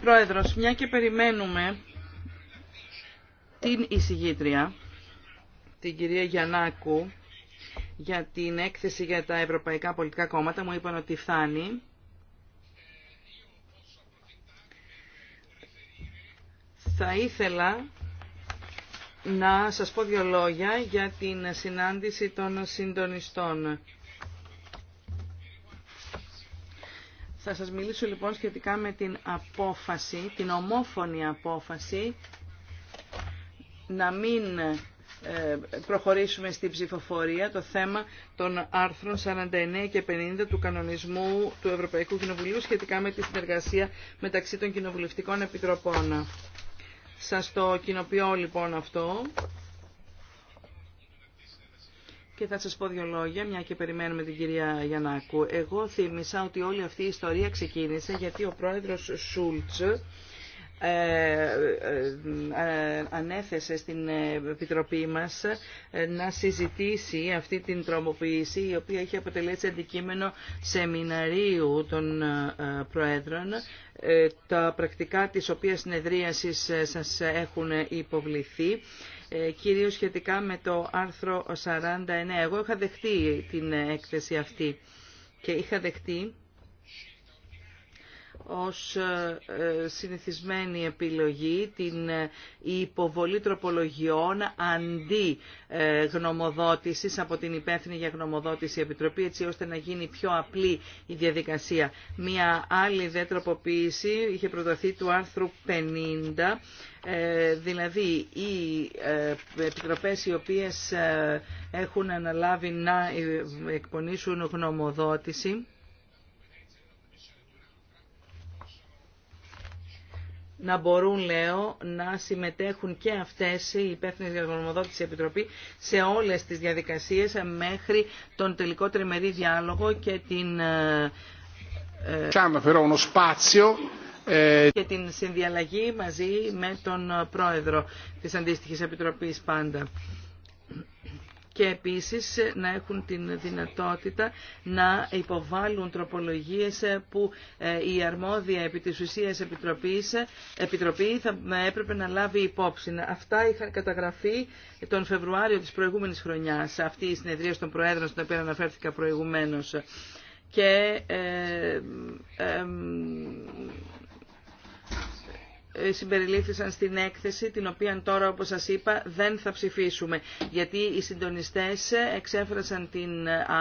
Πρόεδρο, μια και περιμένουμε την εισηγήτρια, την κυρία Γιαννάκου, για την έκθεση για τα ευρωπαϊκά πολιτικά κόμματα, μου είπαν ότι φτάνει. Θα ήθελα να σας πω δύο λόγια για την συνάντηση των συντονιστών. Θα σας μιλήσω λοιπόν σχετικά με την απόφαση, την ομόφωνη απόφαση να μην ε, προχωρήσουμε στην ψηφοφορία το θέμα των άρθρων 49 και 50 του κανονισμού του Ευρωπαϊκού Κοινοβουλίου σχετικά με τη συνεργασία μεταξύ των κοινοβουλευτικών επιτροπών. Σας το κοινοποιώ λοιπόν αυτό. Και θα σας πω δύο λόγια, μια και περιμένουμε την κυρία Γιαννάκου. Εγώ θύμισα ότι όλη αυτή η ιστορία ξεκίνησε γιατί ο πρόεδρος Σούλτς ε, ε, ε, ανέθεσε στην Επιτροπή μας να συζητήσει αυτή την τρομοποίηση η οποία έχει αποτελέσει αντικείμενο σεμιναρίου των Προέδρων τα πρακτικά της οποίας συνεδρίασης σας έχουν υποβληθεί ε, κυρίως σχετικά με το άρθρο 49. Εγώ είχα δεχτεί την έκθεση αυτή και είχα δεχτεί ως ε, συνηθισμένη επιλογή την ε, υποβολή τροπολογιών αντί ε, γνωμοδότησης από την υπεύθυνη για γνωμοδότηση Επιτροπή έτσι ώστε να γίνει πιο απλή η διαδικασία. Μία άλλη δε τροποποίηση είχε προταθεί του άρθρου 50 δηλαδή οι επιτροπές οι οποίες έχουν αναλάβει να εκπονήσουν γνωμοδότηση να μπορούν, λέω, να συμμετέχουν και αυτές οι υπεύθυνες για Επιτροπή σε όλες τις διαδικασίες μέχρι τον τελικό τριμερή διάλογο και την, ε, ε, ε, και την συνδιαλλαγή μαζί με τον πρόεδρο της αντίστοιχης Επιτροπής πάντα και επίσης να έχουν την δυνατότητα να υποβάλουν τροπολογίες που ε, η αρμόδια επί της ουσίας ε, επιτροπή θα ε, έπρεπε να λάβει υπόψη. Αυτά είχαν καταγραφεί τον Φεβρουάριο της προηγούμενης χρονιάς, αυτή η συνεδρία των Προέδρων στην οποία αναφέρθηκα προηγουμένως. Και ε, συμπεριλήφθησαν στην έκθεση, την οποία τώρα, όπως σας είπα, δεν θα ψηφίσουμε. Γιατί οι συντονιστές εξέφρασαν την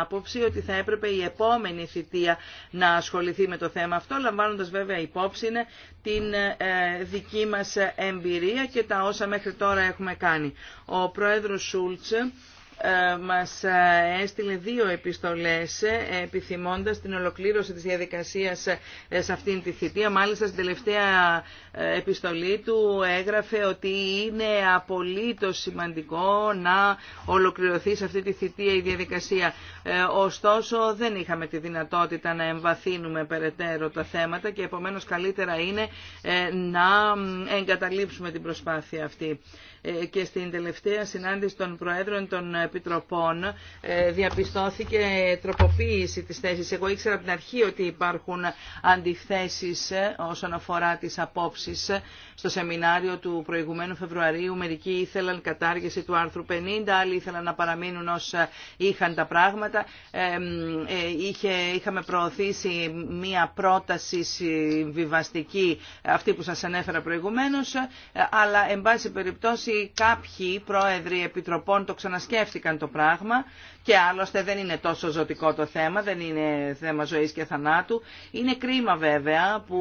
άποψη ότι θα έπρεπε η επόμενη θητεία να ασχοληθεί με το θέμα αυτό, λαμβάνοντας βέβαια υπόψη την ε, δική μας εμπειρία και τα όσα μέχρι τώρα έχουμε κάνει. Ο πρόεδρος Σούλτς ε, μας ε, έστειλε δύο επιστολές ε, επιθυμώντας την ολοκλήρωση της διαδικασίας σε αυτήν τη θητεία. Μάλιστα στην τελευταία επιστολή του έγραφε ότι είναι απολύτως σημαντικό να ολοκληρωθεί σε αυτή τη θητεία η διαδικασία. Ωστόσο δεν είχαμε τη δυνατότητα να εμβαθύνουμε περαιτέρω τα θέματα και επομένως καλύτερα είναι να εγκαταλείψουμε την προσπάθεια αυτή. Και στην τελευταία συνάντηση των Προέδρων των επιτροπών ε, διαπιστώθηκε τροποποίηση της θέσης. Εγώ ήξερα από την αρχή ότι υπάρχουν αντιθέσεις ε, όσον αφορά τις απόψεις. Στο σεμινάριο του προηγουμένου Φεβρουαρίου μερικοί ήθελαν κατάργηση του άρθρου 50, άλλοι ήθελαν να παραμείνουν όσα είχαν τα πράγματα. Ε, είχε, είχαμε προωθήσει μία πρόταση συμβιβαστική, αυτή που σας ανέφερα προηγουμένως, αλλά εν πάση περιπτώσει κάποιοι πρόεδροι επιτροπών το ξανασκέφτηκαν το πράγμα και άλλωστε δεν είναι τόσο ζωτικό το θέμα, δεν είναι θέμα ζωής και θανάτου. Είναι κρίμα βέβαια που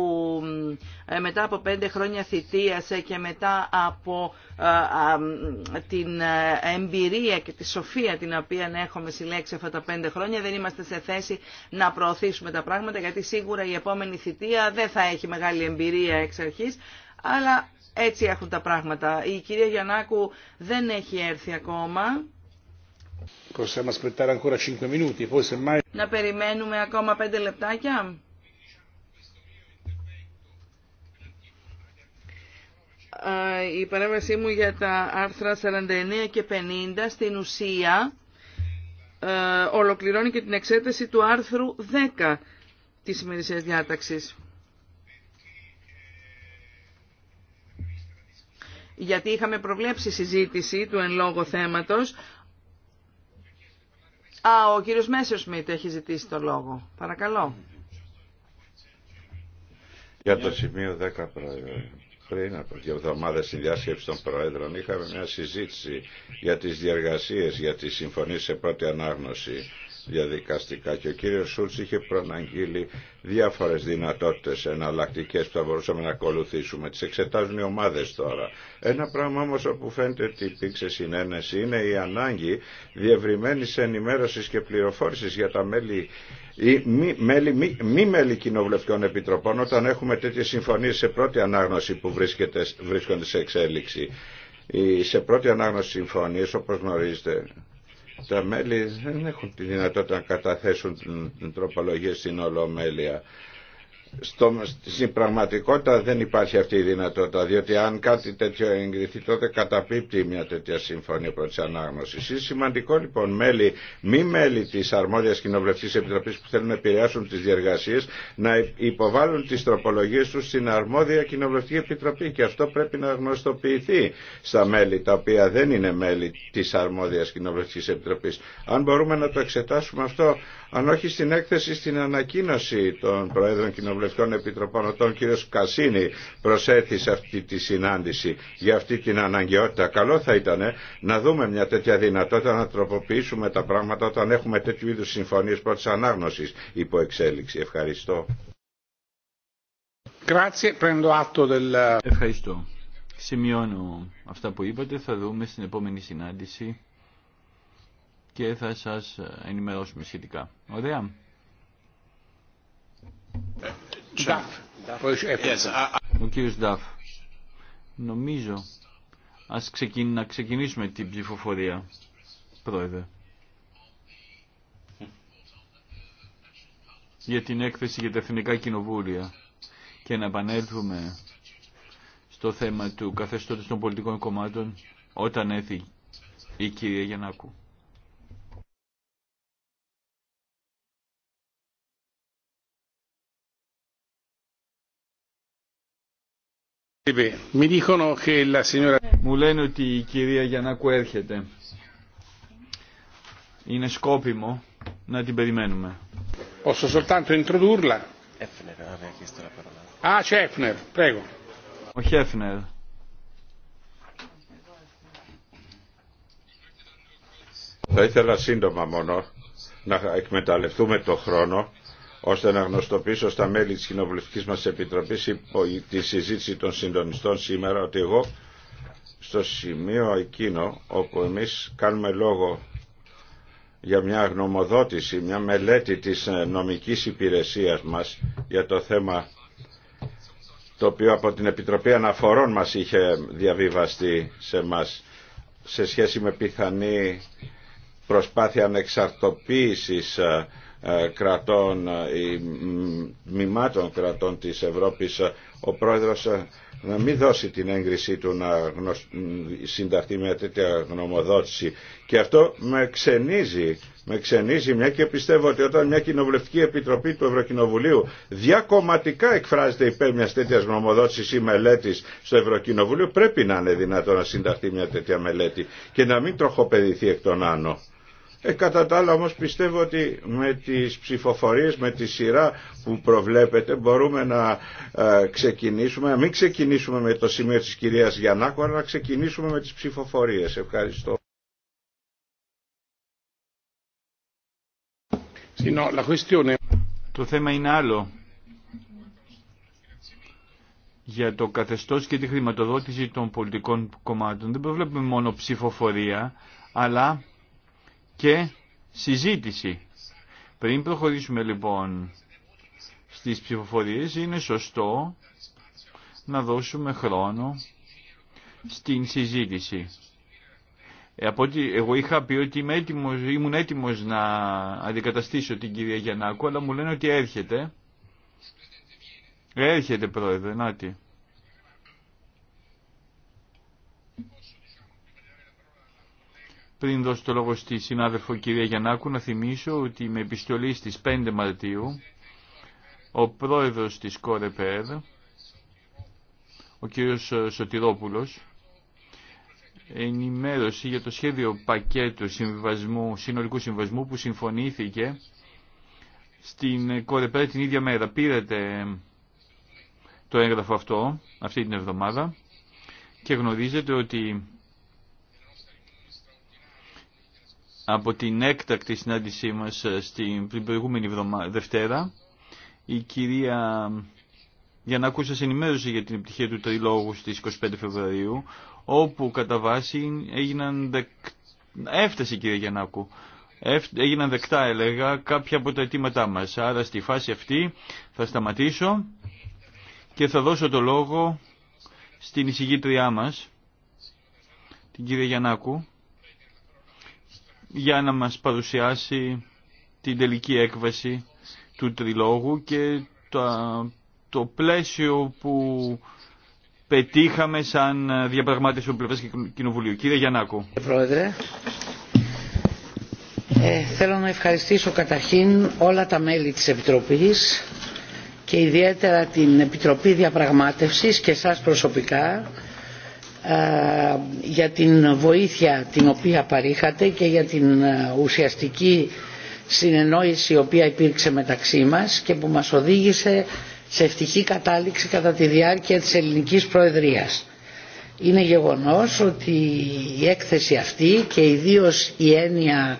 ε, μετά από πέντε χρόνια θητείας ε, και μετά από ε, την εμπειρία και τη σοφία την οποία έχουμε συλλέξει αυτά τα πέντε χρόνια δεν είμαστε σε θέση να προωθήσουμε τα πράγματα γιατί σίγουρα η επόμενη θητεία δεν θα έχει μεγάλη εμπειρία εξ αρχής αλλά έτσι έχουν τα πράγματα. Η κυρία Γιαννάκου δεν έχει έρθει ακόμα. Να περιμένουμε ακόμα πέντε λεπτάκια. Η παρέμβασή μου για τα άρθρα 49 και 50 στην ουσία ε, ολοκληρώνει και την εξέταση του άρθρου 10 της ημερησίας διάταξης. γιατί είχαμε προβλέψει συζήτηση του εν λόγω θέματος Α, ο κύριος Μέσερ Σμιτ έχει ζητήσει το λόγο. Παρακαλώ. Για το σημείο 10 πρόεδρε. Πριν από δύο εβδομάδε στη διάσκεψη των Προέδρων είχαμε μια συζήτηση για τι διεργασίε για τη συμφωνία σε πρώτη ανάγνωση διαδικαστικά και ο κύριος Σούλτς είχε προναγγείλει διάφορες δυνατότητες εναλλακτικέ που θα μπορούσαμε να ακολουθήσουμε. Τις εξετάζουν οι ομάδες τώρα. Ένα πράγμα όμως όπου φαίνεται ότι υπήρξε συνένεση είναι η ανάγκη διευρυμένης ενημέρωσης και πληροφόρησης για τα μέλη ή μη μέλη, μη, μη μέλη κοινοβουλευτικών επιτροπών όταν έχουμε τέτοιες συμφωνίες σε πρώτη ανάγνωση που βρίσκονται σε εξέλιξη. Σε πρώτη ανάγνωση συμφωνίες όπως γνωρίζετε τα μέλη δεν έχουν τη δυνατότητα να καταθέσουν τροπολογία στην Ολομέλεια στο, στην πραγματικότητα δεν υπάρχει αυτή η δυνατότητα, διότι αν κάτι τέτοιο εγκριθεί τότε καταπίπτει μια τέτοια συμφωνία πρώτη ανάγνωση. Είναι σημαντικό λοιπόν μέλη, μη μέλη τη αρμόδια κοινοβουλευτική επιτροπή που θέλουν να επηρεάσουν τι διεργασίε να υποβάλουν τι τροπολογίε του στην αρμόδια κοινοβουλευτική επιτροπή και αυτό πρέπει να γνωστοποιηθεί στα μέλη τα οποία δεν είναι μέλη τη αρμόδια κοινοβουλευτική επιτροπή. Αν μπορούμε να το εξετάσουμε αυτό, αν όχι στην έκθεση, στην ανακοίνωση των Προέδρων Βουλευτών Επιτροπών Οτών, κ. Κασίνη, προσέθη σε αυτή τη συνάντηση για αυτή την αναγκαιότητα. Καλό θα ήταν να δούμε μια τέτοια δυνατότητα να τροποποιήσουμε τα πράγματα όταν έχουμε τέτοιου είδου συμφωνίε πρώτη ανάγνωση υπό εξέλιξη. Ευχαριστώ. Ευχαριστώ. Σημειώνω αυτά που είπατε. Θα δούμε στην επόμενη συνάντηση και θα σας ενημερώσουμε σχετικά. Ωραία. Ο κύριο Νταφ. Νομίζω ας να ξεκινήσουμε την ψηφοφορία, πρόεδρε. Για την έκθεση για τα εθνικά κοινοβούλια και να επανέλθουμε στο θέμα του καθεστώτος των πολιτικών κομμάτων όταν έρθει η κυρία Γιαννάκου. Μου λένε ότι η κυρία Γιαννάκου έρχεται. Είναι σκόπιμο να την περιμένουμε. Posso soltanto introdurla. Ah, Hefner, ναι, ναι. prego. Ο Χέφνερ. Θα ήθελα σύντομα μόνο να εκμεταλλευτούμε το χρόνο ώστε να γνωστοποιήσω στα μέλη της Κοινοβουλευτικής μας Επιτροπής τη συζήτηση των συντονιστών σήμερα ότι εγώ στο σημείο εκείνο όπου εμείς κάνουμε λόγο για μια γνωμοδότηση, μια μελέτη της ε, νομικής υπηρεσίας μας για το θέμα το οποίο από την Επιτροπή Αναφορών μας είχε διαβιβαστεί σε μας σε σχέση με πιθανή προσπάθεια ανεξαρτοποίησης ε, ε, κρατών ή ε, μημάτων κρατών της Ευρώπης ε, ο πρόεδρος να μην δώσει την έγκρισή του να συνταχθεί μια τέτοια γνωμοδότηση. Και αυτό με ξενίζει, με ξενίζει μια και πιστεύω ότι όταν μια κοινοβουλευτική επιτροπή του Ευρωκοινοβουλίου διακομματικά εκφράζεται υπέρ μια τέτοια γνωμοδότηση ή μελέτη στο Ευρωκοινοβούλιο πρέπει να είναι δυνατό να συνταχθεί μια τέτοια μελέτη και να μην τροχοπεδηθεί εκ των άνω. Ε, κατά τα άλλα όμως πιστεύω ότι με τις ψηφοφορίες, με τη σειρά που προβλέπετε μπορούμε να ε, ξεκινήσουμε, να μην ξεκινήσουμε με το σημείο της κυρίας Γιαννάκου, αλλά να ξεκινήσουμε με τις ψηφοφορίες. Ευχαριστώ. Το θέμα είναι άλλο για το καθεστώς και τη χρηματοδότηση των πολιτικών κομμάτων. Δεν προβλέπουμε μόνο ψηφοφορία, αλλά και συζήτηση. Πριν προχωρήσουμε λοιπόν στις ψηφοφορίες είναι σωστό να δώσουμε χρόνο στην συζήτηση. Ε, εγώ είχα πει ότι είμαι έτοιμος, ήμουν έτοιμος να αντικαταστήσω την κυρία Γιαννάκου, αλλά μου λένε ότι έρχεται. Έρχεται πρόεδρε, να Πριν δώσω το λόγο στη συνάδελφο κυρία Γιαννάκου να θυμίσω ότι με επιστολή στις 5 Μαρτίου ο πρόεδρος της ΚΟΡΕΠΕΡ, ο κύριος Σωτηρόπουλος, ενημέρωσε για το σχέδιο πακέτου συνολικού συμβασμού που συμφωνήθηκε στην ΚΟΡΕΠΕΡ την ίδια μέρα. Πήρατε το έγγραφο αυτό αυτή την εβδομάδα και γνωρίζετε ότι από την έκτακτη συνάντησή μας ε, στην προηγούμενη Δευτέρα. Η κυρία για να ενημέρωσε για την επιτυχία του τριλόγου στις 25 Φεβρουαρίου, όπου κατά βάση έγιναν δεκ... έφτασε η κυρία Γιαννάκου, έγιναν δεκτά έλεγα κάποια από τα αιτήματά μας. Άρα στη φάση αυτή θα σταματήσω και θα δώσω το λόγο στην εισηγήτριά μας, την κυρία Γιαννάκου, για να μας παρουσιάσει την τελική έκβαση του τριλόγου και το, το πλαίσιο που πετύχαμε σαν διαπραγμάτευση του πλευράς και κοινοβουλίου. Κύριε Γιαννάκου. Πρόεδρε, ε, θέλω να ευχαριστήσω καταρχήν όλα τα μέλη της Επιτροπής και ιδιαίτερα την Επιτροπή Διαπραγμάτευσης και σας προσωπικά ε, για την βοήθεια την οποία παρήχατε και για την ε, ουσιαστική συνεννόηση η οποία υπήρξε μεταξύ μας και που μας οδήγησε σε ευτυχή κατάληξη κατά τη διάρκεια της ελληνικής προεδρίας. Είναι γεγονός ότι η έκθεση αυτή και ιδίως η έννοια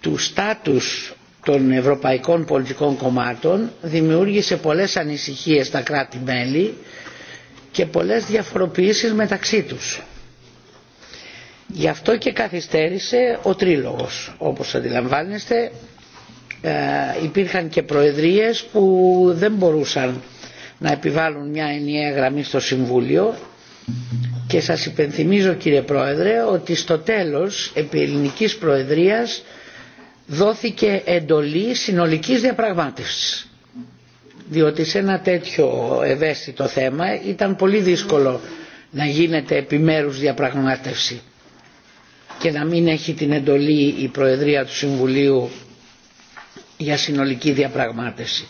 του στάτους των ευρωπαϊκών πολιτικών κομμάτων δημιούργησε πολλές ανησυχίες στα κράτη-μέλη και πολλές διαφοροποιήσεις μεταξύ τους. Γι' αυτό και καθυστέρησε ο Τρίλογος. Όπως αντιλαμβάνεστε ε, υπήρχαν και προεδρίες που δεν μπορούσαν να επιβάλλουν μια ενιαία γραμμή στο Συμβούλιο και σας υπενθυμίζω κύριε Πρόεδρε ότι στο τέλος επί ελληνικής προεδρίας δόθηκε εντολή συνολικής διαπραγμάτευσης διότι σε ένα τέτοιο ευαίσθητο θέμα ήταν πολύ δύσκολο να γίνεται επιμέρους διαπραγμάτευση και να μην έχει την εντολή η Προεδρία του Συμβουλίου για συνολική διαπραγμάτευση.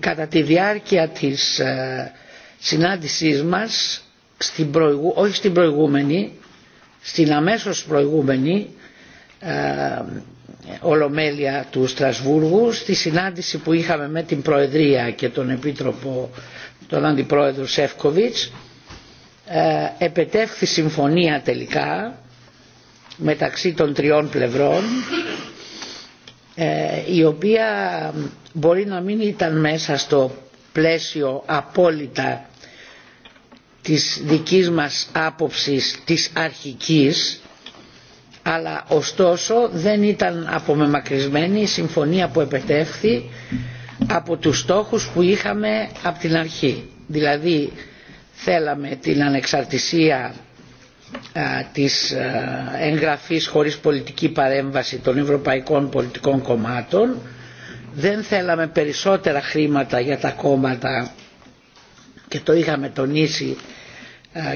Κατά τη διάρκεια της ε, συνάντησής μας, στην προηγου... όχι στην προηγούμενη, στην αμέσως προηγούμενη, ε, Ολομέλεια του Στρασβούργου στη συνάντηση που είχαμε με την Προεδρία και τον Επίτροπο τον Αντιπρόεδρο Σεύκοβιτς ε, επετεύχθη συμφωνία τελικά μεταξύ των τριών πλευρών ε, η οποία μπορεί να μην ήταν μέσα στο πλαίσιο απόλυτα της δικής μας άποψης της αρχικής αλλά ωστόσο δεν ήταν απομεμακρυσμένη η συμφωνία που επετεύχθη από τους στόχους που είχαμε από την αρχή. Δηλαδή θέλαμε την ανεξαρτησία α, της α, εγγραφής χωρίς πολιτική παρέμβαση των ευρωπαϊκών πολιτικών κομμάτων, δεν θέλαμε περισσότερα χρήματα για τα κόμματα και το είχαμε τονίσει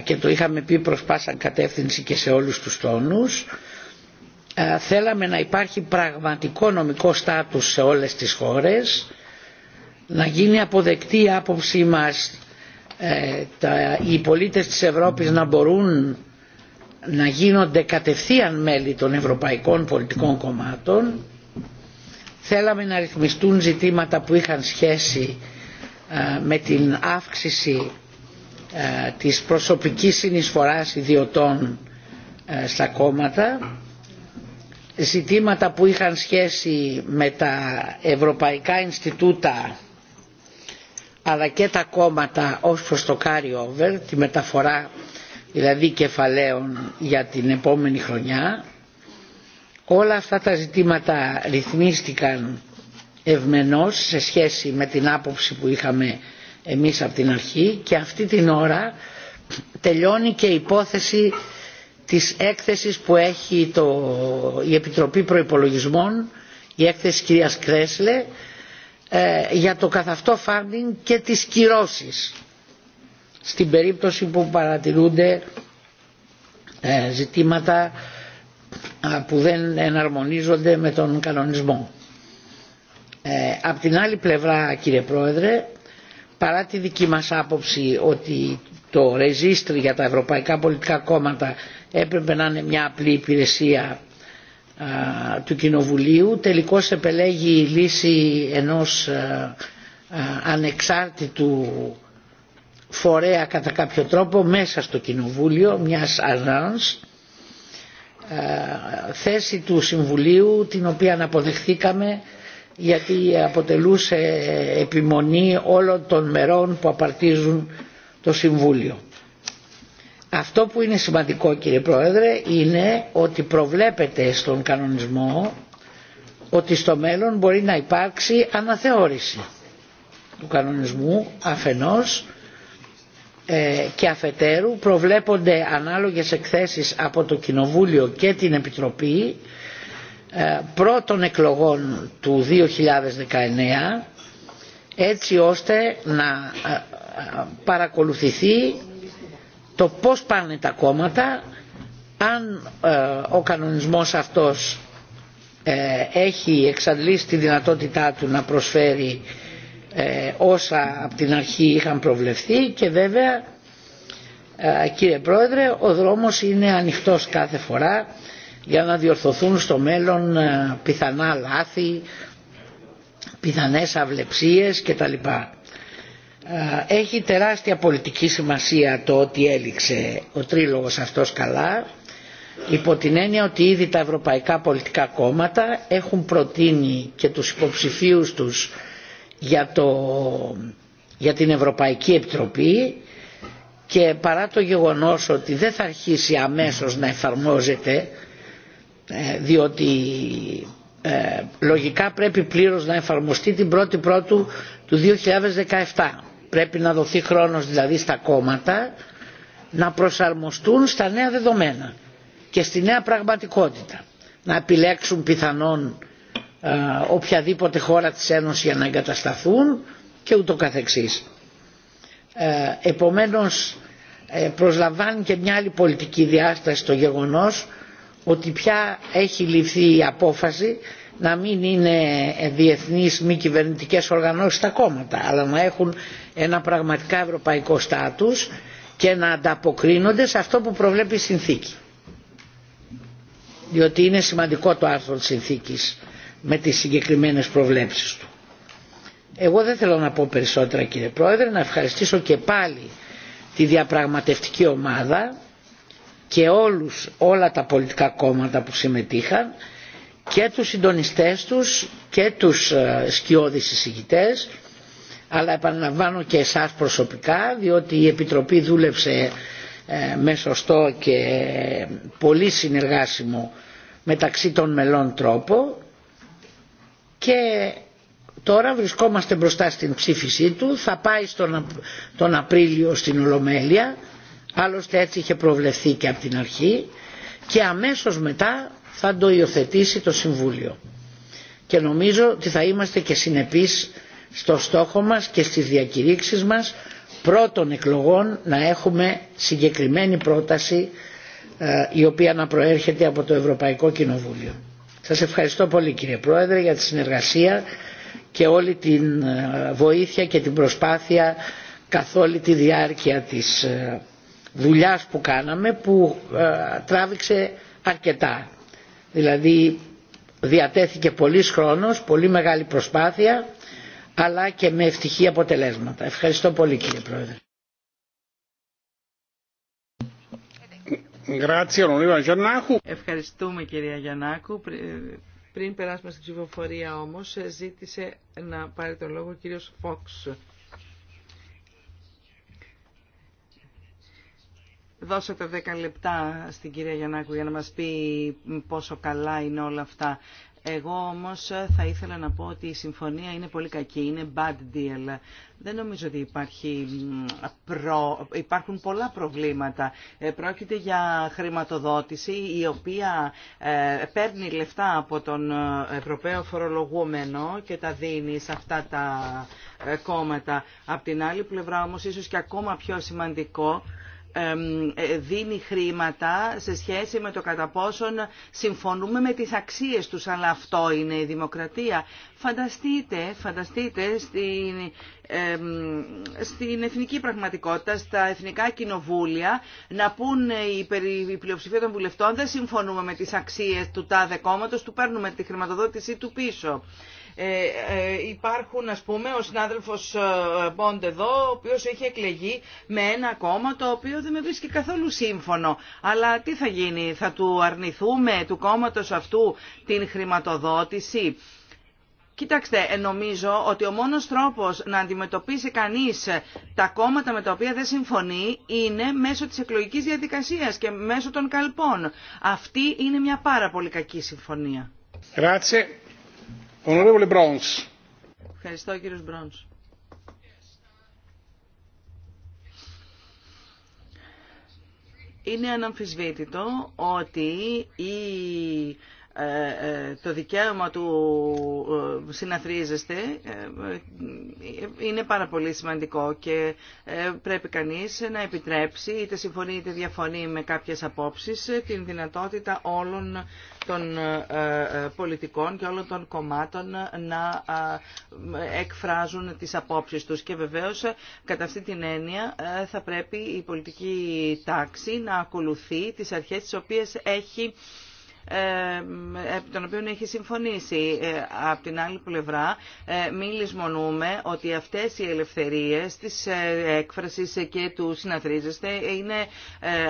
και το είχαμε πει προς πάσα κατεύθυνση και σε όλους τους τόνους ε, θέλαμε να υπάρχει πραγματικό νομικό στάτους σε όλες τις χώρες να γίνει αποδεκτή η άποψή μας ε, τα, οι πολίτες της Ευρώπης να μπορούν να γίνονται κατευθείαν μέλη των ευρωπαϊκών πολιτικών κομμάτων θέλαμε να ρυθμιστούν ζητήματα που είχαν σχέση ε, με την αύξηση της προσωπικής συνεισφοράς ιδιωτών στα κόμματα ζητήματα που είχαν σχέση με τα ευρωπαϊκά Ινστιτούτα αλλά και τα κόμματα ως προς το carry-over, τη μεταφορά δηλαδή κεφαλαίων για την επόμενη χρονιά. Όλα αυτά τα ζητήματα ρυθμίστηκαν ευμενώς σε σχέση με την άποψη που είχαμε εμείς από την αρχή και αυτή την ώρα τελειώνει και η υπόθεση της έκθεσης που έχει το, η Επιτροπή Προϋπολογισμών, η έκθεση κυρίας Κρέσλε, ε, για το καθαυτό funding και τις κυρώσεις στην περίπτωση που παρατηρούνται ε, ζητήματα που δεν εναρμονίζονται με τον κανονισμό. Ε, απ' την άλλη πλευρά κύριε Πρόεδρε παρά τη δική μας άποψη ότι το ρεζίστρι για τα ευρωπαϊκά πολιτικά κόμματα έπρεπε να είναι μια απλή υπηρεσία του Κοινοβουλίου τελικώς επελέγει η λύση ενός ανεξάρτητου φορέα κατά κάποιο τρόπο μέσα στο Κοινοβούλιο μιας ανάνς θέση του Συμβουλίου την οποία αποδεχθήκαμε γιατί αποτελούσε επιμονή όλων των μερών που απαρτίζουν το Συμβούλιο. Αυτό που είναι σημαντικό κύριε Πρόεδρε είναι ότι προβλέπεται στον κανονισμό ότι στο μέλλον μπορεί να υπάρξει αναθεώρηση του κανονισμού αφενός ε, και αφετέρου προβλέπονται ανάλογες εκθέσεις από το Κοινοβούλιο και την Επιτροπή ε, πρώτων εκλογών του 2019 έτσι ώστε να ε, παρακολουθηθεί το πώς πάνε τα κόμματα αν ε, ο κανονισμός αυτός έχει εξαντλήσει τη δυνατότητά του να προσφέρει όσα από την αρχή είχαν προβλεφθεί και βέβαια κύριε Πρόεδρε ο δρόμος είναι ανοιχτός κάθε φορά για να διορθωθούν στο μέλλον ε, πιθανά λάθη, πιθανές αυλεψίες κτλ. Ε, έχει τεράστια πολιτική σημασία το ότι έληξε ο τρίλογος αυτός καλά υπό την έννοια ότι ήδη τα ευρωπαϊκά πολιτικά κόμματα έχουν προτείνει και τους υποψηφίους τους για, για την Ευρωπαϊκή Επιτροπή και παρά το γεγονός ότι δεν θα αρχίσει αμέσως να εφαρμόζεται ε, διότι ε, λογικά πρέπει πλήρως να εφαρμοστεί την 1η Πρώτου του 2017. Πρέπει να δοθεί χρόνος δηλαδή στα κόμματα να προσαρμοστούν στα νέα δεδομένα και στη νέα πραγματικότητα. Να επιλέξουν πιθανόν ε, οποιαδήποτε χώρα της Ένωσης για να εγκατασταθούν και ούτω καθεξής. επομένως προσλαμβάνει και μια άλλη πολιτική διάσταση το γεγονός ότι πια έχει ληφθεί η απόφαση να μην είναι διεθνείς μη κυβερνητικέ οργανώσεις τα κόμματα αλλά να έχουν ένα πραγματικά ευρωπαϊκό στάτους και να ανταποκρίνονται σε αυτό που προβλέπει η συνθήκη. Διότι είναι σημαντικό το άρθρο της συνθήκης με τις συγκεκριμένες προβλέψεις του. Εγώ δεν θέλω να πω περισσότερα κύριε Πρόεδρε, να ευχαριστήσω και πάλι τη διαπραγματευτική ομάδα και όλους, όλα τα πολιτικά κόμματα που συμμετείχαν και τους συντονιστές τους και τους ε, σκιώδεις εισηγητές αλλά επαναλαμβάνω και εσάς προσωπικά διότι η Επιτροπή δούλεψε ε, με σωστό και ε, πολύ συνεργάσιμο μεταξύ των μελών τρόπο και τώρα βρισκόμαστε μπροστά στην ψήφισή του θα πάει τον Απρίλιο στην Ολομέλεια άλλωστε έτσι είχε προβλεφθεί και από την αρχή και αμέσως μετά θα το υιοθετήσει το Συμβούλιο. Και νομίζω ότι θα είμαστε και συνεπείς στο στόχο μας και στις διακηρύξεις μας πρώτων εκλογών να έχουμε συγκεκριμένη πρόταση ε, η οποία να προέρχεται από το Ευρωπαϊκό Κοινοβούλιο. Σας ευχαριστώ πολύ κύριε Πρόεδρε για τη συνεργασία και όλη την ε, βοήθεια και την προσπάθεια καθ' όλη τη διάρκεια της ε, δουλειάς που κάναμε που ε, τράβηξε αρκετά. Δηλαδή διατέθηκε πολύς χρόνος, πολύ μεγάλη προσπάθεια αλλά και με ευτυχή αποτελέσματα. Ευχαριστώ πολύ κύριε Πρόεδρε. Ευχαριστούμε κυρία Γιαννάκου. Πριν περάσουμε στην ψηφοφορία όμως ζήτησε να πάρει τον λόγο ο κύριος Φόξ. δώσω τα 10 λεπτά στην κυρία Γιαννάκου για να μας πει πόσο καλά είναι όλα αυτά. Εγώ όμως θα ήθελα να πω ότι η συμφωνία είναι πολύ κακή, είναι bad deal. Δεν νομίζω ότι υπάρχει προ... υπάρχουν πολλά προβλήματα. Ε, πρόκειται για χρηματοδότηση η οποία ε, παίρνει λεφτά από τον ε, Ευρωπαίο φορολογούμενο και τα δίνει σε αυτά τα κόμματα. Απ' την άλλη πλευρά όμως ίσως και ακόμα πιο σημαντικό ε, δίνει χρήματα σε σχέση με το κατά πόσον συμφωνούμε με τις αξίες τους, αλλά αυτό είναι η δημοκρατία. Φανταστείτε, φανταστείτε στην, στην εθνική πραγματικότητα, στα εθνικά κοινοβούλια, να πούν η πλειοψηφία των βουλευτών δεν συμφωνούμε με τις αξίες του τάδε κόμματος, του παίρνουμε τη χρηματοδότησή του πίσω. Ε, ε, υπάρχουν ας πούμε ο συνάδελφος Μποντ ε, εδώ ο οποίος έχει εκλεγεί με ένα κόμμα το οποίο δεν με βρίσκει καθόλου σύμφωνο. Αλλά τι θα γίνει, θα του αρνηθούμε του κόμματος αυτού την χρηματοδότηση. Κοιτάξτε, νομίζω ότι ο μόνος τρόπος να αντιμετωπίσει κανείς τα κόμματα με τα οποία δεν συμφωνεί είναι μέσω της εκλογικής διαδικασίας και μέσω των καλπών. Αυτή είναι μια πάρα πολύ κακή συμφωνία. Ευχαριστώ κύριος Μπροντ. Είναι αναμφισβήτητο ότι η ε, ε, το δικαίωμα του ε, συναθρίζεστε είναι πάρα πολύ σημαντικό και πρέπει κανείς να επιτρέψει είτε συμφωνεί είτε διαφωνεί με κάποιες απόψεις την δυνατότητα όλων των πολιτικών και όλων των κομμάτων να εκφράζουν τις απόψεις τους και βεβαίως κατά αυτή την έννοια θα πρέπει η πολιτική τάξη να ακολουθεί τις αρχές τις οποίες έχει ε, επί τον οποίο έχει συμφωνήσει. Ε, από την άλλη πλευρά ε, μην λησμονούμε ότι αυτές οι ελευθερίες της έκφρασης και του συναθρίζεστε είναι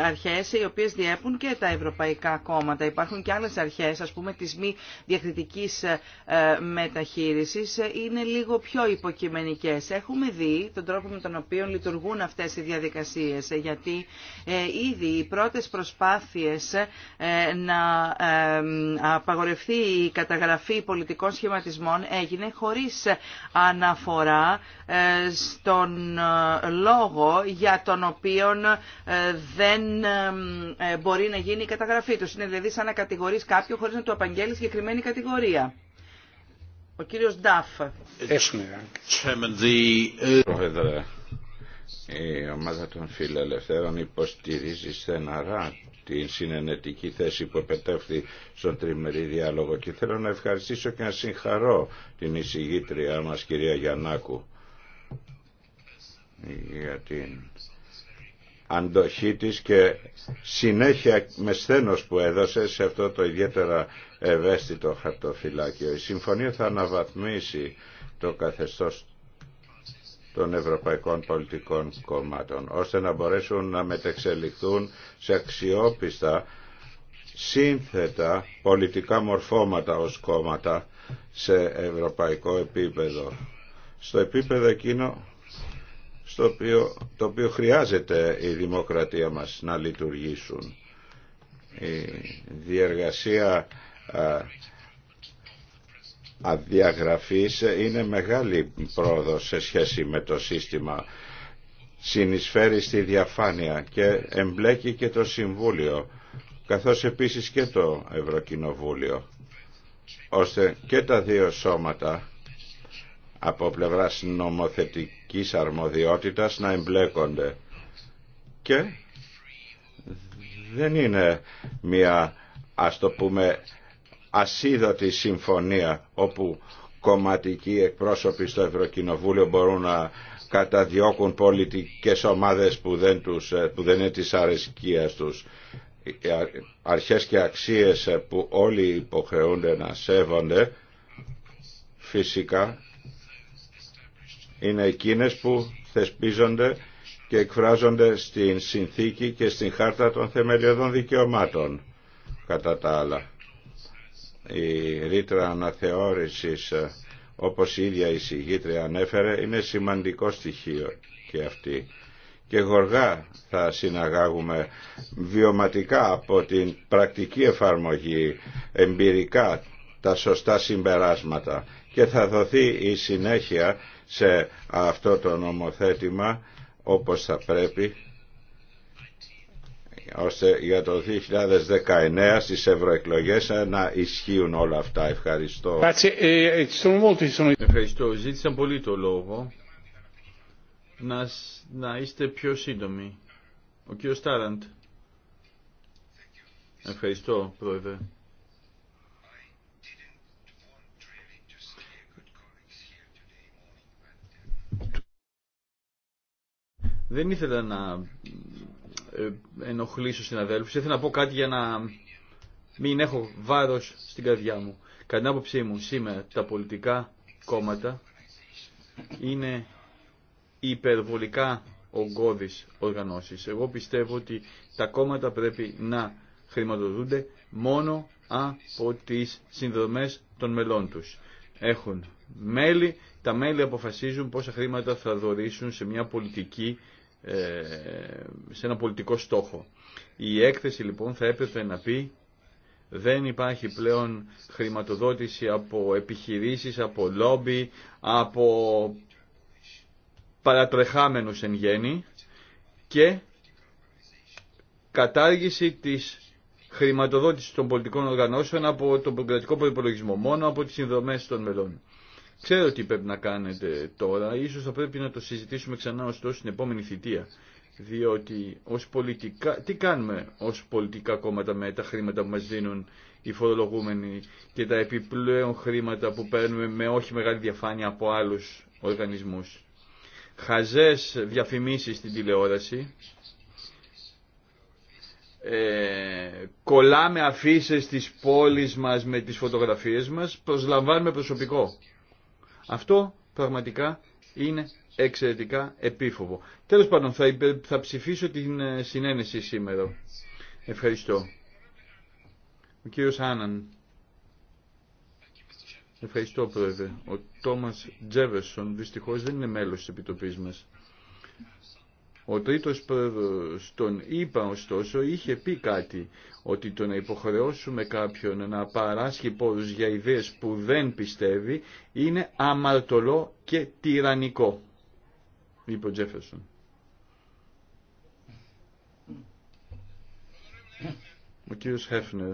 αρχές οι οποίες διέπουν και τα ευρωπαϊκά κόμματα. Υπάρχουν και άλλες αρχές, ας πούμε, της μη διακριτικής μεταχείρισης είναι λίγο πιο υποκειμενικές. Έχουμε δει τον τρόπο με τον οποίο λειτουργούν αυτές οι διαδικασίες γιατί ήδη οι πρώτες προσπάθειες να απαγορευτεί η καταγραφή πολιτικών σχηματισμών έγινε χωρίς αναφορά ε, στον ε, λόγο για τον οποίο ε, δεν μπορεί να γίνει η καταγραφή του. Είναι δηλαδή σαν να κατηγορείς κάποιον χωρίς να του απαγγέλει συγκεκριμένη κατηγορία. Ο κύριος Ντάφ. Πρόεδρε, η ομάδα των φιλελευθέρων υποστηρίζει στεναρά την συνενετική θέση που επετεύχθη στον τριμερή διάλογο και θέλω να ευχαριστήσω και να συγχαρώ την εισηγήτριά μας κυρία Γιαννάκου για την αντοχή της και συνέχεια με σθένος που έδωσε σε αυτό το ιδιαίτερα ευαίσθητο χαρτοφυλάκιο. Η συμφωνία θα αναβαθμίσει το καθεστώς των ευρωπαϊκών πολιτικών κομμάτων, ώστε να μπορέσουν να μετεξελιχθούν σε αξιόπιστα, σύνθετα πολιτικά μορφώματα ως κόμματα σε ευρωπαϊκό επίπεδο. Στο επίπεδο εκείνο στο οποίο, το οποίο χρειάζεται η δημοκρατία μας να λειτουργήσουν. Η διεργασία αδιαγραφής είναι μεγάλη πρόοδος σε σχέση με το σύστημα. Συνεισφέρει στη διαφάνεια και εμπλέκει και το Συμβούλιο, καθώς επίσης και το Ευρωκοινοβούλιο, ώστε και τα δύο σώματα από πλευράς νομοθετικής αρμοδιότητας να εμπλέκονται. Και δεν είναι μια, ας το πούμε, ασίδωτη συμφωνία όπου κομματικοί εκπρόσωποι στο Ευρωκοινοβούλιο μπορούν να καταδιώκουν πολιτικές ομάδες που δεν, τους, ε, που δεν είναι της αρεσκίας τους. Ε, αρχές και αξίες ε, που όλοι υποχρεούνται να σέβονται φυσικά είναι εκείνες που θεσπίζονται και εκφράζονται στην συνθήκη και στην χάρτα των θεμελιωδών δικαιωμάτων κατά τα άλλα η ρήτρα αναθεώρησης ε, όπως η ίδια η συγγήτρια ανέφερε είναι σημαντικό στοιχείο και αυτή και γοργά θα συναγάγουμε βιωματικά από την πρακτική εφαρμογή εμπειρικά τα σωστά συμπεράσματα και θα δοθεί η συνέχεια σε αυτό το νομοθέτημα όπως θα πρέπει ώστε για το 2019 στις ευρωεκλογές να ισχύουν όλα αυτά. Ευχαριστώ. Ε, Ευχαριστώ. Ζήτησαν πολύ το λόγο να, να είστε πιο σύντομοι. Ο κ. Στάραντ. Ευχαριστώ, Πρόεδρε. Δεν ήθελα να ε, ενοχλήσω συναδέλφους. θέλω να πω κάτι για να μην έχω βάρο στην καρδιά μου. Κατά την άποψή μου σήμερα τα πολιτικά κόμματα είναι υπερβολικά ογκώδεις οργανώσεις. Εγώ πιστεύω ότι τα κόμματα πρέπει να χρηματοδοτούνται μόνο από τις συνδρομές των μελών τους. Έχουν μέλη, τα μέλη αποφασίζουν πόσα χρήματα θα δωρήσουν σε μια πολιτική ε, σε ένα πολιτικό στόχο. Η έκθεση λοιπόν θα έπρεπε να πει δεν υπάρχει πλέον χρηματοδότηση από επιχειρήσεις, από λόμπι, από παρατρεχάμενους εν γέννη και κατάργηση της χρηματοδότησης των πολιτικών οργανώσεων από τον κρατικό προϋπολογισμό, μόνο από τις συνδρομές των μελών. Ξέρω τι πρέπει να κάνετε τώρα, ίσως θα πρέπει να το συζητήσουμε ξανά ωστόσο στην επόμενη θητεία. Διότι ως πολιτικά, τι κάνουμε ως πολιτικά κόμματα με τα χρήματα που μας δίνουν οι φορολογούμενοι και τα επιπλέον χρήματα που παίρνουμε με όχι μεγάλη διαφάνεια από άλλους οργανισμούς. Χαζές διαφημίσεις στην τηλεόραση, ε, κολλάμε αφήσει στις πόλεις μας με τις φωτογραφίες μας, προσλαμβάνουμε προσωπικό. Αυτό πραγματικά είναι εξαιρετικά επίφοβο. Τέλος πάντων θα, ψηφίσω την ε, συνένεση σήμερα. Ευχαριστώ. Ο κύριος Άναν. Ευχαριστώ πρόεδρε. Ο Τόμας Τζέβερσον δυστυχώς δεν είναι μέλος της επιτροπής μας. Ο τρίτος πρόεδρος τον είπα ωστόσο είχε πει κάτι ότι το να υποχρεώσουμε κάποιον να παράσχει πόρους για ιδέες που δεν πιστεύει είναι αμαρτωλό και τυραννικό, είπε ο Τζέφερσον. Ο κύριος Χέφνερ.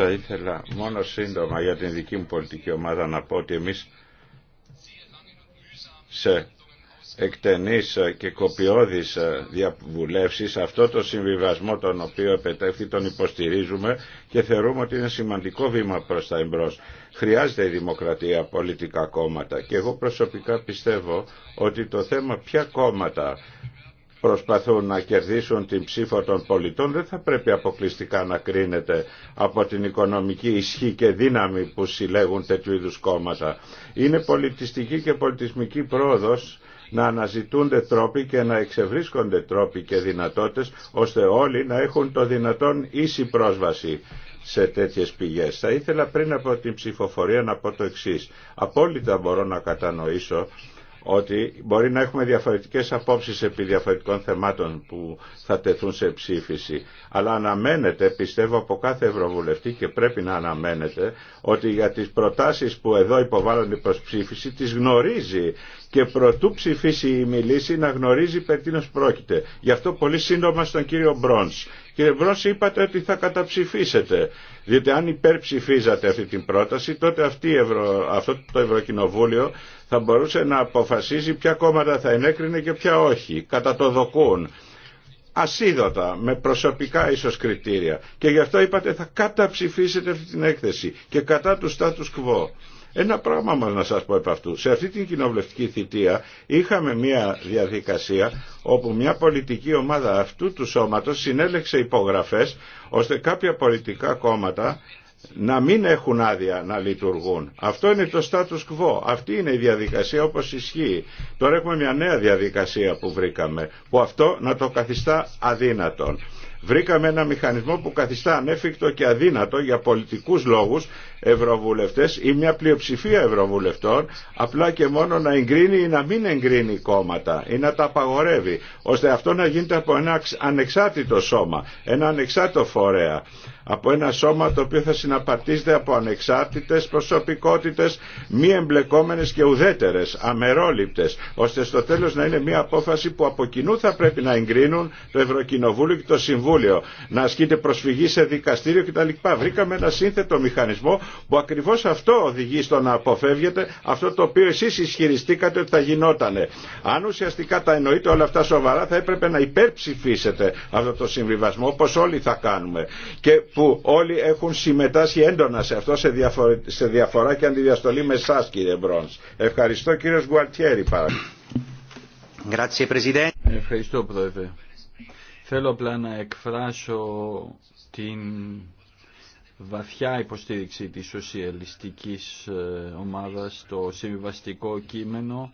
Θα ήθελα μόνο σύντομα για την δική μου πολιτική ομάδα να πω ότι εμείς σε εκτενείς και κοπιώδεις διαβουλεύσεις αυτό το συμβιβασμό τον οποίο επετέφθη τον υποστηρίζουμε και θεωρούμε ότι είναι σημαντικό βήμα προς τα εμπρός. Χρειάζεται η δημοκρατία πολιτικά κόμματα και εγώ προσωπικά πιστεύω ότι το θέμα ποια κόμματα προσπαθούν να κερδίσουν την ψήφο των πολιτών δεν θα πρέπει αποκλειστικά να κρίνεται από την οικονομική ισχύ και δύναμη που συλλέγουν τέτοιου είδους κόμματα. Είναι πολιτιστική και πολιτισμική πρόοδος να αναζητούνται τρόποι και να εξευρίσκονται τρόποι και δυνατότητες ώστε όλοι να έχουν το δυνατόν ίση πρόσβαση σε τέτοιες πηγές. Θα ήθελα πριν από την ψηφοφορία να πω το εξής. Απόλυτα μπορώ να κατανοήσω ότι μπορεί να έχουμε διαφορετικές απόψεις επί διαφορετικών θεμάτων που θα τεθούν σε ψήφιση. Αλλά αναμένεται, πιστεύω από κάθε Ευρωβουλευτή και πρέπει να αναμένεται, ότι για τις προτάσεις που εδώ υποβάλλονται προς ψήφιση τις γνωρίζει και προτού ψηφίσει η μιλήση να γνωρίζει περί τίνος πρόκειται. Γι' αυτό πολύ σύντομα στον κύριο Μπρόνς. Κύριε Μπρόνς είπατε ότι θα καταψηφίσετε, διότι αν υπερψηφίζατε αυτή την πρόταση τότε αυτό το Ευρωκοινοβούλιο θα μπορούσε να αποφασίζει ποια κόμματα θα ενέκρινε και ποια όχι, κατά το δοκούν ασίδωτα, με προσωπικά ίσως κριτήρια. Και γι' αυτό είπατε θα καταψηφίσετε αυτή την έκθεση και κατά του status quo. Ένα πράγμα μας να σας πω επ' αυτού. Σε αυτή την κοινοβουλευτική θητεία είχαμε μια διαδικασία όπου μια πολιτική ομάδα αυτού του σώματος συνέλεξε υπογραφές ώστε κάποια πολιτικά κόμματα να μην έχουν άδεια να λειτουργούν. Αυτό είναι το status quo. Αυτή είναι η διαδικασία όπως ισχύει. Τώρα έχουμε μια νέα διαδικασία που βρήκαμε, που αυτό να το καθιστά αδύνατον βρήκαμε ένα μηχανισμό που καθιστά ανέφικτο και αδύνατο για πολιτικούς λόγους ευρωβουλευτές ή μια πλειοψηφία ευρωβουλευτών απλά και μόνο να εγκρίνει ή να μην εγκρίνει κόμματα ή να τα απαγορεύει ώστε αυτό να γίνεται από ένα ανεξάρτητο σώμα, ένα ανεξάρτητο φορέα από ένα σώμα το οποίο θα συναπαρτίζεται από ανεξάρτητες προσωπικότητες μη εμπλεκόμενες και ουδέτερες, αμερόληπτες, ώστε στο τέλος να είναι μια απόφαση που από κοινού θα πρέπει να εγκρίνουν το Ευρωκοινοβούλιο και το Συμβούλιο, να ασκείται προσφυγή σε δικαστήριο κτλ. Βρήκαμε ένα σύνθετο μηχανισμό που ακριβώς αυτό οδηγεί στο να αποφεύγεται αυτό το οποίο εσείς ισχυριστήκατε ότι θα γινότανε. Αν ουσιαστικά τα εννοείτε όλα αυτά σοβαρά θα έπρεπε να υπερψηφίσετε αυτό το συμβιβασμό όπως όλοι θα κάνουμε. Και που όλοι έχουν συμμετάσχει έντονα σε αυτό σε, διαφορά, σε διαφορά και αντιδιαστολή με εσά κύριε Μπρόνς. Ευχαριστώ κύριος Γκουαλτιέρη Ευχαριστώ πρόεδρε. Θέλω απλά να εκφράσω την βαθιά υποστήριξη της σοσιαλιστικής ε, ομάδας στο συμβιβαστικό κείμενο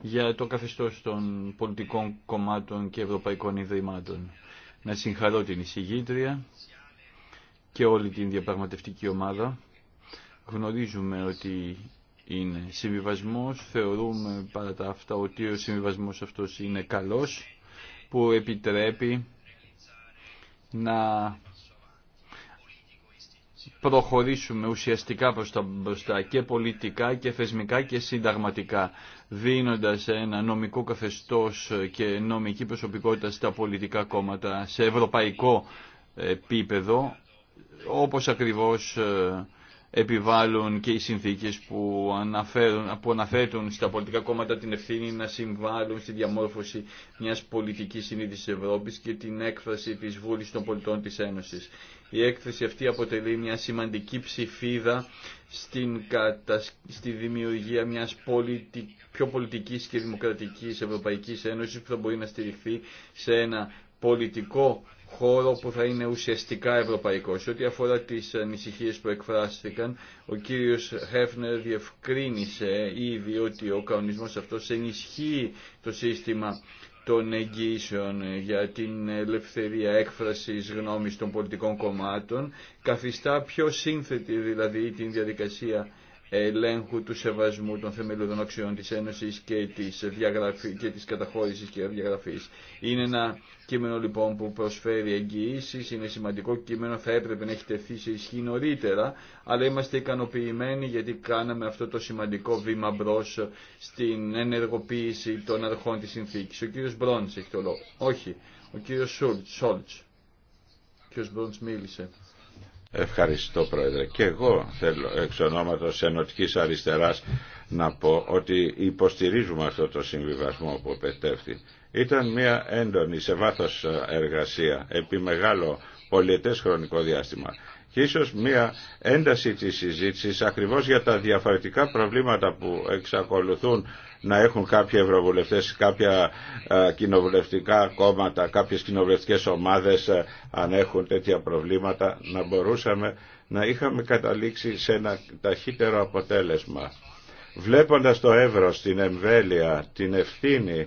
για το καθεστώς των πολιτικών κομμάτων και ευρωπαϊκών ιδρυμάτων. Να συγχαρώ την εισηγήτρια και όλη την διαπραγματευτική ομάδα. Γνωρίζουμε ότι είναι συμβιβασμός, θεωρούμε παρά τα αυτά ότι ο συμβιβασμός αυτός είναι καλός, που επιτρέπει να προχωρήσουμε ουσιαστικά προς τα μπροστά και πολιτικά και θεσμικά και συνταγματικά δίνοντας ένα νομικό καθεστώς και νομική προσωπικότητα στα πολιτικά κόμματα σε ευρωπαϊκό επίπεδο όπως ακριβώς ε, επιβάλλουν και οι συνθήκες που, αναφέρουν, που αναθέτουν στα πολιτικά κόμματα την ευθύνη να συμβάλλουν στη διαμόρφωση μιας πολιτικής συνείδησης της Ευρώπης και την έκφραση της Βούλης των Πολιτών της Ένωσης. Η έκθεση αυτή αποτελεί μια σημαντική ψηφίδα στην κατα στη δημιουργία μιας πολιτι... πιο πολιτικής και δημοκρατικής Ευρωπαϊκής Ένωσης που θα μπορεί να στηριχθεί σε ένα πολιτικό χώρο που θα είναι ουσιαστικά ευρωπαϊκό. Σε ό,τι αφορά τι ανησυχίε που εκφράστηκαν, ο κύριος Χέφνερ διευκρίνησε ήδη ότι ο κανονισμός αυτός ενισχύει το σύστημα των εγγύσεων για την ελευθερία έκφρασης γνώμης των πολιτικών κομμάτων, καθιστά πιο σύνθετη δηλαδή την διαδικασία ελέγχου του σεβασμού των θεμελιωδών αξιών της Ένωσης και της, διαγραφή, και της καταχώρησης και διαγραφής. Είναι ένα κείμενο λοιπόν που προσφέρει εγγυήσεις, είναι σημαντικό κείμενο, θα έπρεπε να έχει τεθεί σε ισχύ νωρίτερα, αλλά είμαστε ικανοποιημένοι γιατί κάναμε αυτό το σημαντικό βήμα μπρο στην ενεργοποίηση των αρχών της συνθήκης. Ο κύριος Μπρόντς έχει το λόγο. Όχι, ο κύριος Σόλτς. Ο κύριος Μπρόντς μίλησε. Ευχαριστώ Πρόεδρε. Και εγώ θέλω εξ ονόματος Ενωτικής Αριστεράς να πω ότι υποστηρίζουμε αυτό το συμβιβασμό που πετεύθη. Ήταν μια έντονη σε βάθος εργασία επί μεγάλο πολιετές χρονικό διάστημα και ίσως μια ένταση της συζήτησης ακριβώς για τα διαφορετικά προβλήματα που εξακολουθούν να έχουν κάποιοι ευρωβουλευτές, κάποια ε, κοινοβουλευτικά κόμματα, κάποιες κοινοβουλευτικές ομάδες ε, αν έχουν τέτοια προβλήματα, να μπορούσαμε να είχαμε καταλήξει σε ένα ταχύτερο αποτέλεσμα. Βλέποντας το εύρος, την εμβέλεια, την ευθύνη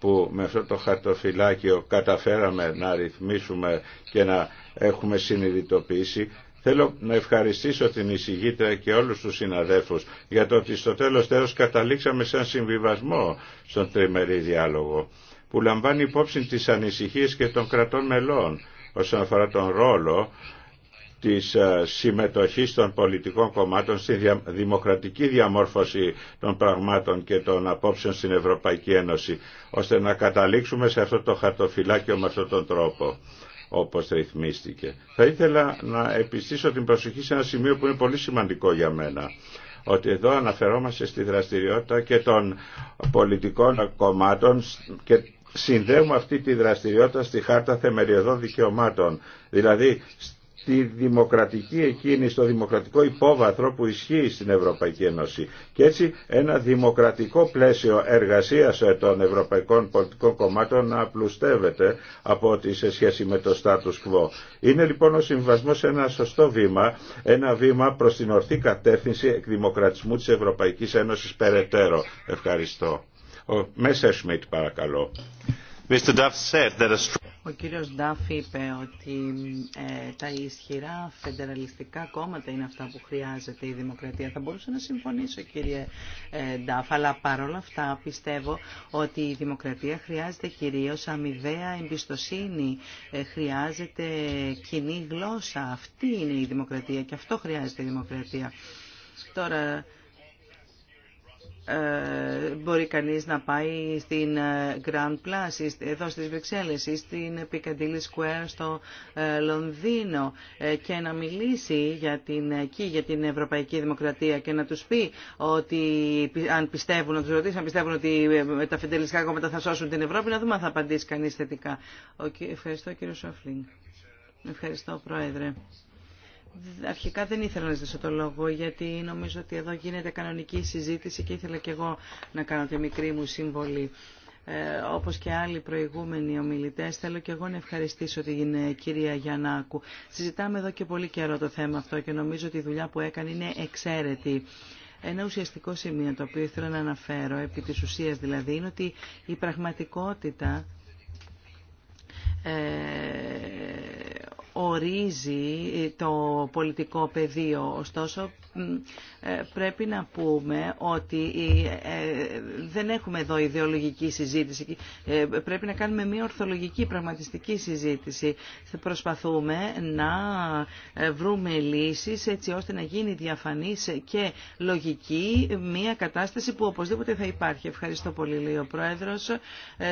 που με αυτό το χαρτοφυλάκιο καταφέραμε να ρυθμίσουμε και να έχουμε συνειδητοποιήσει, Θέλω να ευχαριστήσω την εισηγήτρια και όλους τους συναδέλφους για το ότι στο τέλος τέλος καταλήξαμε σε συμβιβασμό στον τριμερή διάλογο που λαμβάνει υπόψη τις ανησυχίες και των κρατών μελών όσον αφορά τον ρόλο της ε, συμμετοχής των πολιτικών κομμάτων στη δημοκρατική διαμόρφωση των πραγμάτων και των απόψεων στην Ευρωπαϊκή Ένωση, ώστε να καταλήξουμε σε αυτό το χαρτοφυλάκιο με αυτόν τον τρόπο όπως ρυθμίστηκε. Θα ήθελα να επιστήσω την προσοχή σε ένα σημείο που είναι πολύ σημαντικό για μένα ότι εδώ αναφερόμαστε στη δραστηριότητα και των πολιτικών κομμάτων και συνδέουμε αυτή τη δραστηριότητα στη Χάρτα Θεμελιωδών Δικαιωμάτων. Δηλαδή στη δημοκρατική εκείνη, στο δημοκρατικό υπόβαθρο που ισχύει στην Ευρωπαϊκή Ένωση. Και έτσι ένα δημοκρατικό πλαίσιο εργασίας ε, των ευρωπαϊκών πολιτικών κομμάτων να απλουστεύεται από ό,τι σε σχέση με το status quo. Είναι λοιπόν ο συμβασμός ένα σωστό βήμα, ένα βήμα προς την ορθή κατεύθυνση εκδημοκρατισμού της Ευρωπαϊκής Ένωσης περαιτέρω. Ευχαριστώ. Ο Μέσερ Σμιτ παρακαλώ. Ο κύριος Ντάφ είπε ότι ε, τα ισχυρά φεντεραλιστικά κόμματα είναι αυτά που χρειάζεται η δημοκρατία. Θα μπορούσα να συμφωνήσω κύριε ε, Ντάφ, αλλά παρόλα αυτά πιστεύω ότι η δημοκρατία χρειάζεται κυρίως αμοιβαία εμπιστοσύνη, ε, χρειάζεται κοινή γλώσσα. Αυτή είναι η δημοκρατία και αυτό χρειάζεται η δημοκρατία. Τώρα, μπορεί κανείς να πάει στην ε, Grand Place εδώ στις Βρυξέλλες ή στην Piccadilly Square στο ε, Λονδίνο ε, και να μιλήσει για την, εκεί για την Ευρωπαϊκή Δημοκρατία και να τους πει ότι αν πιστεύουν, να τους ρωτήσει αν πιστεύουν ότι τα φιντελιστικά κόμματα θα σώσουν την Ευρώπη να δούμε αν θα απαντήσει κανείς θετικά. Ευχαριστώ κύριο Σόφλινγκ. Ευχαριστώ Πρόεδρε. Αρχικά δεν ήθελα να ζητήσω το λόγο γιατί νομίζω ότι εδώ γίνεται κανονική συζήτηση και ήθελα και εγώ να κάνω τη μικρή μου σύμβολη. Ε, όπως και άλλοι προηγούμενοι ομιλητές, θέλω και εγώ να ευχαριστήσω την ε, κυρία Γιαννάκου. Συζητάμε εδώ και πολύ καιρό το θέμα αυτό και νομίζω ότι η δουλειά που έκανε είναι εξαίρετη. Ένα ουσιαστικό σημείο το οποίο ήθελα να αναφέρω, επί της ουσίας δηλαδή, είναι ότι η πραγματικότητα ε, ορίζει το πολιτικό πεδίο. Ωστόσο, ε, πρέπει να πούμε ότι ε, δεν έχουμε εδώ ιδεολογική συζήτηση. Ε, πρέπει να κάνουμε μια ορθολογική πραγματιστική συζήτηση. θα Προσπαθούμε να βρούμε λύσεις έτσι ώστε να γίνει διαφανής και λογική μια κατάσταση που οπωσδήποτε θα υπάρχει. Ευχαριστώ πολύ, λέει ο Πρόεδρος.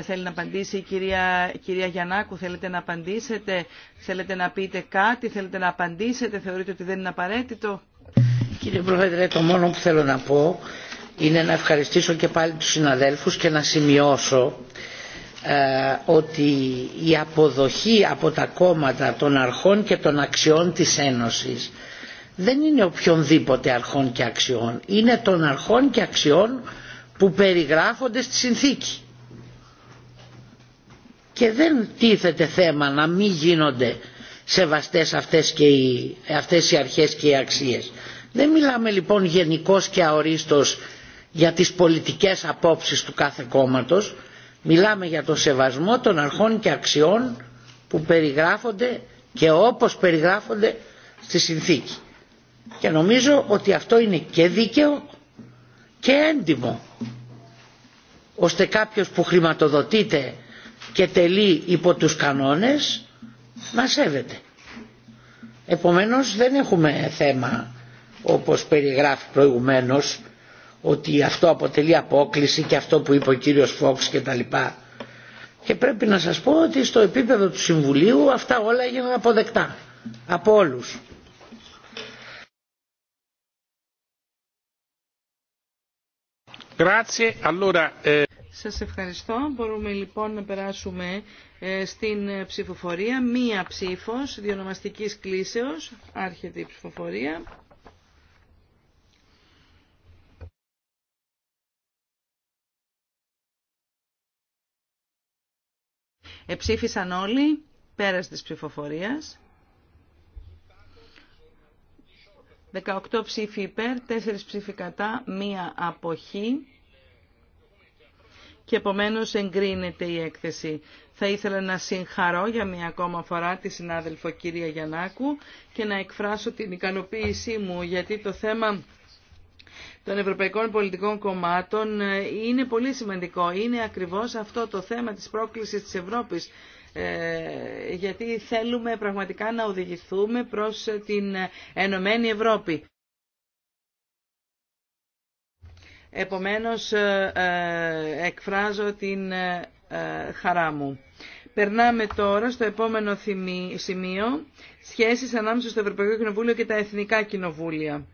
Θέλει να απαντήσει η κυρία, κυρία Γιαννάκου. Θέλετε να απαντήσετε, θέλετε να πείτε κάτι, θέλετε να απαντήσετε, θεωρείτε ότι δεν είναι απαραίτητο. Κύριε Πρόεδρε, το μόνο που θέλω να πω είναι να ευχαριστήσω και πάλι τους συναδέλφους και να σημειώσω ε, ότι η αποδοχή από τα κόμματα των αρχών και των αξιών της Ένωσης δεν είναι οποιονδήποτε αρχών και αξιών. Είναι των αρχών και αξιών που περιγράφονται στη συνθήκη. Και δεν τίθεται θέμα να μην γίνονται σεβαστές αυτές, και οι, αυτές οι αρχές και οι αξίες. Δεν μιλάμε λοιπόν γενικός και αορίστος για τις πολιτικές απόψεις του κάθε κόμματος, μιλάμε για τον σεβασμό των αρχών και αξιών που περιγράφονται και όπως περιγράφονται στη συνθήκη. Και νομίζω ότι αυτό είναι και δίκαιο και έντιμο ώστε κάποιος που χρηματοδοτείται και τελεί υπό τους κανόνες να σέβεται. Επομένως δεν έχουμε θέμα όπως περιγράφει προηγουμένως ότι αυτό αποτελεί απόκληση και αυτό που είπε ο κύριος Φόξ και τα λοιπά. Και πρέπει να σας πω ότι στο επίπεδο του Συμβουλίου αυτά όλα έγιναν αποδεκτά από όλους. Ε, σας ευχαριστώ. Μπορούμε λοιπόν να περάσουμε ε, στην ψηφοφορία. Μία ψήφος διονομαστικής κλίσεως. Άρχεται η ψηφοφορία. Εψήφισαν όλοι πέρας της ψηφοφορίας. 18 ψήφοι υπέρ, 4 ψήφοι κατά, μία αποχή και επομένως εγκρίνεται η έκθεση. Θα ήθελα να συγχαρώ για μια ακόμα φορά τη συνάδελφο κυρία Γιαννάκου και να εκφράσω την ικανοποίησή μου γιατί το θέμα των ευρωπαϊκών πολιτικών κομμάτων ε, είναι πολύ σημαντικό. Είναι ακριβώς αυτό το θέμα της πρόκλησης της Ευρώπης ε, γιατί θέλουμε πραγματικά να οδηγηθούμε προς την Ενωμένη Ευρώπη. Επομένως, ε, εκφράζω την ε, χαρά μου. Περνάμε τώρα στο επόμενο σημείο, σχέσεις ανάμεσα στο Ευρωπαϊκό Κοινοβούλιο και τα Εθνικά Κοινοβούλια.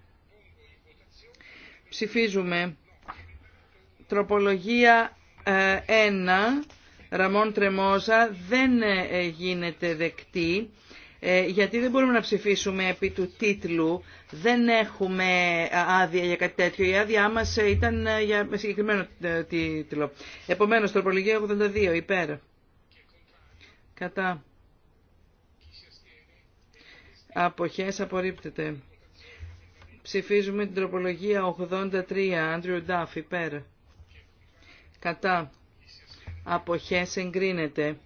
Ψηφίζουμε. Τροπολογία 1, ε, Ραμόν Τρεμόζα, δεν ε, γίνεται δεκτή. Ε, γιατί δεν μπορούμε να ψηφίσουμε επί του τίτλου. Δεν έχουμε ε, άδεια για κάτι τέτοιο. Η άδειά μα ε, ήταν για συγκεκριμένο τίτλο. Επομένως, τροπολογία 82, υπέρ. Κατά. Αποχές απορρίπτεται. Ψηφίζουμε την τροπολογία 83, Άντριου Ντάφ, υπέρ. Κατά. Αποχές εγκρίνεται.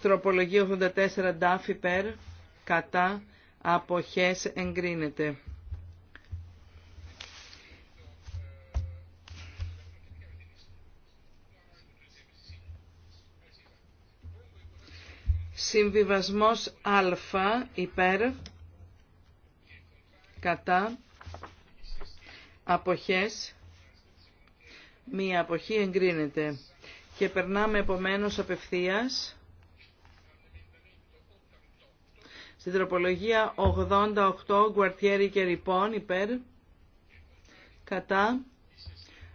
Τροπολογία 84 Ντάφι περ κατά αποχές εγκρίνεται. Συμβιβασμός Α υπέρ κατά αποχές μία αποχή εγκρίνεται και περνάμε επομένως απευθείας Στην τροπολογία 88, Γκουαρτιέρη και Ριπών, υπέρ, κατά,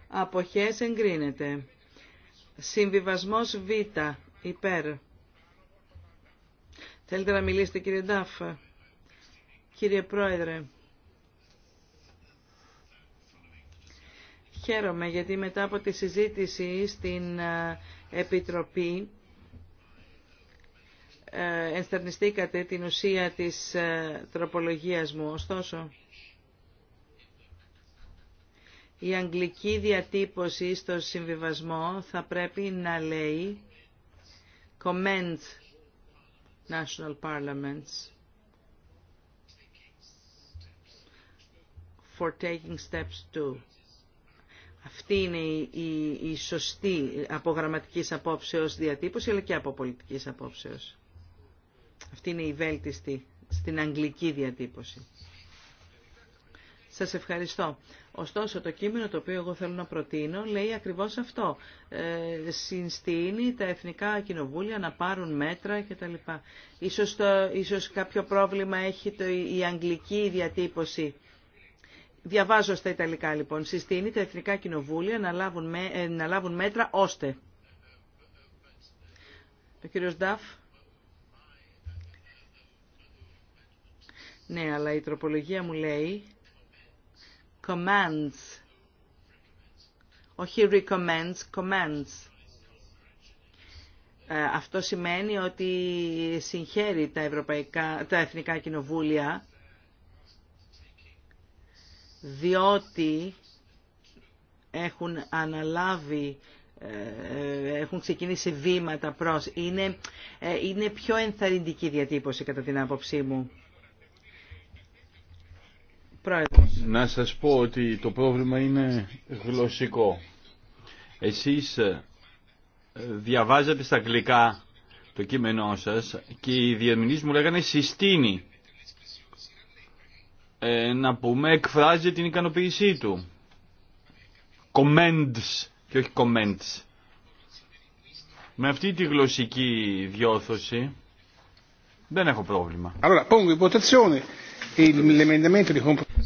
αποχές εγκρίνεται. Συμβιβασμός Β, υπέρ. Θέλετε να μιλήσετε κύριε Ντάφ. Κύριε Πρόεδρε. Χαίρομαι γιατί μετά από τη συζήτηση στην ε, Επιτροπή ε, ενστερνιστήκατε την ουσία της ε, τροπολογίας μου. Ωστόσο, η αγγλική διατύπωση στο συμβιβασμό θα πρέπει να λέει commend national parliaments for taking steps to. Αυτή είναι η, σωστή από γραμματικής απόψεως διατύπωση, αλλά και από πολιτικής απόψεως. Αυτή είναι η βέλτιστη στην αγγλική διατύπωση. Σας ευχαριστώ. Ωστόσο, το κείμενο το οποίο εγώ θέλω να προτείνω λέει ακριβώς αυτό. Ε, συνστήνει τα εθνικά κοινοβούλια να πάρουν μέτρα κτλ. Ίσως, το, ίσως κάποιο πρόβλημα έχει το, η αγγλική διατύπωση. Διαβάζω στα Ιταλικά λοιπόν. Συστήνει τα εθνικά κοινοβούλια να λάβουν, ε, να λάβουν μέτρα ώστε. Ο Ναι, αλλά η τροπολογία μου λέει commands. Όχι recommends, commands. Ε, αυτό σημαίνει ότι συγχαίρει τα, ευρωπαϊκά, τα εθνικά κοινοβούλια διότι έχουν αναλάβει ε, ε, έχουν ξεκινήσει βήματα προς. Είναι, είναι πιο ενθαρρυντική διατύπωση κατά την άποψή μου. Να σας πω ότι το πρόβλημα είναι γλωσσικό. Εσείς ε, διαβάζατε στα αγγλικά το κείμενό σας και οι διερμηνείς μου λέγανε συστήνει ε, να πούμε εκφράζει την ικανοποίησή του. Comments και όχι comments. Με αυτή τη γλωσσική διόρθωση δεν έχω πρόβλημα. Allora, pongo in votazione l'emendamento di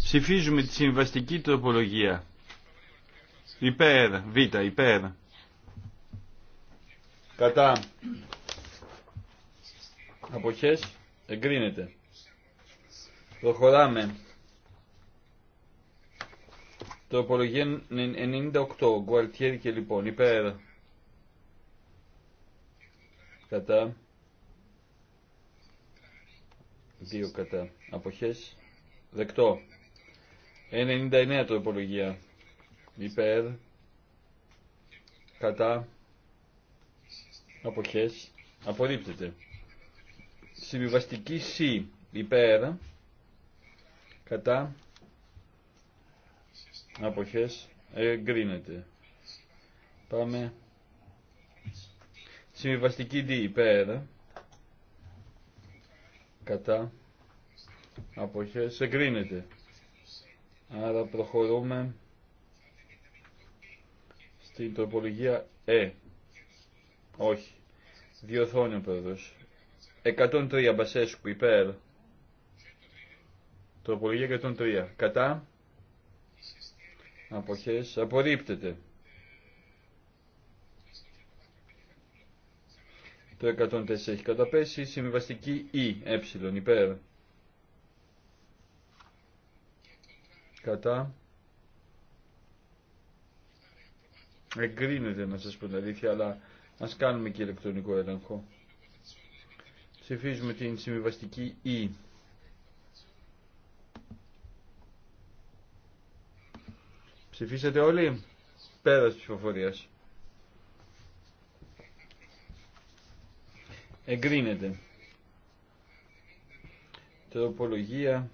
Ψηφίζουμε τη συμβαστική τροπολογία. Υπέρ, Β, υπέρ. Κατά. Αποχές, εγκρίνεται. Προχωράμε. Τροπολογία 98, Γκουαλτιέρη και λοιπόν, υπέρ. Κατά. Δύο κατά. Αποχές. Δεκτό. 99 υπολογία Υπέρ. Κατά. Αποχές. Απορρίπτεται. Συμβιβαστική C. Υπέρ. Κατά. Αποχές. Εγκρίνεται. Πάμε. Συμβιβαστική D. Υπέρ. Κατά. Αποχές. Εγκρίνεται. Άρα προχωρούμε στην τροπολογία Ε. Όχι. Διορθώνει ο πρόεδρος. 103 Μπασέσκου υπέρ. Τροπολογία 103. Κατά. Αποχές. Απορρίπτεται. Το 104 έχει καταπέσει. Συμβαστική Ι. Ε. Υπέρ. κατά εγκρίνεται να σας πω την αλήθεια αλλά ας κάνουμε και ηλεκτρονικό έλεγχο ψηφίζουμε την συμβιβαστική E ψηφίσατε όλοι πέρας ψηφοφορίας εγκρίνεται τροπολογία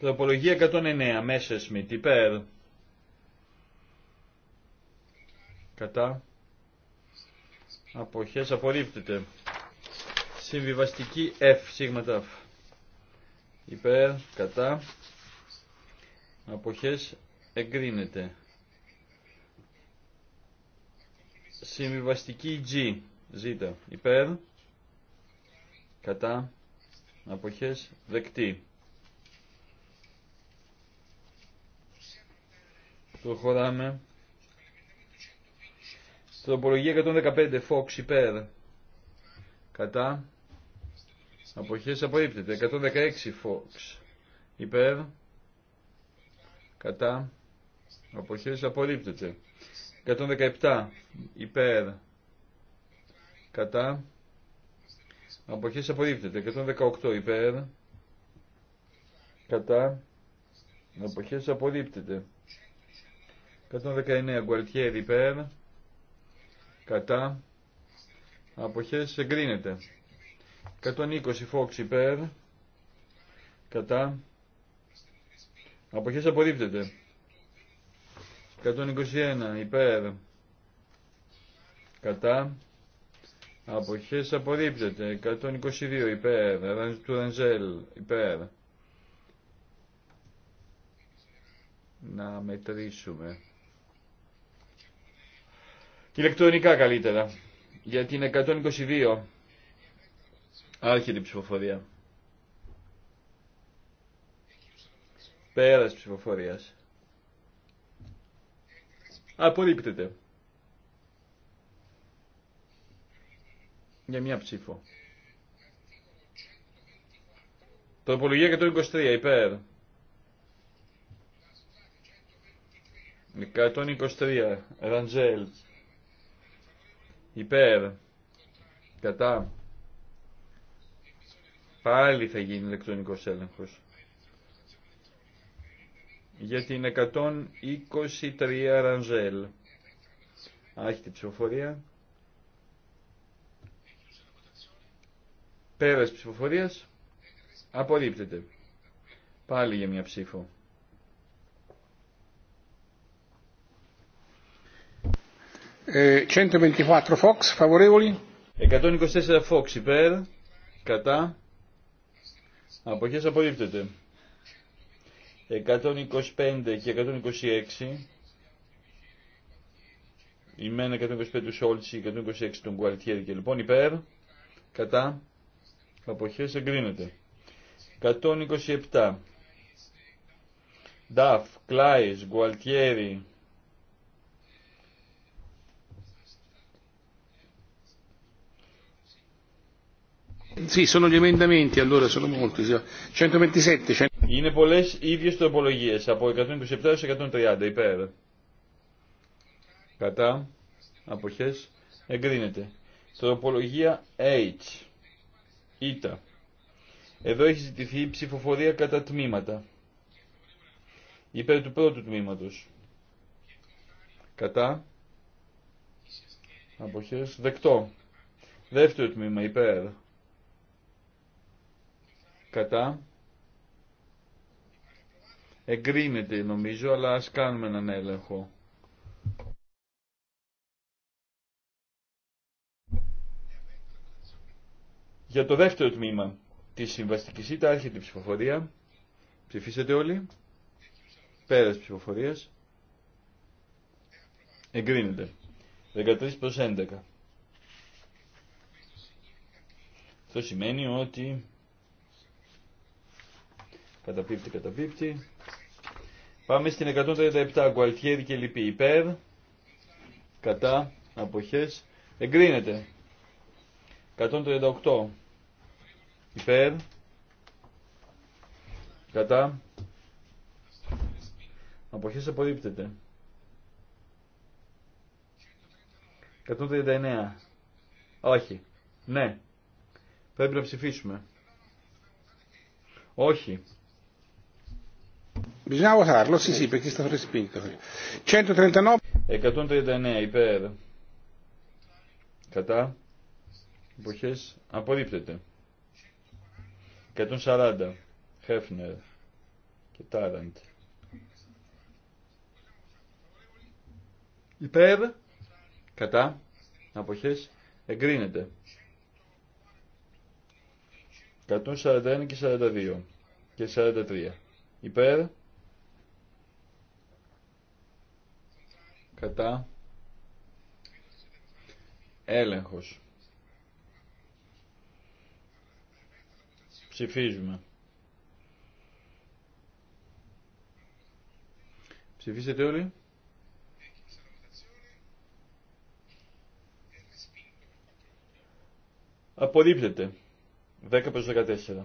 Τροπολογία 109. Μέσα Σμιτ. Υπέρ. Κατά. Αποχές απορρίπτεται. Συμβιβαστική F. Σίγματα. Υπέρ. Κατά. Αποχές εγκρίνεται. Συμβιβαστική G. Ζ. Υπέρ. Κατά. Αποχές δεκτή. Προχωράμε. Τροπολογία 115 Fox υπέρ. Κατά. Αποχές απορρίπτεται. 116 Fox υπέρ. Κατά. Αποχές απορρίπτεται. 117 υπέρ. Κατά. Αποχές απορρίπτεται. 118 υπέρ. Κατά. Αποχές απορρίπτεται. 119 Γκουαλτιέρη υπέρ, κατά, αποχές εγκρίνεται. 120 Φόξ υπέρ, κατά, αποχές απορρίπτεται. 121 υπέρ, κατά, αποχές απορρίπτεται. 122 υπέρ, του Ρανζέλ υπέρ. Να μετρήσουμε. Ηλεκτρονικά καλύτερα. Για την 122 άρχεται η ψηφοφορία. Πέρας ψηφοφορίας. Απορρίπτεται. Για μια ψήφο. Τροπολογία 123 υπέρ. 123 Ραντζέλ υπέρ, κατά, πάλι θα γίνει ηλεκτρονικός έλεγχος. Για την 123 Ρανζέλ. Άρχιτε ψηφοφορία. Πέρας ψηφοφορίας. Απορρίπτεται. Πάλι για μια ψήφο. 124 ε, Fox, favorevoli. 124 Fox υπέρ, κατά, αποχές απορρίπτεται. 125 και 126, ημένα 125 του Σόλτση, 126 του Γκουαλτιέρη και λοιπόν υπέρ, κατά, αποχές εγκρίνεται. 127, Νταφ, Κλάις, Γκουαλτιέρη, Είναι πολλέ ίδιε τροπολογίε από 127 έω 130 υπέρ. Κατά αποχέ εγκρίνεται. Τροπολογία H. Ήτα. Εδώ έχει ζητηθεί ψηφοφορία κατά τμήματα. Υπέρ του πρώτου τμηματο Κατά. αποχε Δεκτό. Δεύτερο τμήμα. Υπέρ κατά εγκρίνεται νομίζω αλλά ας κάνουμε έναν έλεγχο για το δεύτερο τμήμα Τη συμβαστική ή έρχεται η ψηφοφορία ψηφίσατε όλοι πέρας ψηφοφορίας εγκρίνεται 13 προς 11 αυτό σημαίνει ότι Καταπίπτει, καταπίπτει. Πάμε στην 137. Γκουαλτιέρη και λοιπή. Υπέρ. Κατά. Αποχές. Εγκρίνεται. 138. Υπέρ. Κατά. Αποχές απορρίπτεται. 139. Όχι. Ναι. Πρέπει να ψηφίσουμε. Όχι. Bisogna votarlo, sì sì, perché è stato respinto. 139. 139 υπέρ. Κατά. Εποχέ. Απορρίπτεται. 140. Χέφνερ. Και Τάραντ. Υπέρ. Κατά. Αποχές. Εγκρίνεται. 141 και 42 και 43. Υπέρ κατά έλεγχος. Ψηφίζουμε. Ψηφίσετε όλοι. Απορρίπτεται. 10 προς 14.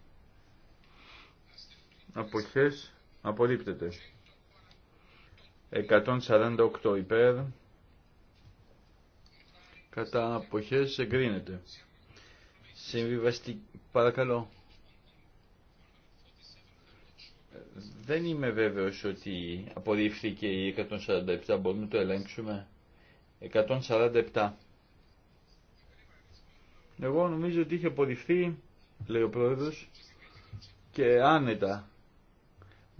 αποχές απορρίπτεται. 148 υπέρ, κατά αποχές εγκρίνεται. Συμβιβαστική, παρακαλώ. Δεν είμαι βέβαιος ότι απορρίφθηκε η 147, μπορούμε να το ελέγξουμε. 147. Εγώ νομίζω ότι είχε απορριφθεί, λέει ο πρόεδρος, και άνετα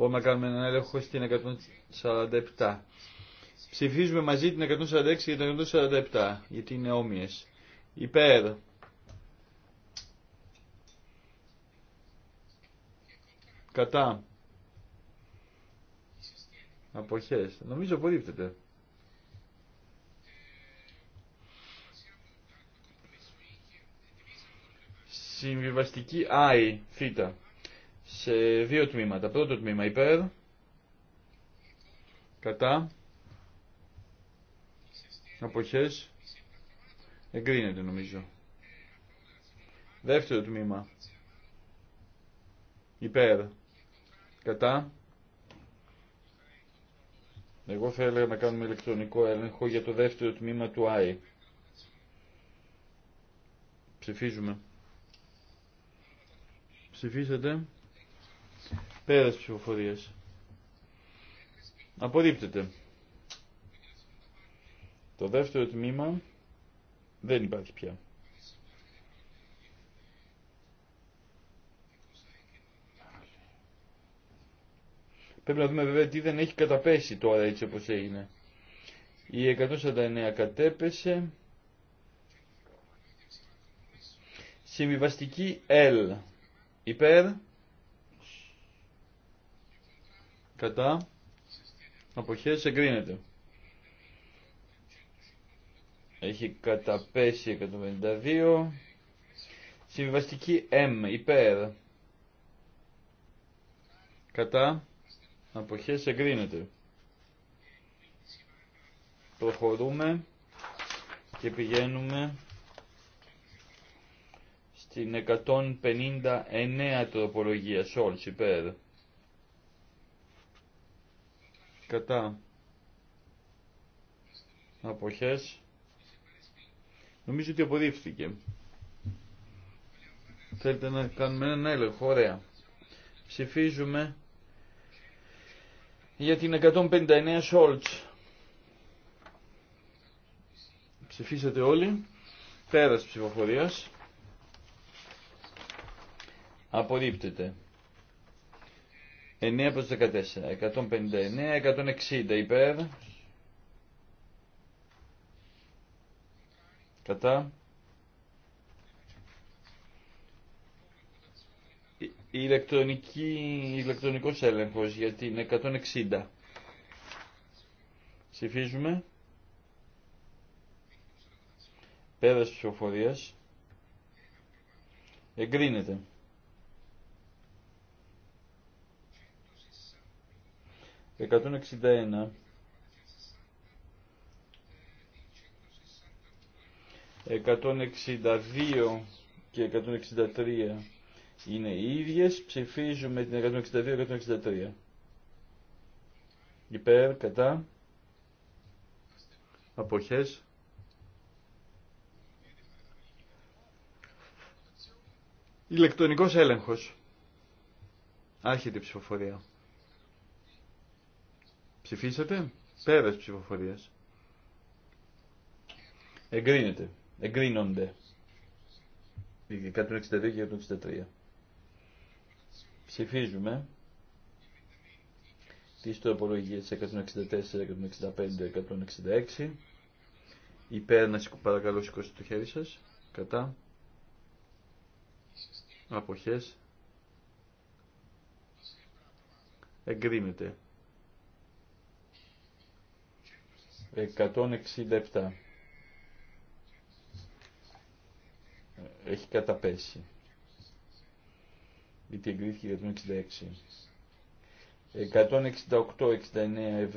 Μπορούμε να κάνουμε έναν έλεγχο στην 147. Ψηφίζουμε μαζί την 146 και την 147, γιατί είναι όμοιες. Υπέρ. Κατά. Αποχές. Νομίζω απορρίπτεται. Συμβιβαστική I, φίτα σε δύο τμήματα. Πρώτο τμήμα υπέρ, κατά, αποχές, εγκρίνεται νομίζω. Δεύτερο τμήμα, υπέρ, κατά, εγώ θα έλεγα να κάνουμε ηλεκτρονικό έλεγχο για το δεύτερο τμήμα του ΆΗ. Ψηφίζουμε. Ψηφίσατε. Πέρας ψηφοφορία. Απορρίπτεται. Το δεύτερο τμήμα δεν υπάρχει πια. Πρέπει να δούμε βέβαια τι δεν έχει καταπέσει τώρα έτσι όπως έγινε. Η 149 κατέπεσε. Συμβιβαστική L. Υπέρ. κατά αποχές εγκρίνεται. Έχει καταπέσει 152. Συμβιβαστική M υπέρ κατά αποχές εγκρίνεται. Προχωρούμε και πηγαίνουμε στην 159 τροπολογία Σόλτς υπέρ κατά αποχές νομίζω ότι απορρίφθηκε θέλετε να κάνουμε έναν έλεγχο ωραία ψηφίζουμε για την 159 Σόλτς ψηφίσατε όλοι πέρας ψηφοφορίας απορρίπτεται 9 προς 14, 159, 160 υπέρ, κατά, η ηλεκτρονική, ηλεκτρονικός έλεγχος για την 160. Ψηφίζουμε. Πέρας ψηφοφορίας. Εγκρίνεται. 161 162 και 163 είναι οι ίδιες, ψηφίζουμε την 162-163. Υπέρ, κατά, αποχές. Ηλεκτρονικός έλεγχος. Άρχεται η ψηφοφορία. Ψηφίσατε. Πέρας ψηφοφορία. Εγκρίνεται. Εγκρίνονται. 162 και 163. Ψηφίζουμε τις τροπολογίε 164, 165, 166. Υπέρ να παρακαλώ σηκώσετε το χέρι σας. Κατά. Αποχές. Εγκρίνεται. 167 έχει καταπέσει γιατί εγκρίθηκε 166 168, 69, 70,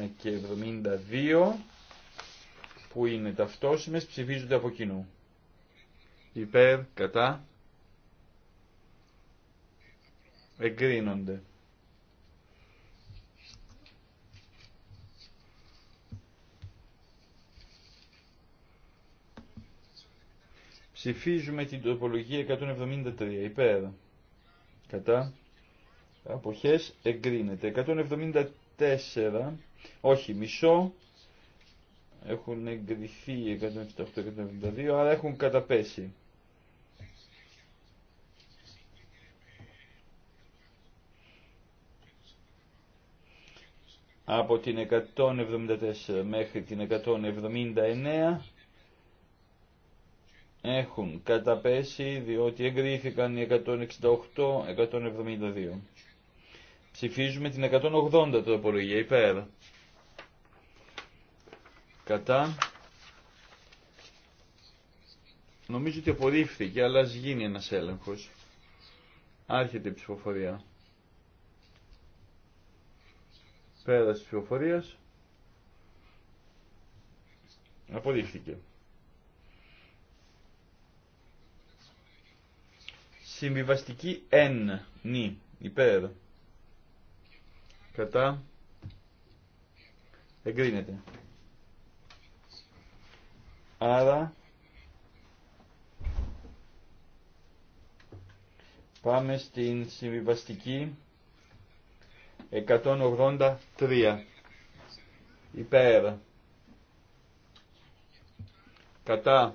71 και 72 που είναι ταυτόσιμες ψηφίζονται από κοινού υπέρ, κατά εγκρίνονται Ψηφίζουμε την τροπολογία 173 υπέρ. Κατά. Αποχές εγκρίνεται. 174. Όχι, μισό. Έχουν εγκριθεί 178-172, άρα έχουν καταπέσει. Από την 174 μέχρι την 179 έχουν καταπέσει διότι εγκρίθηκαν οι 168-172. Ψηφίζουμε την 180 τροπολογία υπέρ. Κατά. Νομίζω ότι απορρίφθηκε, αλλά ας γίνει ένας έλεγχος. Άρχεται η ψηφοφορία. Πέρα της ψηφοφορίας. Απορρίφθηκε. Συμβιβαστική εν, νη, υπέρ. Κατά. Εγκρίνεται. Άρα πάμε στην συμβιβαστική 183 υπέρ κατά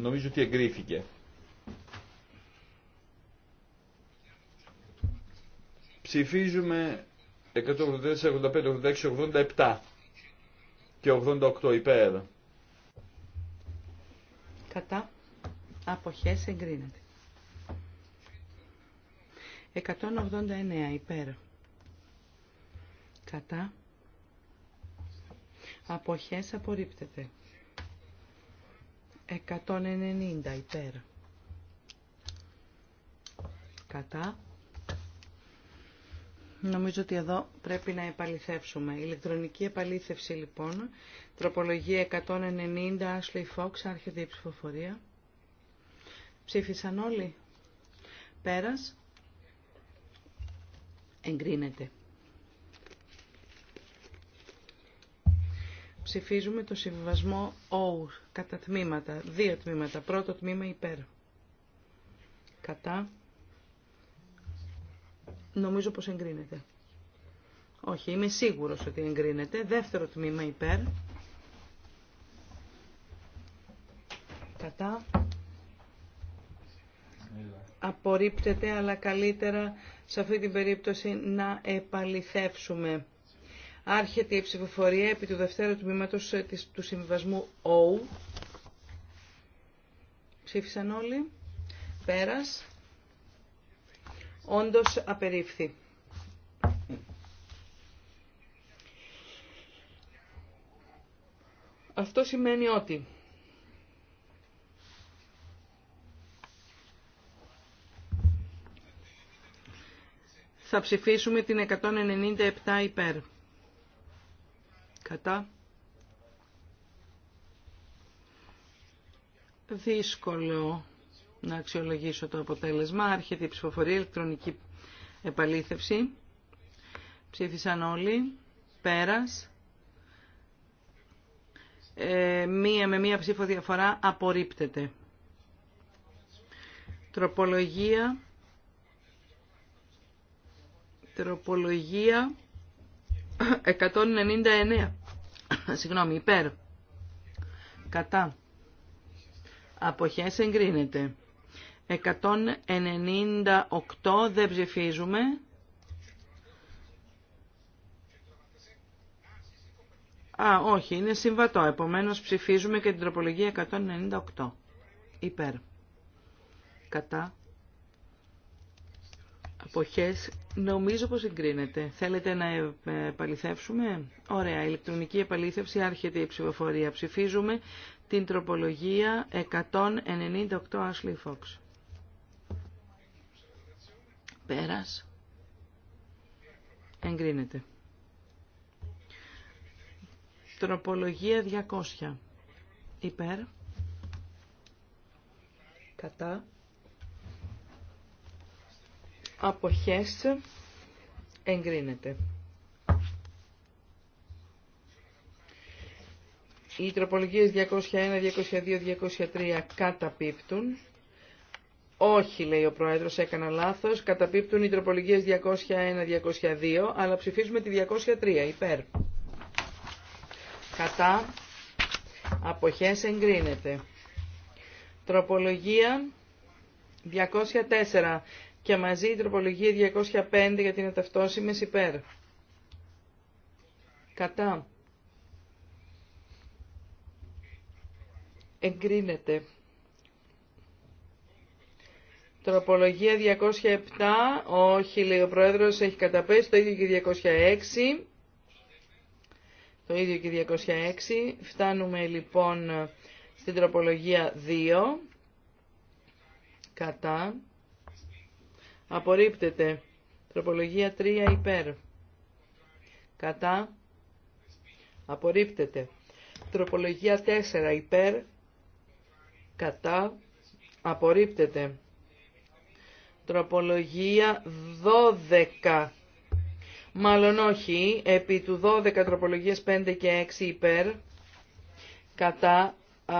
Νομίζω ότι εγκρίθηκε. Ψηφίζουμε 184, 85, 86, 87 και 88 υπέρ. Κατά αποχές εγκρίνεται. 189 υπέρ. Κατά αποχές απορρίπτεται. 190 υπέρ. Κατά. Νομίζω ότι εδώ πρέπει να επαληθεύσουμε. Ηλεκτρονική επαλήθευση λοιπόν. Τροπολογία 190, Ashley Fox, άρχεται η ψηφοφορία. Ψήφισαν όλοι. Πέρας. Εγκρίνεται. ψηφίζουμε το συμβιβασμό OUR κατά τμήματα, δύο τμήματα. Πρώτο τμήμα υπέρ. Κατά. Νομίζω πως εγκρίνεται. Όχι, είμαι σίγουρος ότι εγκρίνεται. Δεύτερο τμήμα υπέρ. Κατά. Απορρίπτεται, αλλά καλύτερα σε αυτή την περίπτωση να επαληθεύσουμε. Άρχεται η ψηφοφορία επί του δευτέρου τμήματος ε, του συμβιβασμού O. Ψήφισαν όλοι. Πέρας. Όντως απερίφθη. Αυτό σημαίνει ότι θα ψηφίσουμε την 197 υπέρ κατά δύσκολο να αξιολογήσω το αποτέλεσμα. Άρχεται η ψηφοφορία, ηλεκτρονική επαλήθευση. Ψήφισαν όλοι. Πέρας. Ε, μία με μία ψήφο διαφορά απορρίπτεται. Τροπολογία. Τροπολογία 199. συγγνώμη, υπέρ, κατά, αποχές εγκρίνεται. 198 δεν ψηφίζουμε. Α, όχι, είναι συμβατό. Επομένως ψηφίζουμε και την τροπολογία 198. Υπέρ. Κατά. Αποχές νομίζω πως εγκρίνεται. Θέλετε να επαληθεύσουμε. Ωραία, ηλεκτρονική επαλήθευση άρχεται η ψηφοφορία. Ψηφίζουμε την τροπολογία 198 Ashley Fox. Πέρας. Εγκρίνεται. Τροπολογία 200. Υπέρ. Κατά αποχές εγκρίνεται. Οι τροπολογίες 201, 202, 203 καταπίπτουν. Όχι, λέει ο Πρόεδρος, έκανα λάθος. Καταπίπτουν οι τροπολογίες 201, 202, αλλά ψηφίζουμε τη 203, υπέρ. Κατά, αποχές εγκρίνεται. Τροπολογία 204, και μαζί η τροπολογία 205 γιατί είναι ταυτόσημες υπέρ. Κατά. Εγκρίνεται. Τροπολογία 207, όχι λέει ο Πρόεδρος, έχει καταπέσει το ίδιο και 206. Το ίδιο και 206. Φτάνουμε λοιπόν στην τροπολογία 2. Κατά. Απορρίπτεται. Τροπολογία 3 υπέρ. Κατά. Απορρίπτεται. Τροπολογία 4 υπέρ. Κατά. Απορρίπτεται. Τροπολογία 12. Μάλλον όχι. Επί του 12 τροπολογίες 5 και 6 υπέρ. Κατά. Α,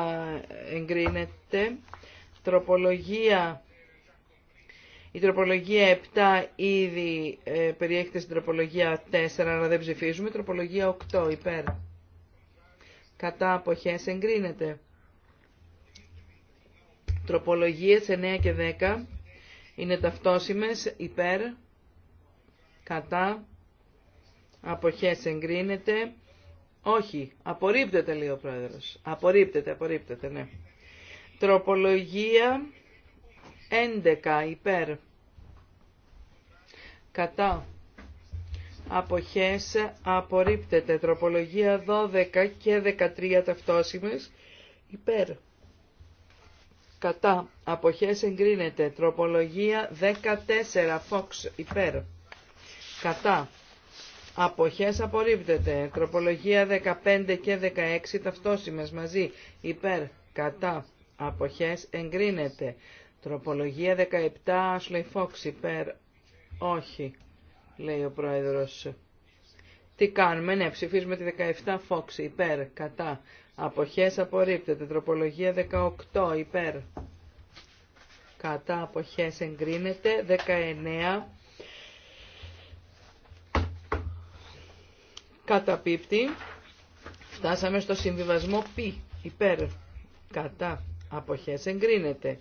εγκρίνεται. Τροπολογία η τροπολογία 7 ήδη ε, περιέχεται στην τροπολογία 4, αλλά δεν ψηφίζουμε. Τροπολογία 8 υπέρ. Κατά αποχές εγκρίνεται. Τροπολογίες 9 και 10 είναι ταυτόσιμες υπέρ. Κατά αποχές εγκρίνεται. Όχι, απορρίπτεται λέει ο πρόεδρος. Απορρίπτεται, απορρίπτεται, ναι. Τροπολογία 11 υπέρ κατά αποχές απορρίπτεται τροπολογία 12 και 13 ταυτόσημες υπέρ κατά αποχές εγκρίνεται τροπολογία 14 φόξ υπέρ κατά αποχές απορρίπτεται τροπολογία 15 και 16 ταυτόσημες μαζί υπέρ κατά αποχές εγκρίνεται Τροπολογία 17, Fox, υπέρ. Όχι, λέει ο πρόεδρος. Τι κάνουμε, ναι, ψηφίζουμε τη 17 Fox υπέρ, κατά. Αποχές απορρίπτεται. Τροπολογία 18 υπέρ. Κατά αποχές εγκρίνεται. 19. πίπτη Φτάσαμε στο συμβιβασμό π. Υπέρ. Κατά αποχές εγκρίνεται.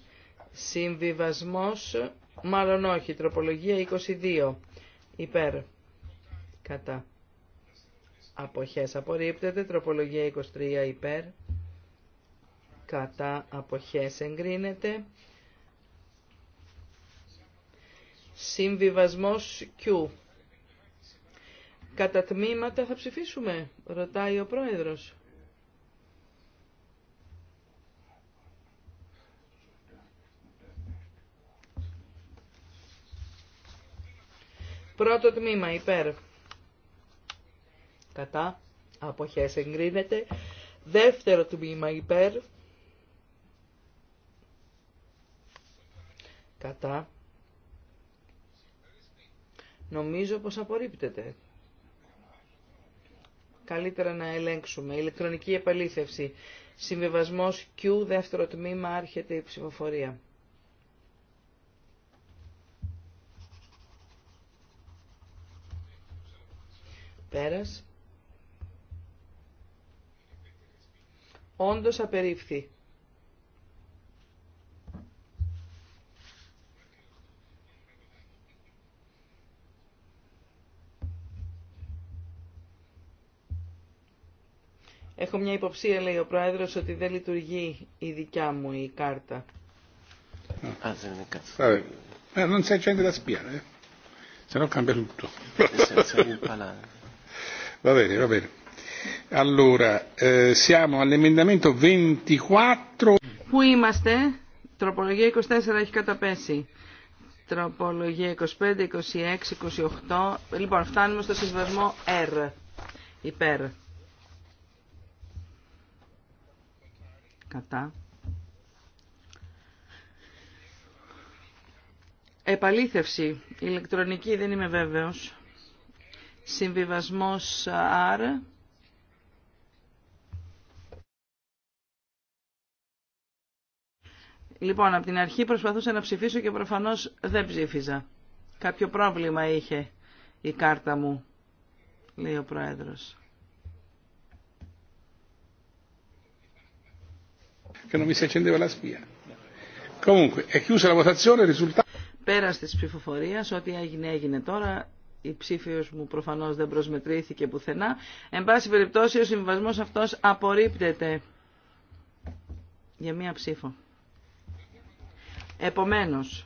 Συμβιβασμός, μάλλον όχι, τροπολογία 22. Υπέρ. Κατά. Αποχές απορρίπτεται, τροπολογία 23 υπέρ. Κατά αποχές εγκρίνεται. Συμβιβασμός Q. Κατά τμήματα θα ψηφίσουμε, ρωτάει ο πρόεδρος. Πρώτο τμήμα υπέρ. Κατά. Αποχές εγκρίνεται. Δεύτερο τμήμα υπέρ. Κατά. Νομίζω πως απορρίπτεται. Καλύτερα να ελέγξουμε. Ηλεκτρονική επαλήθευση. Συμβιβασμός Q, δεύτερο τμήμα, άρχεται η ψηφοφορία. Πέρας. Όντως απερίφθη. Έχω μια υποψία, λέει ο Πρόεδρος, ότι δεν λειτουργεί η δικιά μου η κάρτα. Α, δεν είναι κάτι. Ε, Va bene, va bene. Allora, eh, siamo all'emendamento 24. Πού είμαστε? Τροπολογία 24 έχει καταπέσει. Τροπολογία 25, 26, 28. Λοιπόν, φτάνουμε στο συμβασμό R. Υπέρ. Κατά. Επαλήθευση. Ηλεκτρονική δεν είμαι βέβαιος. Συμβιβασμός R. Λοιπόν, από την αρχή προσπαθούσα να ψηφίσω και προφανώς δεν ψήφιζα. Κάποιο πρόβλημα είχε η κάρτα μου, λέει ο Πρόεδρος. Πέρα τη ψηφοφορία, ό,τι έγινε έγινε τώρα, η ψήφιος μου προφανώς δεν προσμετρήθηκε πουθενά. Εν πάση περιπτώσει ο συμβασμός αυτός απορρίπτεται για μία ψήφο. Επομένως,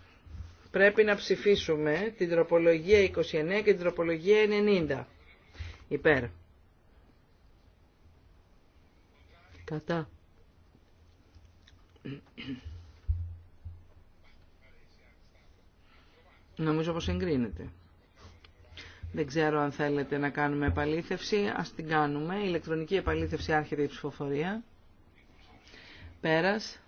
πρέπει να ψηφίσουμε την τροπολογία 29 και την τροπολογία 90. Υπέρ. Κατά. Νομίζω πως εγκρίνεται. Δεν ξέρω αν θέλετε να κάνουμε επαλήθευση. Ας την κάνουμε. Η ηλεκτρονική επαλήθευση άρχεται η ψηφοφορία. Πέρας.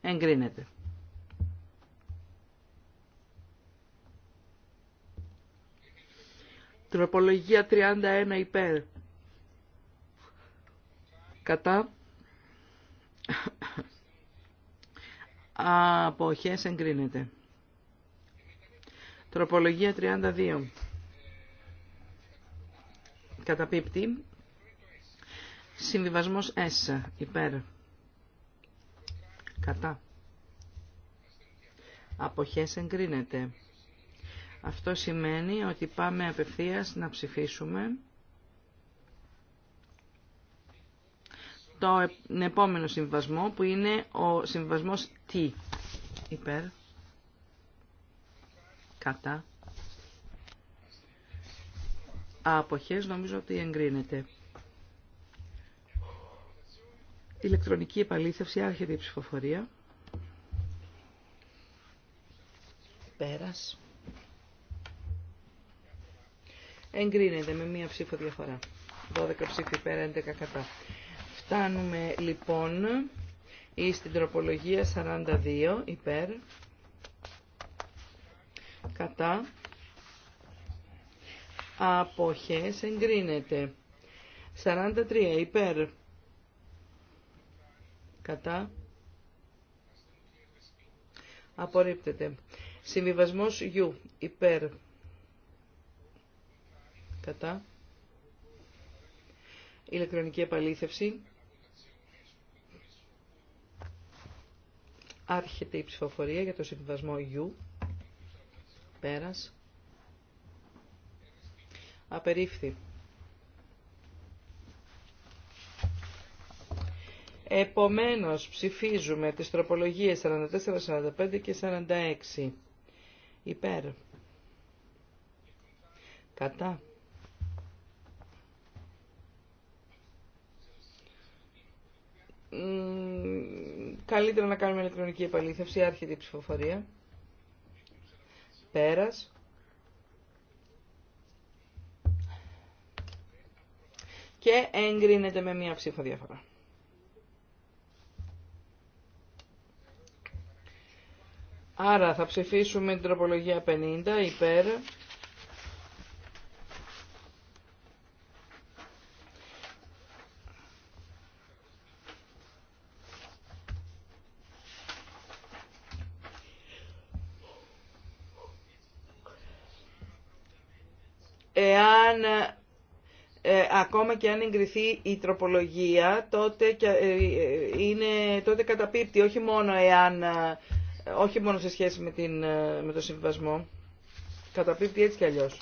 Εγκρίνεται. Τροπολογία 31 υπέρ. Κατά. Αποχές εγκρίνεται. Τροπολογία 32. Καταπίπτει. Συμβιβασμός S. Υπέρ. Κατά. Αποχές εγκρίνεται. Αυτό σημαίνει ότι πάμε απευθείας να ψηφίσουμε το επόμενο συμβασμό που είναι ο συμβασμός T. Υπέρ κατά αποχές νομίζω ότι εγκρίνεται. Ηλεκτρονική επαλήθευση, άρχεται η ψηφοφορία. Πέρας. Εγκρίνεται με μία ψήφο διαφορά. 12 ψήφοι πέρα, 11 κατά. Φτάνουμε λοιπόν στην τροπολογία 42 υπέρ κατά αποχές εγκρίνεται 43 υπέρ κατά απορρίπτεται συμβιβασμός U υπέρ κατά ηλεκτρονική επαλήθευση άρχεται η ψηφοφορία για το συμβιβασμό U Πέρας. Απερίφθη. Επομένως ψηφίζουμε τις τροπολογίες 44, 45 και 46. Υπέρ. Κατά. Καλύτερα να κάνουμε ηλεκτρονική επαλήθευση, άρχεται η ψηφοφορία. Πέρας. Και εγκρίνεται με μία ψήφο διαφορά. Άρα θα ψηφίσουμε την τροπολογία 50 υπέρ ακόμα και αν εγκριθεί η τροπολογία, τότε, ε, είναι, τότε καταπίπτει, όχι μόνο, εάν, ε, όχι μόνο σε σχέση με, την, ε, με το συμβασμό. Καταπίπτει έτσι κι αλλιώς.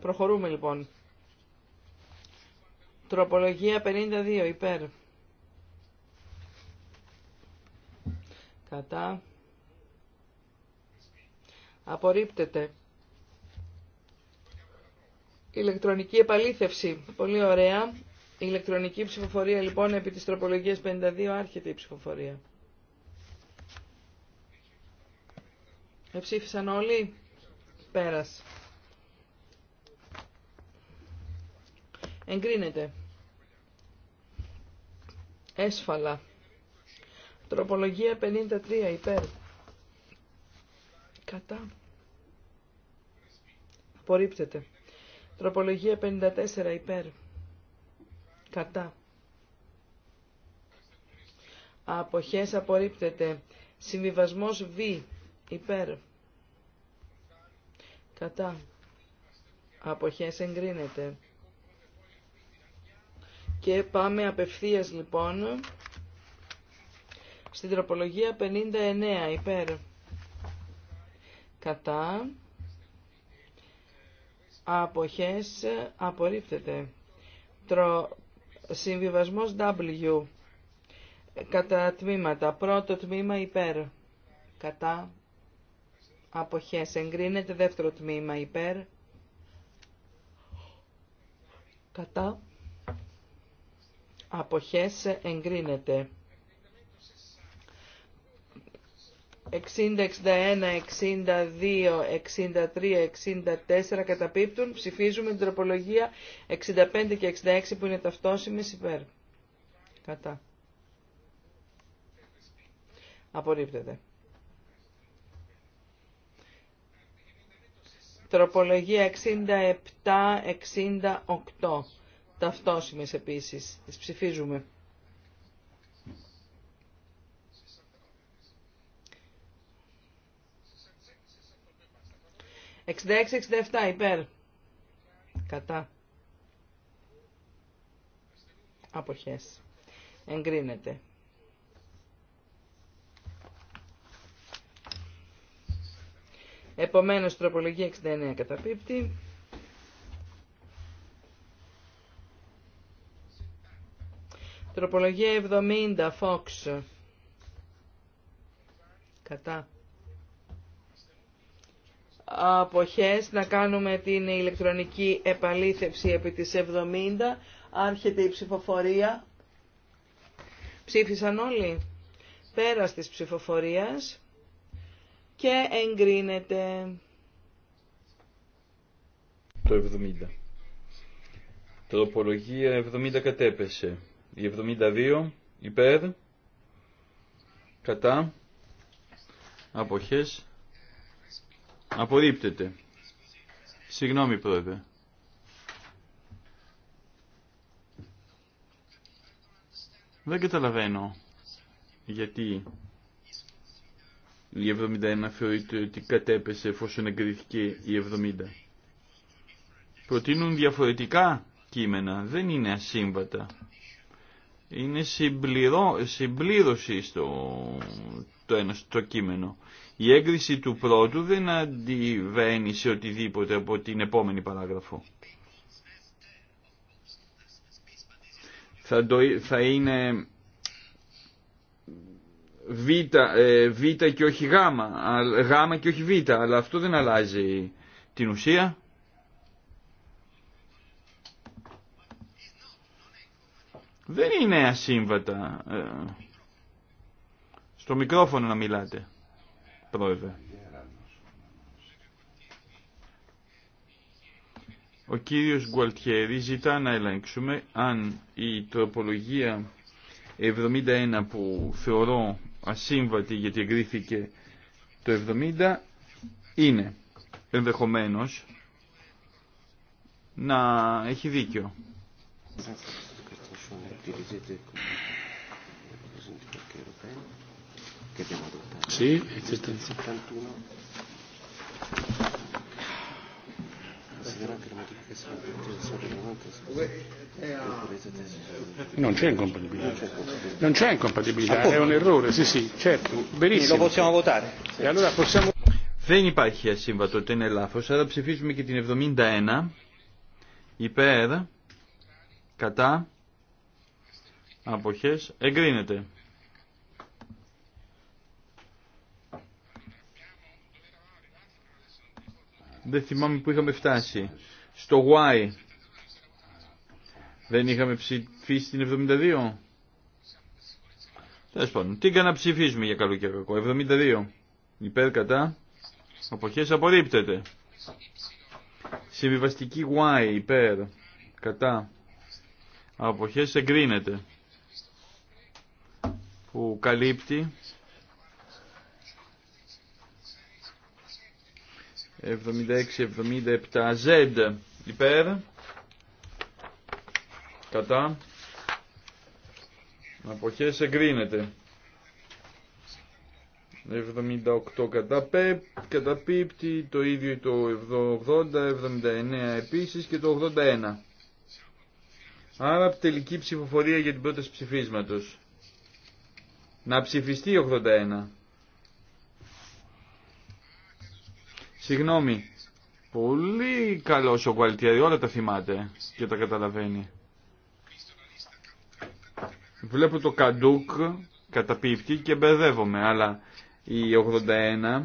Προχωρούμε λοιπόν. Τροπολογία 52 υπέρ. κατά, απορρίπτεται. Ηλεκτρονική επαλήθευση, πολύ ωραία. Η ηλεκτρονική ψηφοφορία λοιπόν επί της τροπολογίας 52 άρχεται η ψηφοφορία. Εψήφισαν όλοι. Πέρας. Εγκρίνεται. Έσφαλα. Τροπολογία 53 υπέρ. Κατά. Απορρίπτεται. Τροπολογία 54 υπέρ. Κατά. Αποχές απορρίπτεται. Συμβιβασμός Β υπέρ. Κατά. Αποχές εγκρίνεται. Και πάμε απευθείας λοιπόν στην τροπολογία 59 υπέρ κατά αποχές απορρίπτεται. Τρο... Συμβιβασμός W κατά τμήματα. Πρώτο τμήμα υπέρ κατά αποχές. Εγκρίνεται δεύτερο τμήμα υπέρ κατά αποχές εγκρίνεται. 60, 61, 62, 63, 64 καταπίπτουν. Ψηφίζουμε την τροπολογία 65 και 66 που είναι ταυτόσιμε υπέρ. Κατά. Απορρίπτεται. Τροπολογία 67, 68. Ταυτόσιμες επίσης. Τις ψηφίζουμε. 66-67 υπέρ. Κατά. Αποχές. Εγκρίνεται. Επομένως, τροπολογία 69 καταπίπτει. Τροπολογία 70, Fox. Κατά αποχές να κάνουμε την ηλεκτρονική επαλήθευση επί της 70 άρχεται η ψηφοφορία ψήφισαν όλοι πέρας της ψηφοφορίας και εγκρίνεται το 70 τροπολογία 70 κατέπεσε η 72 υπέρ κατά αποχές Απορρίπτεται. Συγγνώμη πρόεδρε. Δεν καταλαβαίνω γιατί η 71 θεωρείται ότι κατέπεσε εφόσον εγκρίθηκε η 70. Προτείνουν διαφορετικά κείμενα, δεν είναι ασύμβατα. Είναι συμπληρώ, συμπλήρωση στο το ένα στο κείμενο. Η έγκριση του πρώτου δεν αντιβαίνει σε οτιδήποτε από την επόμενη παράγραφο. Θα, θα είναι ε, β, και όχι γ, γ και όχι β, αλλά αυτό δεν αλλάζει την ουσία. Δεν είναι ασύμβατα. Ε, στο μικρόφωνο να μιλάτε πρόεδρε. Ο κύριος Γκουαλτιέρη ζητά να ελέγξουμε αν η τροπολογία 71 που θεωρώ ασύμβατη γιατί εγκρίθηκε το 70 είναι ενδεχομένως να έχει δίκιο che abbiamo adottato. Sì, esiste. 71. Non c'è incompatibilità. Non c'è incompatibilità, è un errore, sì sì, certo, verissimo. Lo possiamo votare. E allora possiamo... Δεν υπάρχει ασύμβατο ότι είναι λάθος, άρα ψηφίζουμε και την 71 υπέρ, κατά, αποχές, εγκρίνεται. δεν θυμάμαι που είχαμε φτάσει. Στο Y δεν είχαμε ψηφίσει την 72. Τέλο πάντων, τι να ψηφίσουμε για καλό και κακό. 72. Υπέρ κατά. Αποχέ απορρίπτεται. Συμβιβαστική Y υπέρ κατά. Αποχέ εγκρίνεται. Που καλύπτει 76-77 Z υπέρ κατά αποχές εγκρίνεται 78 κατά πέπ, καταπίπτει το ίδιο το 80, 79 επίσης και το 81 άρα τελική ψηφοφορία για την πρόταση ψηφίσματος να ψηφιστεί 81 Συγγνώμη. Πολύ καλό ο Γκουαλτιέρη, όλα τα θυμάται και τα καταλαβαίνει. Βλέπω το καντούκ καταπίπτει και μπερδεύομαι, αλλά η 81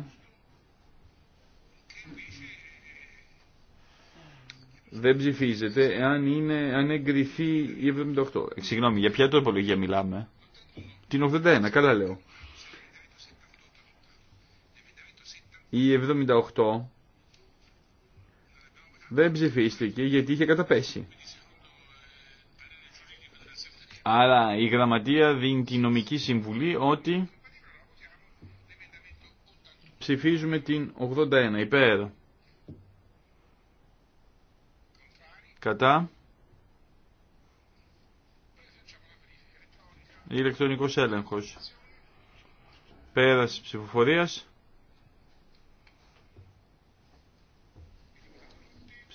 δεν ψηφίζεται εάν είναι, αν εγκριθεί η 78. Ε, συγγνώμη, για ποια τροπολογία μιλάμε. Την 81, καλά λέω. Η 78 δεν ψηφίστηκε γιατί είχε καταπέσει. Άρα η γραμματεία δίνει τη νομική συμβουλή ότι ψηφίζουμε την 81 υπέρ. Κατά. Ηλεκτρονικός έλεγχος. Πέραση ψηφοφορίας.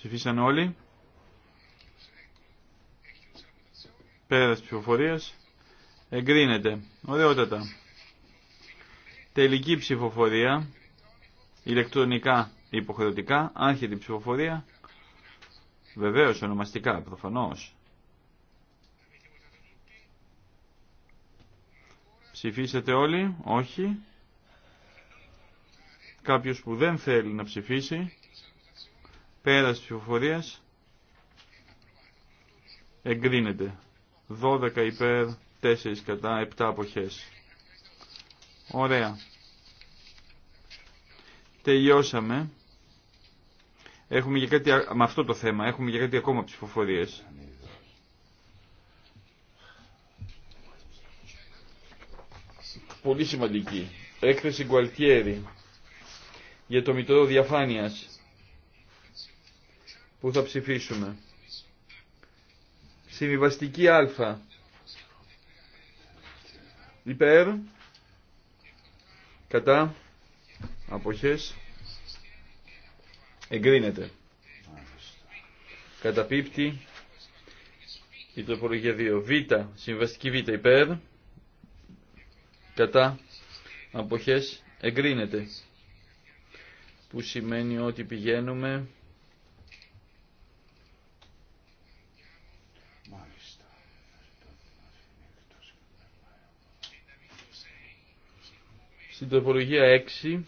Ψηφίσαν όλοι. Πέρας ψηφοφορίας. Εγκρίνεται. Ωραιότατα. Τελική ψηφοφορία. Ηλεκτρονικά υποχρεωτικά. Άρχεται ψηφοφορία. Βεβαίως ονομαστικά προφανώς. Ψηφίσατε όλοι. Όχι. Κάποιος που δεν θέλει να ψηφίσει. Πέρας ψηφοφορίας εγκρίνεται. 12 υπέρ, 4 κατά, 7 αποχές. Ωραία. Τελειώσαμε. Έχουμε για κάτι, με αυτό το θέμα έχουμε για κάτι ακόμα ψηφοφορίες. Πολύ σημαντική. Έκθεση Γκουαλτιέρη για το Μητρό Διαφάνειας που θα ψηφίσουμε. Συμβιβαστική Α. Υπέρ. Κατά. Αποχές. Εγκρίνεται. Καταπίπτει. Η τροπολογία 2. Β. Συμβαστική Β. Υπέρ. Κατά. Αποχές. Εγκρίνεται. Που σημαίνει ότι πηγαίνουμε Στην τροπολογία 6,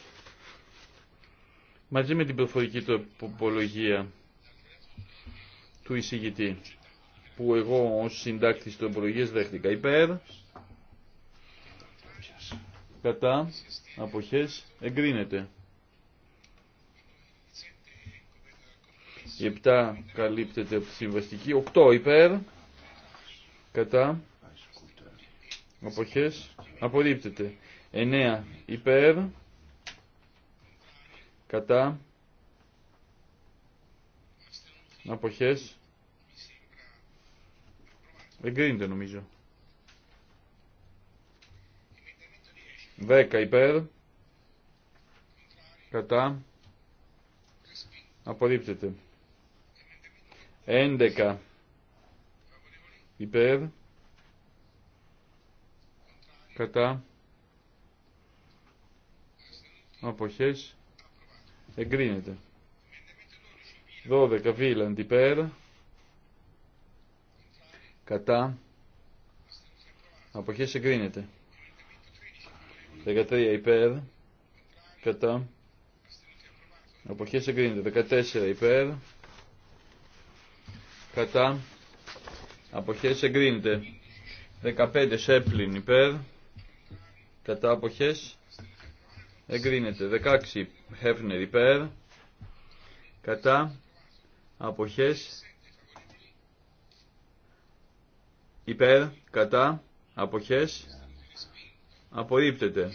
μαζί με την προφορική τροπολογία του εισηγητή, που εγώ ως συντάκτης τροπολογίας δέχτηκα υπέρ, κατά, αποχές, εγκρίνεται. Η 7 καλύπτεται από τη συμβαστική. 8 υπέρ. Κατά. Αποχές. Απορρίπτεται. 9 υπέρ κατά αποχές εγκρίνεται νομίζω 10 υπέρ κατά απορρίπτεται 11 υπέρ κατά αποχές εγκρίνεται 12 Βίλαντ υπέρ κατά αποχές εγκρίνεται 13 υπέρ κατά αποχές εγκρίνεται 14 υπέρ κατά αποχές εγκρίνεται 15 Σέπλιν υπέρ κατά αποχές εγκρίνεται 16 Hefner υπέρ κατά αποχές υπέρ κατά αποχές απορρίπτεται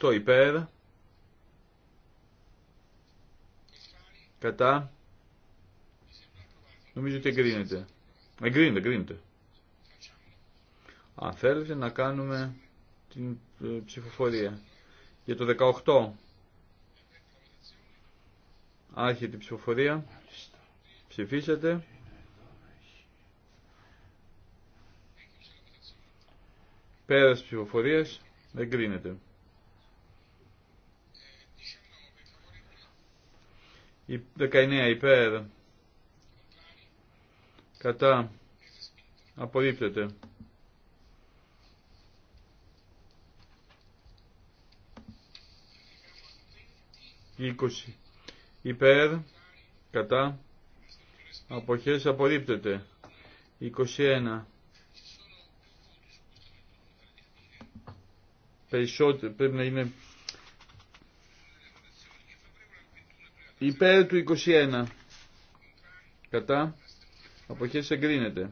18 υπέρ κατά νομίζω ότι εγκρίνεται εγκρίνεται εγκρίνεται αν θέλετε να κάνουμε την ε, ψηφοφορία για το 18 άρχεται η ψηφοφορία. Ψηφίσατε. Πέρας ψηφοφορίας κρίνεται. Η 19 υπέρ κατά απορρίπτεται. 20 υπέρ κατά αποχές απορρίπτεται 21 περισσότερο πρέπει να είναι υπέρ του 21 κατά αποχές εγκρίνεται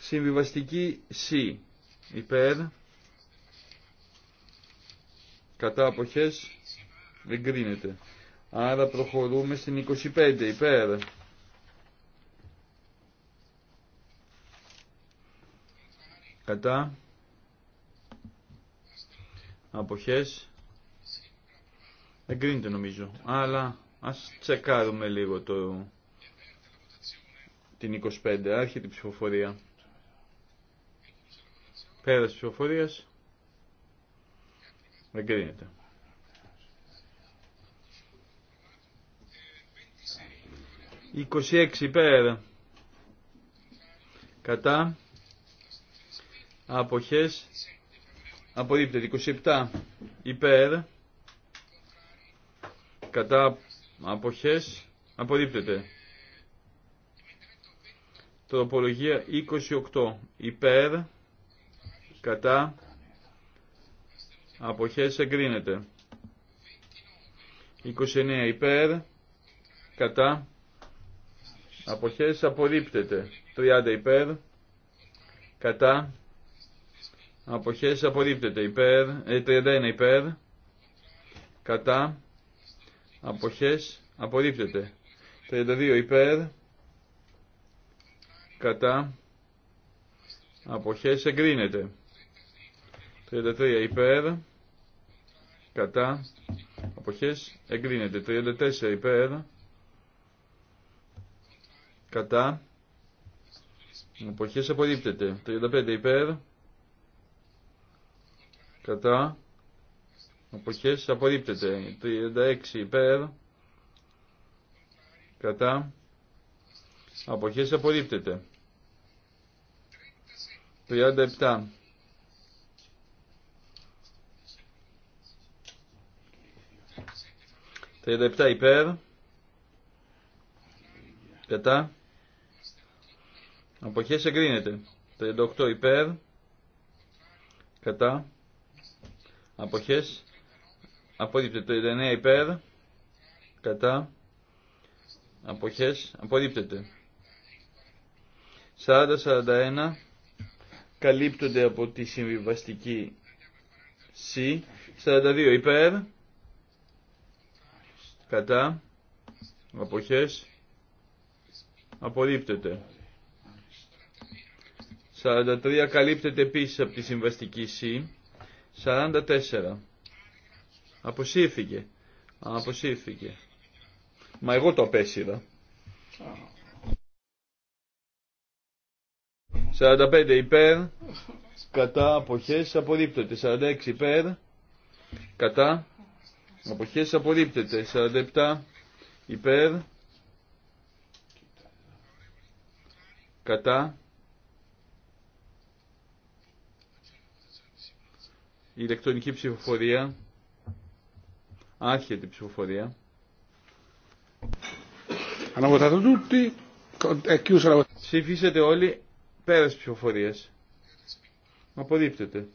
συμβιβαστική C υπέρ κατά αποχές εγκρίνεται. Άρα προχωρούμε στην 25 υπέρ. Κατά αποχές εγκρίνεται νομίζω. Αλλά ας τσεκάρουμε λίγο το... την 25. Άρχεται η ψηφοφορία. Πέρας ψηφοφορίας. Εγκρίνεται. 26 υπέρ. Κατά. Αποχές. Απορρίπτεται. 27 υπέρ. Κατά. Αποχές. Απορρίπτεται. Τροπολογία 28 υπέρ. Κατά. Αποχές εγκρίνεται. 29 υπέρ. Κατά. Αποχές απορρίπτεται. 30 υπέρ. Κατά. Αποχές απορρίπτεται. Υπέρ. Ε, 31 υπέρ. Κατά. Αποχές απορρίπτεται. 32 υπέρ. Κατά. Αποχές εγκρίνεται. 33 υπέρ κατά, αποχές, εγκρίνεται. 34 υπέρ, κατά, αποχές, απορρίπτεται. 35 υπέρ, κατά, αποχές, απορρίπτεται. 36 υπέρ, κατά, αποχές, απορρίπτεται. 37 37 υπέρ. Κατά. Αποχές εγκρίνεται. 38 υπέρ. Κατά. Αποχές. Απορρίπτεται. 39 υπέρ. Κατά. Αποχές. Απορρίπτεται. 40-41 καλύπτονται από τη συμβιβαστική C. 42 υπέρ κατά αποχές απορρίπτεται. 43 καλύπτεται επίση από τη συμβαστική C. 44. Αποσύρθηκε. Αποσύρθηκε. Μα εγώ το απέσυρα. 45 υπέρ, κατά αποχές απορρίπτεται. 46 υπέρ, κατά Αποχές απορρίπτεται. 47 υπέρ. Κατά. Ηλεκτρονική ψηφοφορία. Άρχεται η ψηφοφορία. Ψηφίσετε όλοι πέρας ψηφοφορίας. Απορρίπτεται.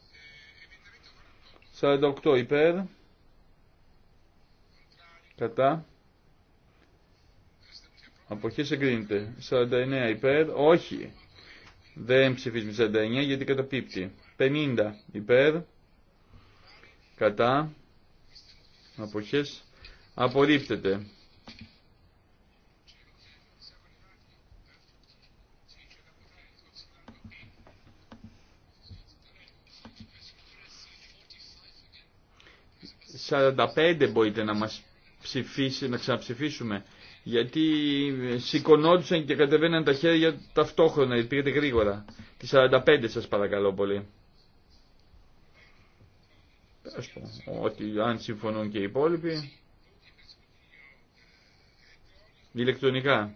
48 υπέρ κατά αποχές εγκρίνεται 49 υπέρ όχι δεν ψηφίζουμε 49 γιατί καταπίπτει 50 υπέρ κατά αποχές απορρίπτεται 45 μπορείτε να μας ψηφίσει, να ξαναψηφίσουμε. Γιατί ε, σηκωνόντουσαν και κατεβαίναν τα χέρια ταυτόχρονα, ε, πήγατε γρήγορα. Τη 45 σας παρακαλώ πολύ. Ας πω, ότι αν συμφωνούν και οι υπόλοιποι. Ηλεκτρονικά.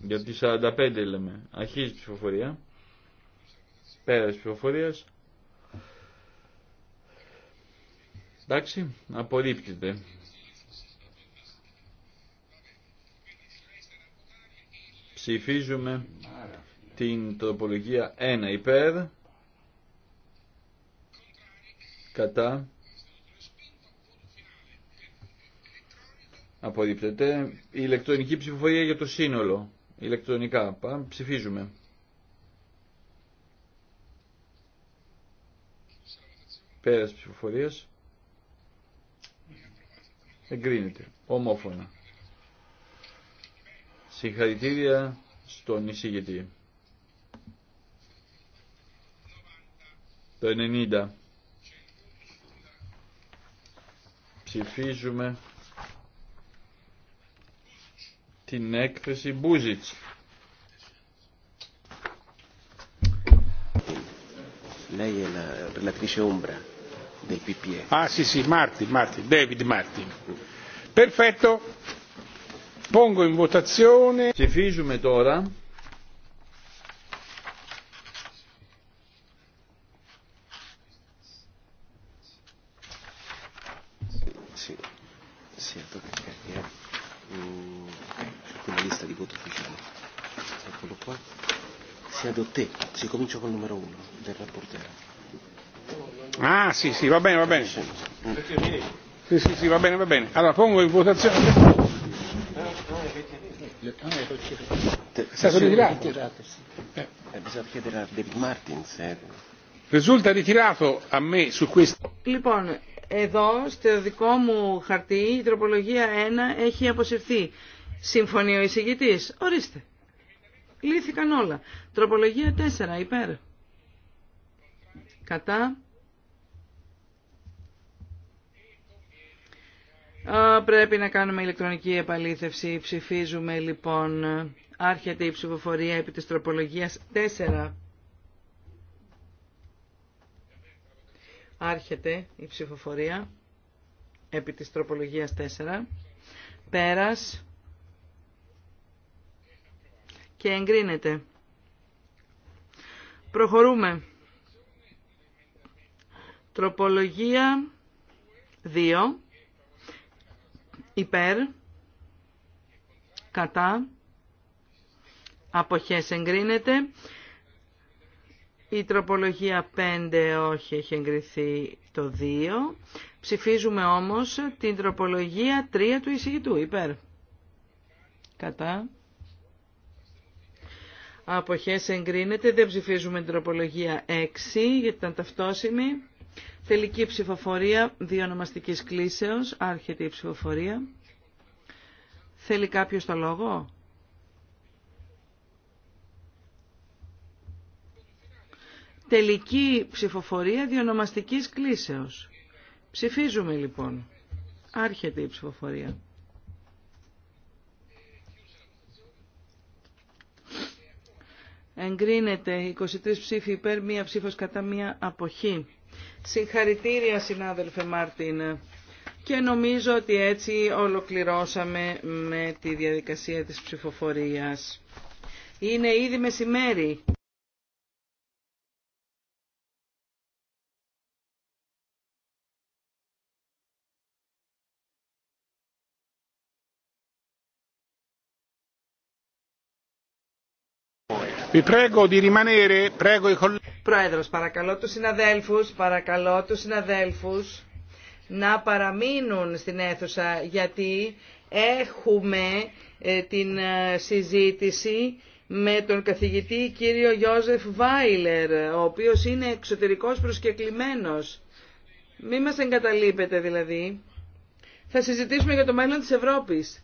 Για τη 45 λέμε. Αρχίζει ψηφοφορία. Πέρας ψηφοφορίας. Εντάξει, απορρίπτεται. Ψηφίζουμε την τροπολογία 1 υπέρ, κατά, απορρίπτεται, η ηλεκτρονική ψηφοφορία για το σύνολο, ηλεκτρονικά, Πα, ψηφίζουμε. Πέρας ψηφοφορίας. Εγκρίνεται. Ομόφωνα. Συγχαρητήρια στον εισηγητή. Το 90. Ψηφίζουμε την έκθεση Μπούζιτς. Λέγε να la relatrice del PPE. Ah sì sì, Martin, Martin, David Martin. Perfetto. Pongo in votazione. Ψηφίζουμε τώρα. Sì, sì, è lista di voto ufficiale. Eccolo qua. Si adotté, si comincia col numero uno del rapportero. Ah sì, sì, va bene, va bene. Sì, sì, sì, va bene, va bene. Allora pongo in votazione. È stato ritirato. Bisogna chiedere a David Martin se... Risulta ritirato a me su questo. Λοιπόν, εδώ στο δικό μου χαρτί η τροπολογία 1 έχει αποσυρθεί. Συμφωνεί ο εισηγητής. Ορίστε. Λύθηκαν όλα. Τροπολογία 4 υπέρ. Κατά. πρέπει να κάνουμε ηλεκτρονική επαλήθευση. Ψηφίζουμε λοιπόν. Άρχεται η ψηφοφορία επί της τροπολογίας 4. Άρχεται η ψηφοφορία επί της τροπολογίας 4. Πέρας. Και εγκρίνεται. Προχωρούμε. Τροπολογία 2 υπέρ, κατά, αποχές εγκρίνεται. Η τροπολογία 5 όχι έχει εγκριθεί το 2. Ψηφίζουμε όμως την τροπολογία 3 του εισηγητού υπέρ. Κατά. Αποχές εγκρίνεται. Δεν ψηφίζουμε την τροπολογία 6 γιατί ήταν ταυτόσιμη. Τελική ψηφοφορία διονομαστικής κλίσεως. Άρχεται η ψηφοφορία. Θέλει κάποιος το λόγο? Τελική ψηφοφορία διονομαστικής κλίσεως. Ψηφίζουμε λοιπόν. Άρχεται η ψηφοφορία. Εγκρίνεται 23 ψήφοι υπέρ, μία ψήφος κατά μία αποχή. Συγχαρητήρια συνάδελφε Μάρτιν. Και νομίζω ότι έτσι ολοκληρώσαμε με τη διαδικασία της ψηφοφορίας. Είναι ήδη μεσημέρι. Πρόεδρος, παρακαλώ τους συναδέλφους, παρακαλώ τους συναδέλφους να παραμείνουν στην αίθουσα γιατί έχουμε ε, την ε, συζήτηση με τον καθηγητή κύριο Γιώζεφ Βάιλερ, ο οποίος είναι εξωτερικός προσκεκλημένος. Μη μας εγκαταλείπετε δηλαδή. Θα συζητήσουμε για το μέλλον της Ευρώπης.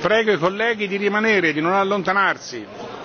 Prego i colleghi di rimanere, di non allontanarsi.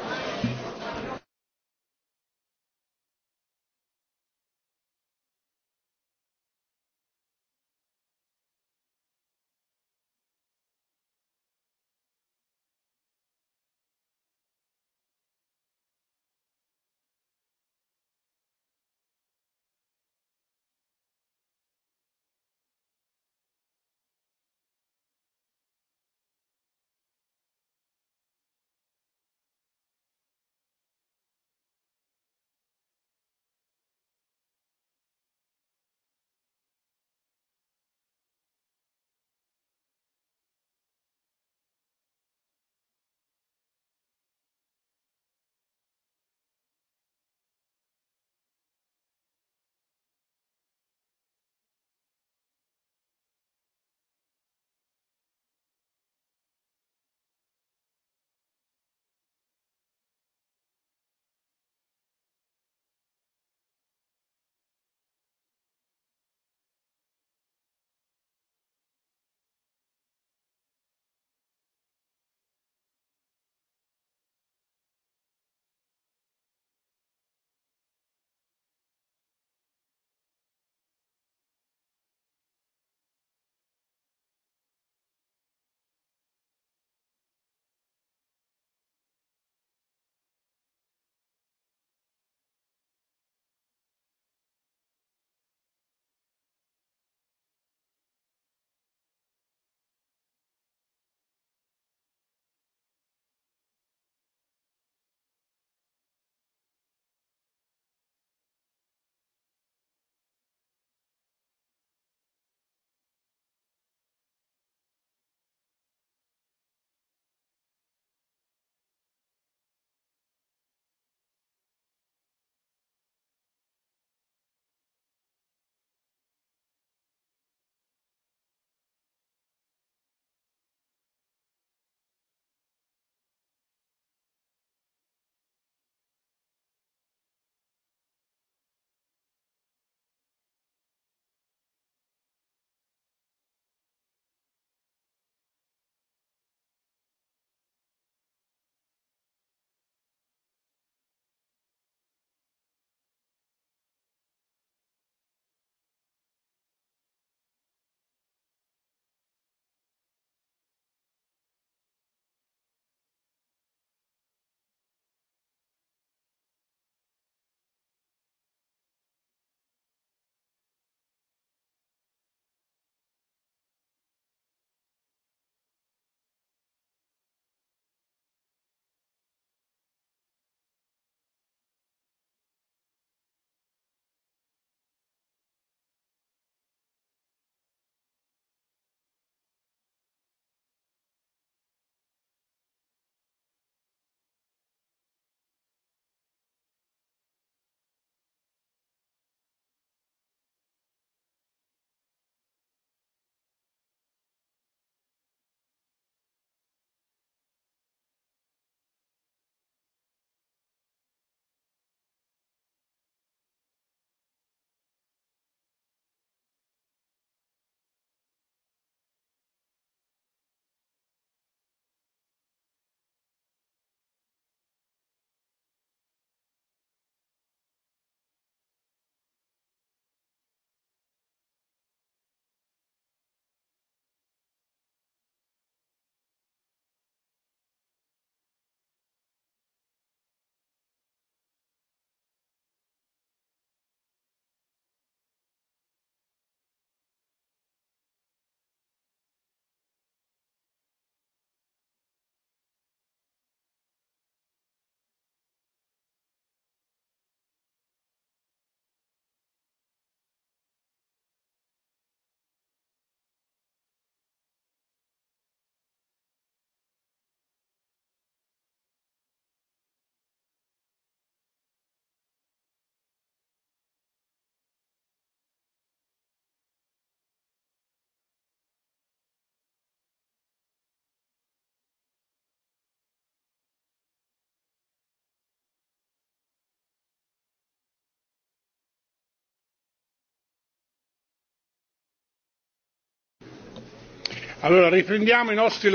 Allora riprendiamo i nostri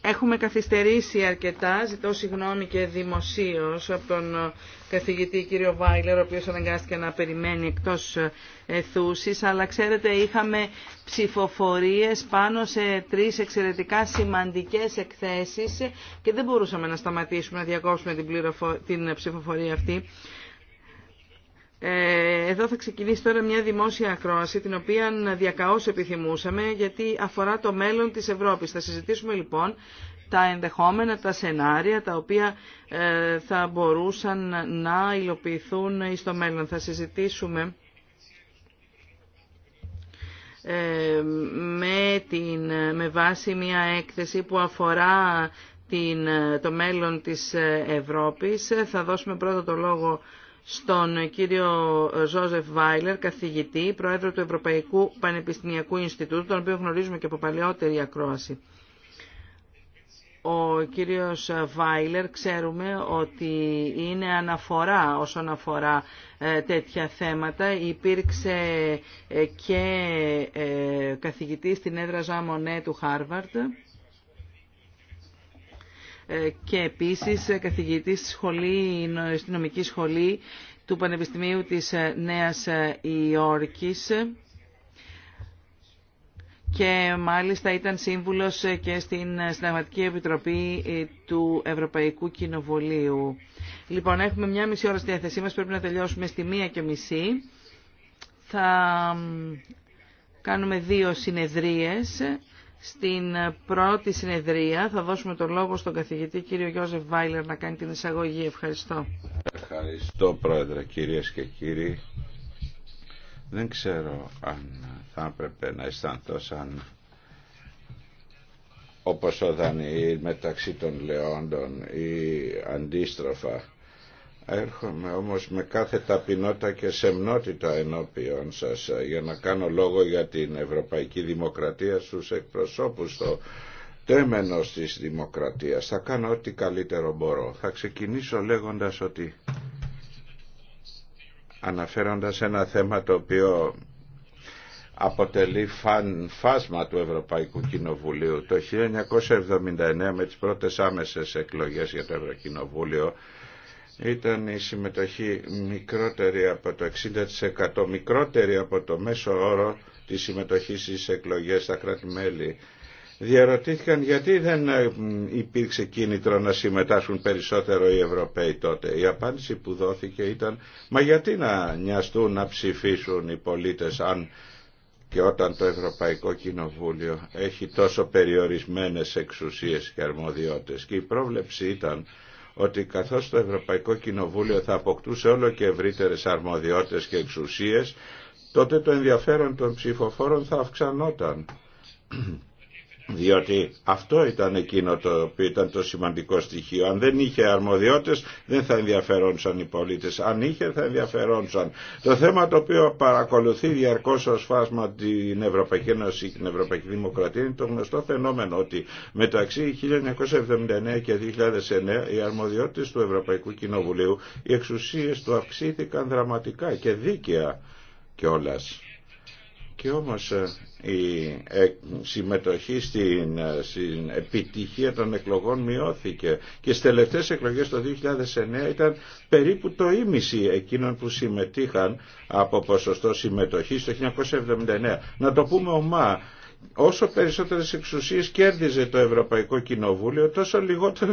Έχουμε καθυστερήσει αρκετά, ζητώ συγγνώμη και δημοσίω από τον ε, καθηγητή κύριο Βάιλερ, ο οποίο αναγκάστηκε να περιμένει εκτό ε, αιθούση. αλλά ξέρετε είχαμε ψηφοφορίε πάνω σε τρει εξαιρετικά σημαντικές εκθέσεις και δεν μπορούσαμε να σταματήσουμε να διακόψουμε την, την ψηφοφορία αυτή. Ε, εδώ θα ξεκινήσει τώρα μια δημόσια ακρόαση, την οποία διακαώς επιθυμούσαμε, γιατί αφορά το μέλλον της Ευρώπης. Θα συζητήσουμε λοιπόν τα ενδεχόμενα, τα σενάρια, τα οποία ε, θα μπορούσαν να υλοποιηθούν στο μέλλον. Θα συζητήσουμε ε, με, την, με βάση μια έκθεση που αφορά την, το μέλλον της Ευρώπης. Θα δώσουμε πρώτα το λόγο στον κύριο Ζόζεφ Βάιλερ, καθηγητή, πρόεδρο του Ευρωπαϊκού Πανεπιστημιακού Ινστιτούτου, τον οποίο γνωρίζουμε και από παλαιότερη ακρόαση. Ο κύριος Βάιλερ ξέρουμε ότι είναι αναφορά όσον αφορά ε, τέτοια θέματα. Υπήρξε ε, και ε, καθηγητή στην έδρα Ζαμονέ του Χάρβαρτ ε, και επίσης ε, καθηγητής σχολή, στη νομική σχολή του Πανεπιστημίου της ε, Νέας Υόρκης και μάλιστα ήταν σύμβουλος και στην Συνταγματική Επιτροπή του Ευρωπαϊκού Κοινοβουλίου. Λοιπόν, έχουμε μια μισή ώρα στη διάθεσή μας, πρέπει να τελειώσουμε στη μία και μισή. Θα κάνουμε δύο συνεδρίες στην πρώτη συνεδρία θα δώσουμε το λόγο στον καθηγητή κύριο Γιώζεφ Βάιλερ να κάνει την εισαγωγή. Ευχαριστώ. Ευχαριστώ πρόεδρε κυρίες και κύριοι. Δεν ξέρω αν θα έπρεπε να αισθανθώ σαν όπως όταν μεταξύ των λεόντων ή αντίστροφα Έρχομαι όμως με κάθε ταπεινότητα και σεμνότητα ενώπιον σας ε, για να κάνω λόγο για την Ευρωπαϊκή Δημοκρατία στους εκπροσώπους στο τέμενος της Δημοκρατίας. Θα κάνω ό,τι καλύτερο μπορώ. Θα ξεκινήσω λέγοντας ότι αναφέροντας ένα θέμα το οποίο αποτελεί φαν, φάσμα του Ευρωπαϊκού Κοινοβουλίου. Το 1979 με τις πρώτες άμεσες εκλογές για το Ευρωκοινοβούλιο ήταν η συμμετοχή μικρότερη από το 60%, μικρότερη από το μέσο όρο της συμμετοχής στις εκλογές στα κράτη-μέλη. Διαρωτήθηκαν γιατί δεν ε, υπήρξε κίνητρο να συμμετάσχουν περισσότερο οι Ευρωπαίοι τότε. Η απάντηση που δόθηκε ήταν «Μα γιατί να νοιαστούν να ψηφίσουν οι πολίτες αν και όταν το Ευρωπαϊκό Κοινοβούλιο έχει τόσο περιορισμένες εξουσίες και αρμοδιότητες». Και η πρόβλεψη ήταν ότι καθώς το Ευρωπαϊκό Κοινοβούλιο θα αποκτούσε όλο και ευρύτερες αρμοδιότητες και εξουσίες, τότε το ενδιαφέρον των ψηφοφόρων θα αυξανόταν διότι αυτό ήταν εκείνο το οποίο ήταν το σημαντικό στοιχείο. Αν δεν είχε αρμοδιότητες δεν θα ενδιαφερόντουσαν οι πολίτες. Αν είχε θα ενδιαφερόντουσαν. Το θέμα το οποίο παρακολουθεί διαρκώς ως φάσμα την Ευρωπαϊκή Ένωση και την Ευρωπαϊκή Δημοκρατία είναι το γνωστό φαινόμενο ότι μεταξύ 1979 και 2009 οι αρμοδιότητες του Ευρωπαϊκού Κοινοβουλίου, οι εξουσίες του αυξήθηκαν δραματικά και δίκαια κιόλα. Και όμως ε, η ε, συμμετοχή στην, ε, στην επιτυχία των εκλογών μειώθηκε και στις τελευταίες εκλογές το 2009 ήταν περίπου το ίμιση εκείνων που συμμετείχαν από ποσοστό συμμετοχής το 1979. Να το πούμε ομά, όσο περισσότερες εξουσίες κέρδιζε το Ευρωπαϊκό Κοινοβούλιο, τόσο λιγότερο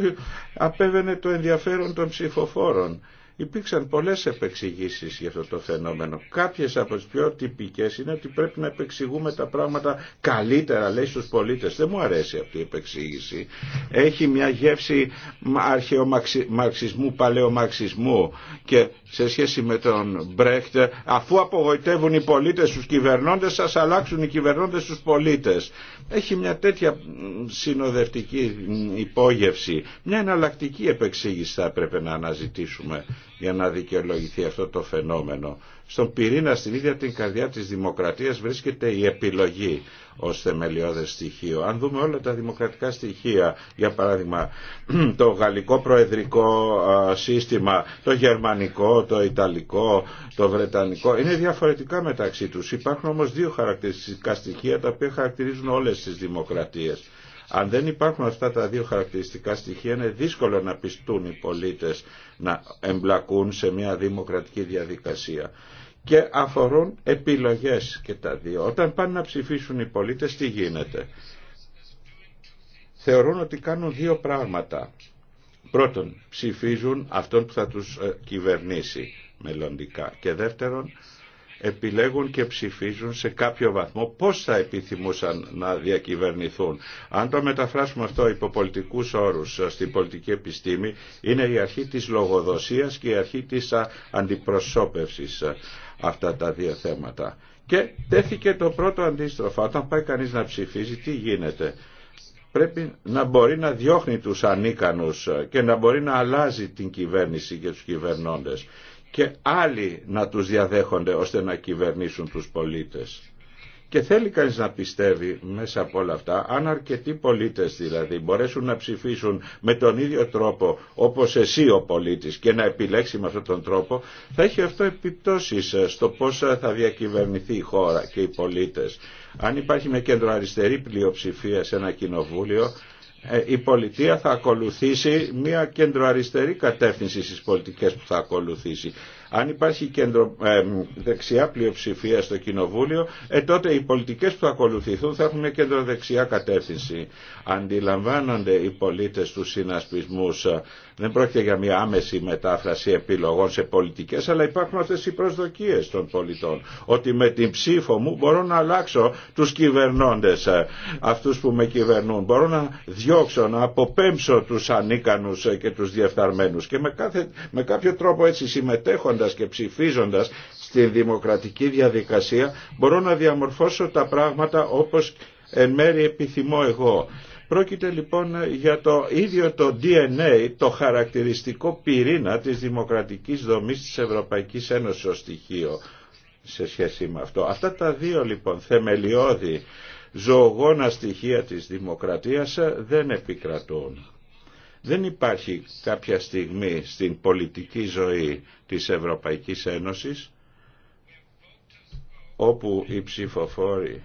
απέβαινε το ενδιαφέρον των ψηφοφόρων. Υπήρξαν πολλές επεξηγήσεις για αυτό το φαινόμενο. Κάποιες από τις πιο τυπικές είναι ότι πρέπει να επεξηγούμε τα πράγματα καλύτερα, λέει στους πολίτες. Δεν μου αρέσει αυτή η επεξήγηση. Έχει μια γεύση αρχαιομαρξισμού, παλαιομαρξισμού και σε σχέση με τον Μπρέχτ, αφού απογοητεύουν οι πολίτες του κυβερνώντες, σας αλλάξουν οι κυβερνώντες τους πολίτες. Έχει μια τέτοια συνοδευτική υπόγευση, μια εναλλακτική επεξήγηση θα έπρεπε να αναζητήσουμε για να δικαιολογηθεί αυτό το φαινόμενο. Στον πυρήνα, στην ίδια την καρδιά της δημοκρατίας βρίσκεται η επιλογή ως θεμελιώδες στοιχείο. Αν δούμε όλα τα δημοκρατικά στοιχεία, για παράδειγμα το γαλλικό προεδρικό σύστημα, το γερμανικό, το ιταλικό, το βρετανικό, είναι διαφορετικά μεταξύ τους. Υπάρχουν όμως δύο χαρακτηριστικά στοιχεία τα οποία χαρακτηρίζουν όλες τις δημοκρατίες. Αν δεν υπάρχουν αυτά τα δύο χαρακτηριστικά στοιχεία είναι δύσκολο να πιστούν οι πολίτες να εμπλακούν σε μια δημοκρατική διαδικασία και αφορούν επιλογές και τα δύο. Όταν πάνε να ψηφίσουν οι πολίτες τι γίνεται. Θεωρούν ότι κάνουν δύο πράγματα. Πρώτον, ψηφίζουν αυτόν που θα τους ε, κυβερνήσει μελλοντικά. Και δεύτερον, επιλέγουν και ψηφίζουν σε κάποιο βαθμό πώς θα επιθυμούσαν να διακυβερνηθούν. Αν το μεταφράσουμε αυτό υπό πολιτικού όρους στην πολιτική επιστήμη, είναι η αρχή της λογοδοσίας και η αρχή της αντιπροσώπευσης αυτά τα δύο θέματα. Και τέθηκε το πρώτο αντίστροφο. Όταν πάει κανείς να ψηφίζει, τι γίνεται πρέπει να μπορεί να διώχνει τους ανίκανους και να μπορεί να αλλάζει την κυβέρνηση και τους κυβερνώντες και άλλοι να τους διαδέχονται ώστε να κυβερνήσουν τους πολίτες. Και θέλει κανείς να πιστεύει μέσα από όλα αυτά, αν αρκετοί πολίτες δηλαδή μπορέσουν να ψηφίσουν με τον ίδιο τρόπο όπως εσύ ο πολίτης και να επιλέξει με αυτόν τον τρόπο, θα έχει αυτό επιπτώσεις στο πώς θα διακυβερνηθεί η χώρα και οι πολίτες. Αν υπάρχει μια κεντροαριστερή πλειοψηφία σε ένα κοινοβούλιο, ε, η πολιτεία θα ακολουθήσει μια κεντροαριστερή κατεύθυνση στις πολιτικές που θα ακολουθήσει. Αν υπάρχει κέντρο, ε, δεξιά πλειοψηφία στο Κοινοβούλιο, ε, τότε οι πολιτικές που θα ακολουθηθούν θα έχουν μια κεντροδεξιά κατεύθυνση. Αντιλαμβάνονται οι πολίτες τους συνασπισμούς ε, δεν πρόκειται για μια άμεση μετάφραση επιλογών σε πολιτικές, αλλά υπάρχουν αυτές οι προσδοκίες των πολιτών. Ότι με την ψήφο μου μπορώ να αλλάξω τους κυβερνώντες, ε, αυτούς που με κυβερνούν. Μπορώ να διώξω, να αποπέμψω τους ανίκανους ε, και τους διεφθαρμένους. Και με, κάθε, με κάποιο τρόπο έτσι συμμετέχοντας και ψηφίζοντας στη δημοκρατική διαδικασία μπορώ να διαμορφώσω τα πράγματα όπως εν μέρει επιθυμώ εγώ. Πρόκειται λοιπόν για το ίδιο το DNA, το χαρακτηριστικό πυρήνα της δημοκρατικής δομής της Ευρωπαϊκής Ένωσης ως στοιχείο σε σχέση με αυτό. Αυτά τα δύο λοιπόν θεμελιώδη ζωογόνα στοιχεία της δημοκρατίας δεν επικρατούν. Δεν υπάρχει κάποια στιγμή στην πολιτική ζωή της Ευρωπαϊκής Ένωσης όπου οι ψηφοφόροι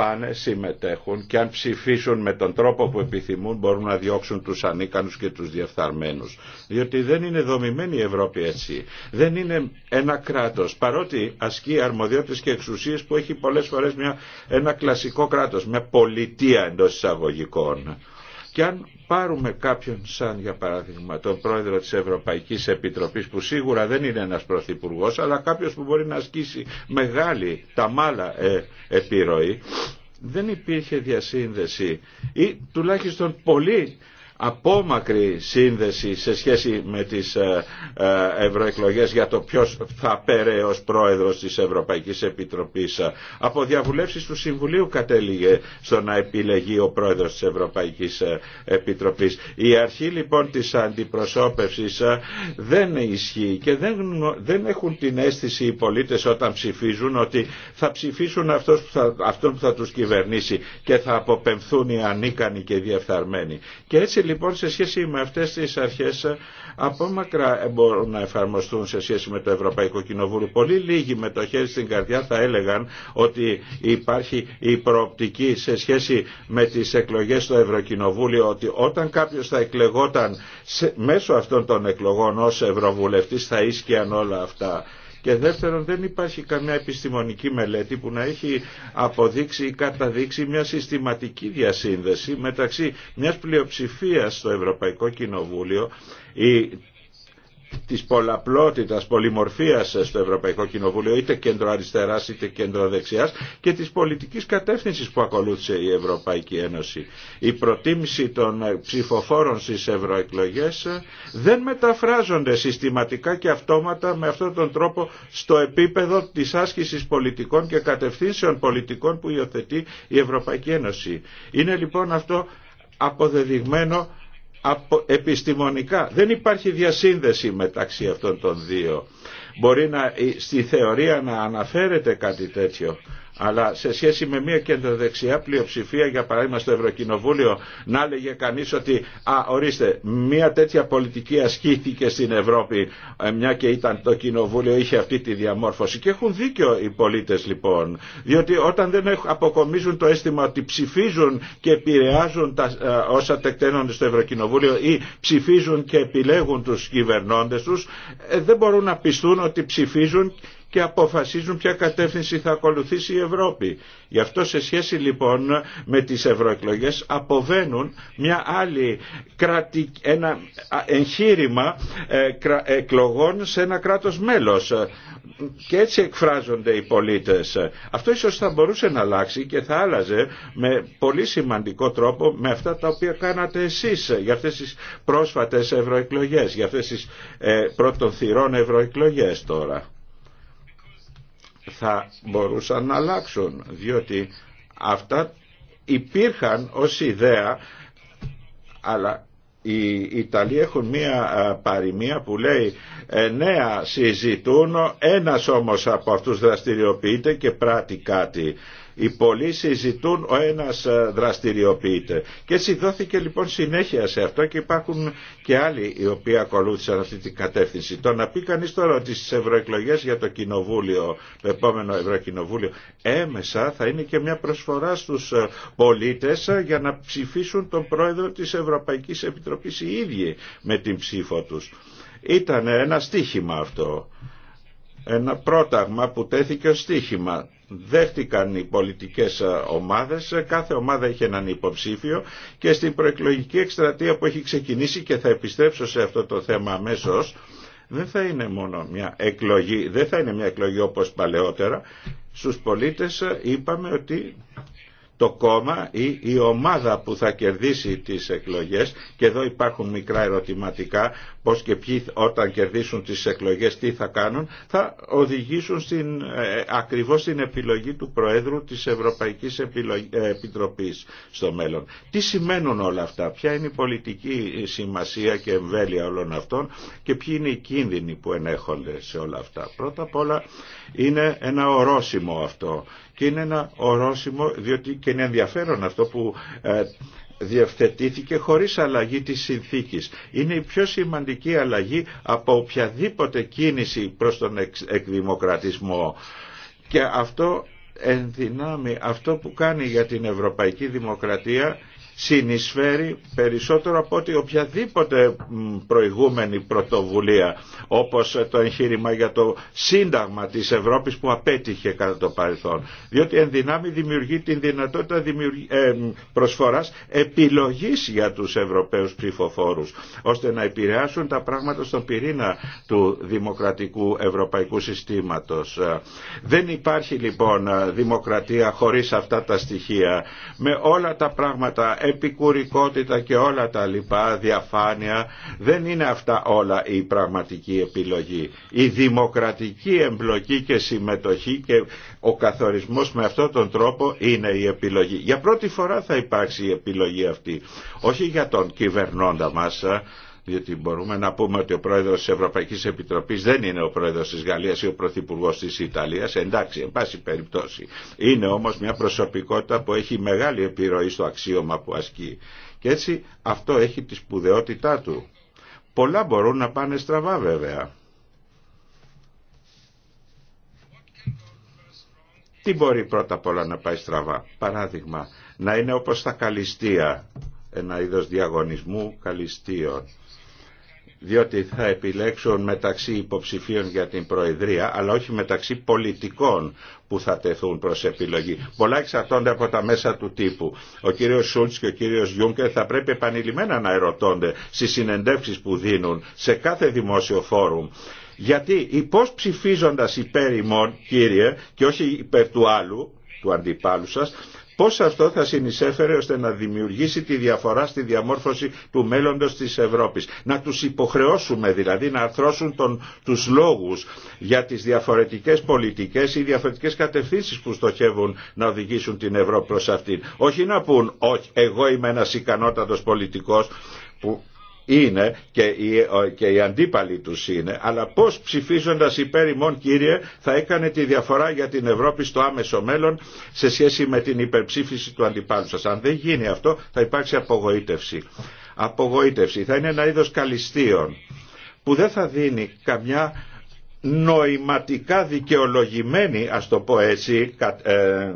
πάνε, συμμετέχουν και αν ψηφίσουν με τον τρόπο που επιθυμούν μπορούν να διώξουν τους ανίκανους και τους διεφθαρμένους. Διότι δεν είναι δομημένη η Ευρώπη έτσι. Δεν είναι ένα κράτος. Παρότι ασκεί αρμοδιότητες και εξουσίες που έχει πολλές φορές μια, ένα κλασικό κράτος, μια πολιτεία εντός εισαγωγικών. Και αν πάρουμε κάποιον σαν για παράδειγμα τον πρόεδρο της Ευρωπαϊκής Επιτροπής που σίγουρα δεν είναι ένας πρωθυπουργό, αλλά κάποιος που μπορεί να ασκήσει μεγάλη τα μάλα ε, επιρροή δεν υπήρχε διασύνδεση ή τουλάχιστον πολύ απόμακρη σύνδεση σε σχέση με τις ε, ε, ευρωεκλογέ για το ποιος θα πέρε ως πρόεδρος της Ευρωπαϊκής Επιτροπής. Από διαβουλεύσεις του Συμβουλίου κατέληγε στο να επιλεγεί ο πρόεδρος της Ευρωπαϊκής ε, Επιτροπής. Η αρχή λοιπόν της αντιπροσώπευσης δεν ισχύει και δεν, δεν έχουν την αίσθηση οι πολίτες όταν ψηφίζουν ότι θα ψηφίσουν αυτός που θα, αυτόν που θα τους κυβερνήσει και θα αποπεμφθούν οι ανίκανοι και διεφθαρμένοι λοιπόν σε σχέση με αυτές τις αρχές από μακρά μπορούν να εφαρμοστούν σε σχέση με το Ευρωπαϊκό Κοινοβούλιο. Πολύ λίγοι με το χέρι στην καρδιά θα έλεγαν ότι υπάρχει η προοπτική σε σχέση με τις εκλογές στο Ευρωκοινοβούλιο ότι όταν κάποιος θα εκλεγόταν μέσω αυτών των εκλογών ως Ευρωβουλευτής θα ίσχυαν όλα αυτά. Και δεύτερον δεν υπάρχει καμιά επιστημονική μελέτη που να έχει αποδείξει ή καταδείξει μια συστηματική διασύνδεση μεταξύ μιας πλειοψηφίας στο Ευρωπαϊκό Κοινοβούλιο ή της πολλαπλότητας, πολυμορφίας στο Ευρωπαϊκό Κοινοβούλιο, είτε κέντρο αριστεράς είτε κέντρο δεξιάς και της πολιτικής κατεύθυνσης που ακολούθησε η Ευρωπαϊκή Ένωση. Η προτίμηση των ψηφοφόρων στις ευρωεκλογές δεν μεταφράζονται συστηματικά και αυτόματα με αυτόν τον τρόπο στο επίπεδο της άσκησης πολιτικών και κατευθύνσεων πολιτικών που υιοθετεί η Ευρωπαϊκή Ένωση. Είναι λοιπόν αυτό αποδεδειγμένο απο, επιστημονικά. Δεν υπάρχει διασύνδεση μεταξύ αυτών των δύο. Μπορεί να, στη θεωρία να αναφέρεται κάτι τέτοιο, αλλά σε σχέση με μια κεντροδεξιά πλειοψηφία, για παράδειγμα στο Ευρωκοινοβούλιο, να έλεγε κανεί ότι, α, ορίστε, μια τέτοια πολιτική ασκήθηκε στην Ευρώπη, ε, μια και ήταν το Κοινοβούλιο, είχε αυτή τη διαμόρφωση. Και έχουν δίκιο οι πολίτε λοιπόν. Διότι όταν δεν αποκομίζουν το αίσθημα ότι ψηφίζουν και επηρεάζουν τα, ε, όσα τεκταίνονται στο Ευρωκοινοβούλιο ή ψηφίζουν και επιλέγουν του κυβερνώντε του, ε, δεν μπορούν να πιστούν ότι ψηφίζουν και αποφασίζουν ποια κατεύθυνση θα ακολουθήσει η Ευρώπη. Γι' αυτό σε σχέση λοιπόν με τις ευρωεκλογές αποβαίνουν μια άλλη κρατη... ένα εγχείρημα ε, εκλογών σε ένα κράτος μέλος και έτσι εκφράζονται οι πολίτες. Αυτό ίσως θα μπορούσε να αλλάξει και θα άλλαζε με πολύ σημαντικό τρόπο με αυτά τα οποία κάνατε εσείς για αυτές τις πρόσφατες ευρωεκλογές, για αυτές τις ε, πρώτων θυρών ευρωεκλογές τώρα θα μπορούσαν να αλλάξουν διότι αυτά υπήρχαν ως ιδέα αλλά οι Ιταλοί έχουν μία παροιμία που λέει ε, νέα συζητούν, ένας όμως από αυτούς δραστηριοποιείται και πράττει κάτι. Οι πολλοί συζητούν ο ένας ε, δραστηριοποιείται. Και έτσι δόθηκε λοιπόν συνέχεια σε αυτό και υπάρχουν και άλλοι οι οποίοι ακολούθησαν αυτή την κατεύθυνση. Το να πει κανεί τώρα ότι στι ευρωεκλογέ για το κοινοβούλιο, το επόμενο ευρωκοινοβούλιο, έμεσα θα είναι και μια προσφορά στου ε, πολίτε ε, για να ψηφίσουν τον πρόεδρο τη Ευρωπαϊκή Επιτροπή οι ίδιοι με την ψήφο του. Ήταν ένα στίχημα αυτό. Ένα πρόταγμα που τέθηκε ως στίχημα δέχτηκαν οι πολιτικές ε, ομάδες, κάθε ομάδα είχε έναν υποψήφιο και στην προεκλογική εκστρατεία που έχει ξεκινήσει και θα επιστρέψω σε αυτό το θέμα αμέσω. Δεν θα είναι μόνο μια εκλογή, δεν θα είναι μια εκλογή όπως παλαιότερα. Στους πολίτες ε, είπαμε ότι το κόμμα ή η ομάδα που θα κερδίσει τις εκλογές και εδώ υπάρχουν μικρά ερωτηματικά πως και ποιοι όταν κερδίσουν τις εκλογές τι θα κάνουν θα οδηγήσουν στην, ε, ακριβώς στην επιλογή του Προέδρου της Ευρωπαϊκής ε, Επιτροπής στο μέλλον. Τι σημαίνουν όλα αυτά, ποια είναι η πολιτική σημασία και εμβέλεια όλων αυτών και ποιοι είναι οι κίνδυνοι που ενέχονται σε όλα αυτά. Πρώτα απ' όλα είναι ένα ορόσημο αυτό και είναι ένα ορόσημο διότι και είναι ενδιαφέρον αυτό που ε, διευθετήθηκε χωρίς αλλαγή της συνθήκης. Είναι η πιο σημαντική αλλαγή από οποιαδήποτε κίνηση προς τον εκδημοκρατισμό. Και αυτό ενδυνάμει αυτό που κάνει για την ευρωπαϊκή δημοκρατία συνεισφέρει περισσότερο από ότι οποιαδήποτε προηγούμενη πρωτοβουλία όπως το εγχείρημα για το Σύνταγμα της Ευρώπης που απέτυχε κατά το παρελθόν. Διότι εν δυνάμει δημιουργεί την δυνατότητα ε, προσφοράς επιλογής για τους Ευρωπαίους ψηφοφόρους ώστε να επηρεάσουν τα πράγματα στον πυρήνα του δημοκρατικού ευρωπαϊκού συστήματος. Δεν υπάρχει λοιπόν δημοκρατία χωρίς αυτά τα στοιχεία. Με όλα τα πράγματα επικουρικότητα και όλα τα λοιπά, διαφάνεια, δεν είναι αυτά όλα η πραγματική επιλογή. Η δημοκρατική εμπλοκή και συμμετοχή και ο καθορισμός με αυτόν τον τρόπο είναι η επιλογή. Για πρώτη φορά θα υπάρξει η επιλογή αυτή, όχι για τον κυβερνώντα μας, διότι μπορούμε να πούμε ότι ο πρόεδρος της Ευρωπαϊκής Επιτροπής δεν είναι ο πρόεδρος της Γαλλίας ή ο πρωθυπουργός της Ιταλίας, εντάξει, εν πάση περιπτώσει. Είναι όμως μια προσωπικότητα που έχει μεγάλη επιρροή στο αξίωμα που ασκεί. Και έτσι αυτό έχει τη σπουδαιότητά του. Πολλά μπορούν να πάνε στραβά βέβαια. Τι μπορεί πρώτα απ' όλα να πάει στραβά. Παράδειγμα, να είναι όπως τα καλυστία, ένα είδος διαγωνισμού καλυστίων διότι θα επιλέξουν μεταξύ υποψηφίων για την Προεδρία, αλλά όχι μεταξύ πολιτικών που θα τεθούν προς επιλογή. Πολλά εξαρτώνται από τα μέσα του τύπου. Ο κύριος Σούλτς και ο κύριος Γιούγκερ θα πρέπει επανειλημμένα να ερωτώνται στις συνεντεύξεις που δίνουν σε κάθε δημόσιο φόρουμ. Γιατί πώς ψηφίζοντας υπέρ ημών, κύριε, και όχι υπέρ του άλλου, του αντιπάλου σας, Πώς αυτό θα συνεισέφερε ώστε να δημιουργήσει τη διαφορά στη διαμόρφωση του μέλλοντος της Ευρώπης. Να τους υποχρεώσουμε δηλαδή να αρθρώσουν τον, τους λόγους για τις διαφορετικές πολιτικές ή διαφορετικές κατευθύνσεις που στοχεύουν να οδηγήσουν την Ευρώπη προς αυτήν. Όχι να πούν όχι, εγώ είμαι ένας ικανότατος πολιτικός που είναι και οι, και οι αντίπαλοι τους είναι, αλλά πώς ψηφίζοντας υπέρ ημών κύριε θα έκανε τη διαφορά για την Ευρώπη στο άμεσο μέλλον σε σχέση με την υπερψήφιση του αντιπάλου σας. Αν δεν γίνει αυτό θα υπάρξει απογοήτευση. Απογοήτευση θα είναι ένα είδος καλυστίων που δεν θα δίνει καμιά νοηματικά δικαιολογημένη, ας το πω έτσι, ε,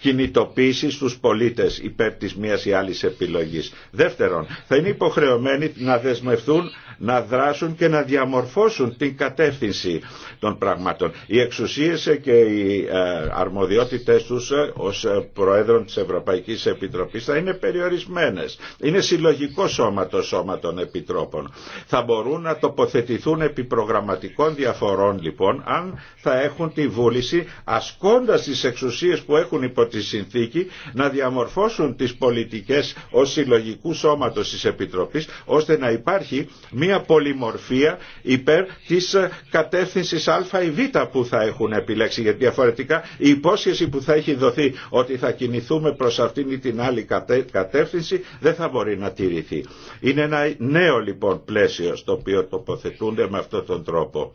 κινητοποίηση στους πολίτες υπέρ της μίας ή άλλης επιλογής. Δεύτερον, θα είναι υποχρεωμένοι να δεσμευθούν να δράσουν και να διαμορφώσουν την κατεύθυνση των πραγμάτων. Οι εξουσίες ε, και οι ε, αρμοδιότητες τους ως Προέδρων της Ευρωπαϊκής Επιτροπής θα είναι περιορισμένες. Είναι συλλογικό σώμα το σώμα των Επιτρόπων. Θα μπορούν να τοποθετηθούν επί προγραμματικών διαφορών λοιπόν αν θα έχουν τη βούληση ασκώντας τις εξουσίες που έχουν υπό τη συνθήκη να διαμορφώσουν τις πολιτικές ως συλλογικού σώματος της Επιτροπής ώστε να υπάρχει μια πολυμορφία υπέρ της ε, κατεύθυνσης α ή β που θα έχουν επιλέξει γιατί διαφορετικά η υπόσχεση που θα έχει δοθεί ότι θα κινηθούμε προς αυτήν ή την άλλη κατεύθυνση δεν θα μπορεί να τηρηθεί. Είναι ένα νέο λοιπόν πλαίσιο στο οποίο τοποθετούνται με αυτόν τον τρόπο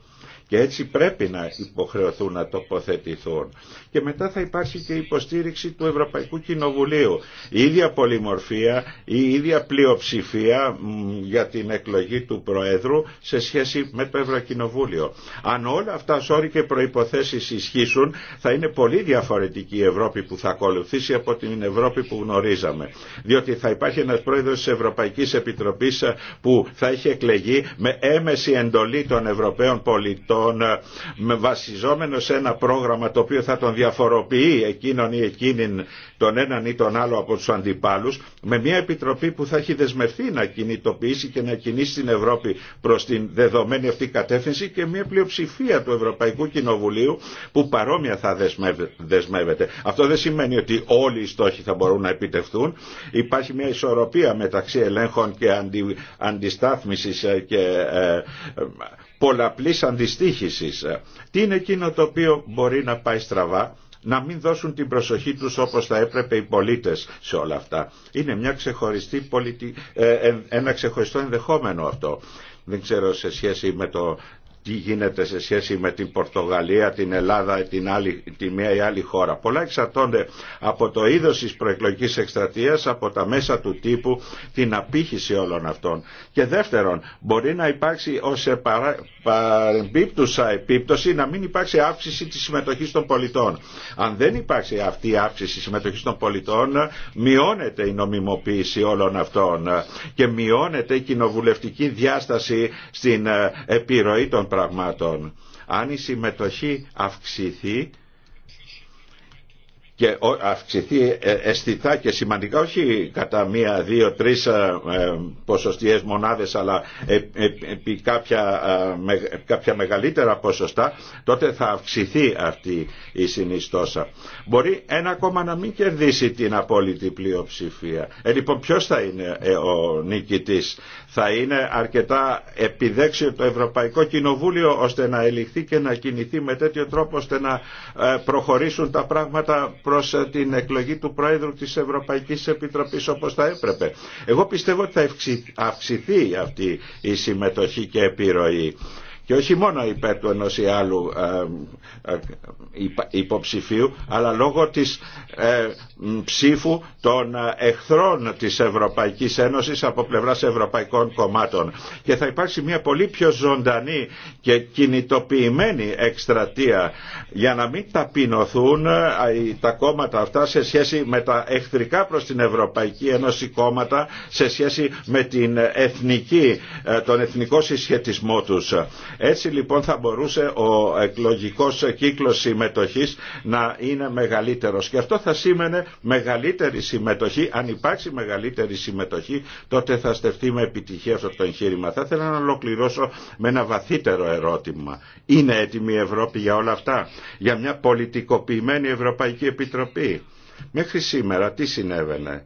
και έτσι πρέπει να υποχρεωθούν να τοποθετηθούν. Και μετά θα υπάρχει και η υποστήριξη του Ευρωπαϊκού Κοινοβουλίου. Η ίδια πολυμορφία, η ίδια πλειοψηφία για την εκλογή του Προέδρου σε σχέση με το Ευρωκοινοβούλιο. Αν όλα αυτά σώρη και προϋποθέσεις ισχύσουν θα είναι πολύ διαφορετική η Ευρώπη που θα ακολουθήσει από την Ευρώπη που γνωρίζαμε. Διότι θα υπάρχει ένας πρόεδρος της Ευρωπαϊκής Επιτροπής ε, που θα έχει εκλεγεί με έμεση εντολή των Ευρωπαίων πολιτών τον ε, βασιζόμενο σε ένα πρόγραμμα το οποίο θα τον διαφοροποιεί εκείνον ή εκείνην τον έναν ή τον άλλο από τους αντιπάλους με μια επιτροπή που θα έχει δεσμευτεί να κινητοποιήσει και να κινήσει την Ευρώπη προς την δεδομένη αυτή κατεύθυνση και μια πλειοψηφία του Ευρωπαϊκού Κοινοβουλίου που παρόμοια θα δεσμεύεται. Αυτό δεν σημαίνει ότι όλοι οι στόχοι θα μπορούν να επιτευχθούν. Υπάρχει μια ισορροπία μεταξύ ελέγχων και αντι, αντιστάθμισης ε, και ε, πολλαπλής αντιστοίχησης. Ε, τι είναι εκείνο το οποίο μπορεί να πάει στραβά, να μην δώσουν την προσοχή τους όπως θα έπρεπε οι πολίτες σε όλα αυτά. Είναι μια ξεχωριστή πολιτι... Ε, ένα ξεχωριστό ενδεχόμενο αυτό. Δεν ξέρω σε σχέση με το τι γίνεται σε σχέση με την Πορτογαλία, την Ελλάδα, την, άλλη, τη μία ή άλλη χώρα. Πολλά εξαρτώνται από το είδο τη προεκλογική εκστρατεία, από τα μέσα του τύπου, την απήχηση όλων αυτών. Και δεύτερον, μπορεί να υπάρξει ω παρεμπίπτουσα επίπτωση να μην υπάρξει αύξηση τη συμμετοχή των πολιτών. Αν δεν υπάρξει αυτή η αύξηση της συμμετοχής των πολιτών, μειώνεται η νομιμοποίηση όλων αυτών και μειώνεται η κοινοβουλευτική διάσταση στην ε, επιρροή των πραγμάτων. Αν η συμμετοχή αυξηθεί και αυξηθεί ε, αισθητά και σημαντικά όχι κατά μία, δύο, τρεις ε, ε, ποσοστίες μονάδες αλλά επί κάποια, κάποια μεγαλύτερα ποσοστά τότε θα αυξηθεί αυτή η συνιστόσα. Μπορεί ένα κόμμα να μην κερδίσει την απόλυτη πλειοψηφία. Ε, λοιπόν ποιος θα είναι ο νικητής. Θα είναι αρκετά επιδέξιο το Ευρωπαϊκό Κοινοβούλιο ώστε να ελιχθεί και να κινηθεί με τέτοιο τρόπο ώστε να προχωρήσουν τα πράγματα προς ε, την εκλογή του Πρόεδρου της Ευρωπαϊκής Επιτροπής όπως θα έπρεπε. Εγώ πιστεύω ότι θα αυξηθεί αυτή η συμμετοχή και επιρροή και όχι μόνο υπέρ του ενός ή άλλου ε, ε, υποψηφίου αλλά λόγω της ε, ψήφου των εχθρών της Ευρωπαϊκής Ένωσης από πλευράς ευρωπαϊκών κομμάτων και θα υπάρξει μια πολύ πιο ζωντανή και κινητοποιημένη εκστρατεία για να μην ταπεινωθούν τα κόμματα αυτά σε σχέση με τα εχθρικά προς την Ευρωπαϊκή Ένωση κόμματα σε σχέση με την εθνική, τον εθνικό συσχετισμό τους. Έτσι λοιπόν θα μπορούσε ο εκλογικός κύκλος συμμετοχής να είναι μεγαλύτερος και αυτό θα σήμαινε μεγαλύτερη συμμετοχή, αν υπάρξει μεγαλύτερη συμμετοχή τότε θα στεφτεί με επιτυχία αυτό το εγχείρημα. Θα ήθελα να ολοκληρώσω με ένα βαθύτερο ερώτημα. Είναι έτοιμη η Ευρώπη για όλα αυτά, για μια πολιτικοποιημένη Ευρωπαϊκή Επιτροπή. Μέχρι σήμερα τι συνέβαινε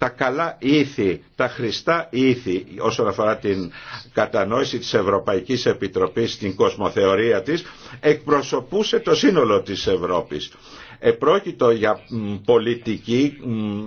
τα καλά ήθη, τα χρηστά ήθη όσον αφορά την κατανόηση της Ευρωπαϊκής Επιτροπής στην κοσμοθεωρία της εκπροσωπούσε το σύνολο της Ευρώπης επρόκειτο για πολιτική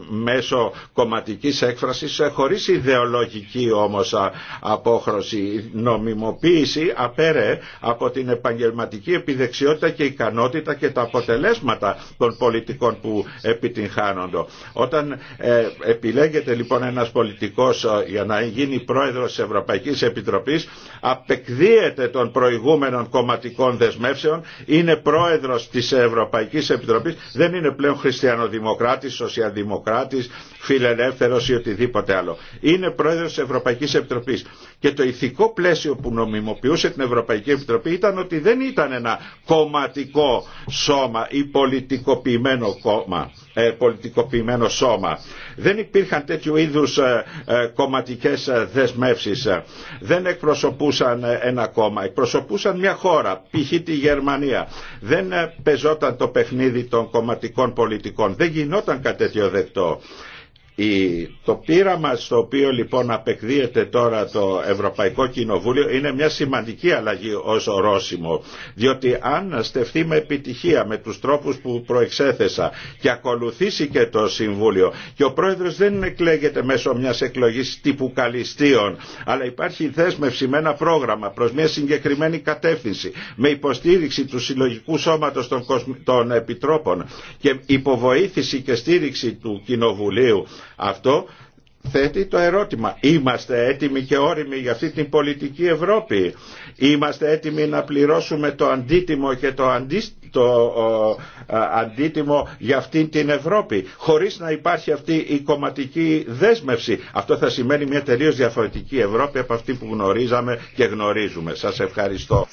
μέσω κομματικής έκφρασης ε, χωρίς ιδεολογική όμως απόχρωση νομιμοποίηση απέρε από την επαγγελματική επιδεξιότητα και ικανότητα και τα αποτελέσματα των πολιτικών που επιτυγχάνονται. Όταν ε, επιλέγεται λοιπόν ένας πολιτικός ε, για να γίνει πρόεδρος της Ευρωπαϊκής Επιτροπής απεκδίεται των προηγούμενων κομματικών δεσμεύσεων, είναι πρόεδρος της Ευρωπαϊκής Επιτροπής δεν είναι πλέον χριστιανοδημοκράτης, σοσιαλδημοκράτης, φιλελεύθερος ή οτιδήποτε άλλο. Είναι πρόεδρος της Ευρωπαϊκής Επιτροπής. Και το ηθικό πλαίσιο που νομιμοποιούσε την Ευρωπαϊκή Επιτροπή ήταν ότι δεν ήταν ένα κομματικό σώμα ή πολιτικοποιημένο κόμμα, ε, πολιτικοποιημένο σώμα. Δεν υπήρχαν τέτοιου είδους ε, ε, κομματικές δεσμεύσεις. Δεν εκπροσωπούσαν ένα κόμμα, εκπροσωπούσαν μια χώρα, π.χ. τη Γερμανία. Δεν πεζόταν το παιχνίδι των κομματικών πολιτικών. Δεν γινόταν κάτι δεκτό. Το πείραμα στο οποίο λοιπόν απεκδίεται τώρα το Ευρωπαϊκό Κοινοβούλιο είναι μια σημαντική αλλαγή ως ορόσημο διότι αν στεφθεί με επιτυχία με τους τρόπους που προεξέθεσα και ακολουθήσει και το Συμβούλιο και ο Πρόεδρος δεν εκλέγεται μέσω μιας εκλογής τύπου καλυστίων αλλά υπάρχει δέσμευση με ένα πρόγραμμα προς μια συγκεκριμένη κατεύθυνση με υποστήριξη του Συλλογικού Σώματος των Επιτρόπων και υποβοήθηση και στήριξη του Κοινοβουλίου αυτό θέτει το ερώτημα. Είμαστε έτοιμοι και όριμοι για αυτή την πολιτική Ευρώπη. Είμαστε έτοιμοι να πληρώσουμε το αντίτιμο και το, το αντίτιμο για αυτή την Ευρώπη. Χωρίς να υπάρχει αυτή η κομματική δέσμευση. Αυτό θα σημαίνει μια τελείως διαφορετική Ευρώπη από αυτή που γνωρίζαμε και γνωρίζουμε. Σας ευχαριστώ.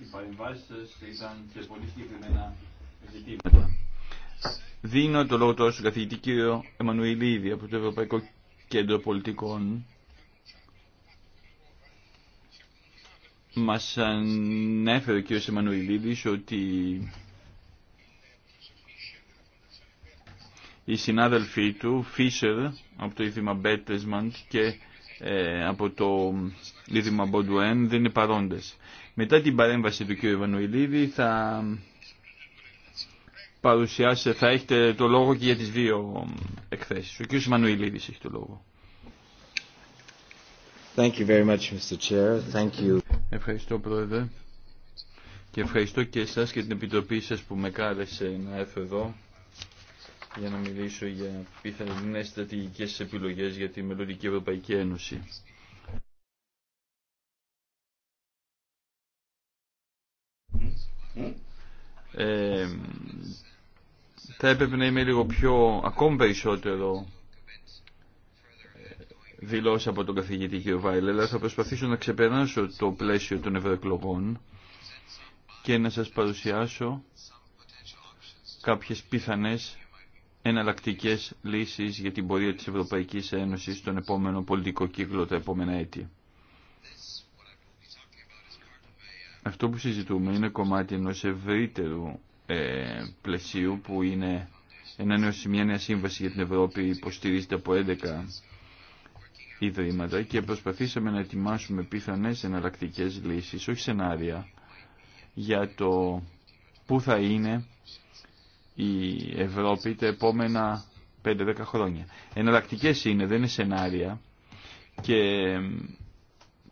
Οι παρεμβάσει ήταν σε πολύ συγκεκριμένα ζητήματα. Δίνω το λόγο τώρα στον καθηγητή κύριο Εμμανουηλίδη από το Ευρωπαϊκό Κέντρο Πολιτικών. Μας ανέφερε ο κύριο Εμμανουηλίδης ότι οι συνάδελφοί του, Φίσερ από το Ίδρυμα Μπέτεσμαντ και ε, από το Ίδρυμα Μποντουέν δεν είναι παρόντες. Μετά την παρέμβαση του κ. Ιβανοηλίδη θα παρουσιάσει, θα έχετε το λόγο και για τις δύο εκθέσεις. Ο κ. Μανουηλίδης έχει το λόγο. Thank you very much, Mr. Chair. Thank you. Ευχαριστώ, Πρόεδρε. Και ευχαριστώ και εσάς και την Επιτροπή σας που με κάλεσε να έρθω εδώ για να μιλήσω για πιθανές στρατηγικές επιλογές για τη μελλοντική Ευρωπαϊκή Ένωση. Ε, θα έπρεπε να είμαι λίγο πιο, ακόμη περισσότερο ε, δηλώσει από τον καθηγητή κ. Βάιλε, αλλά θα προσπαθήσω να ξεπεράσω το πλαίσιο των ευρωεκλογών και να σας παρουσιάσω κάποιες πιθανές εναλλακτικές λύσεις για την πορεία της Ευρωπαϊκής Ένωσης στον επόμενο πολιτικό κύκλο τα επόμενα έτη. Αυτό που συζητούμε είναι κομμάτι ενός ευρύτερου ε, πλαισίου που είναι ένα νέο, μια νέα σύμβαση για την Ευρώπη υποστηρίζεται από 11 ιδρύματα και προσπαθήσαμε να ετοιμάσουμε πιθανές εναλλακτικέ λύσεις, όχι σενάρια, για το πού θα είναι η Ευρώπη τα επόμενα 5-10 χρόνια. Εναλλακτικέ είναι, δεν είναι σενάρια και ε,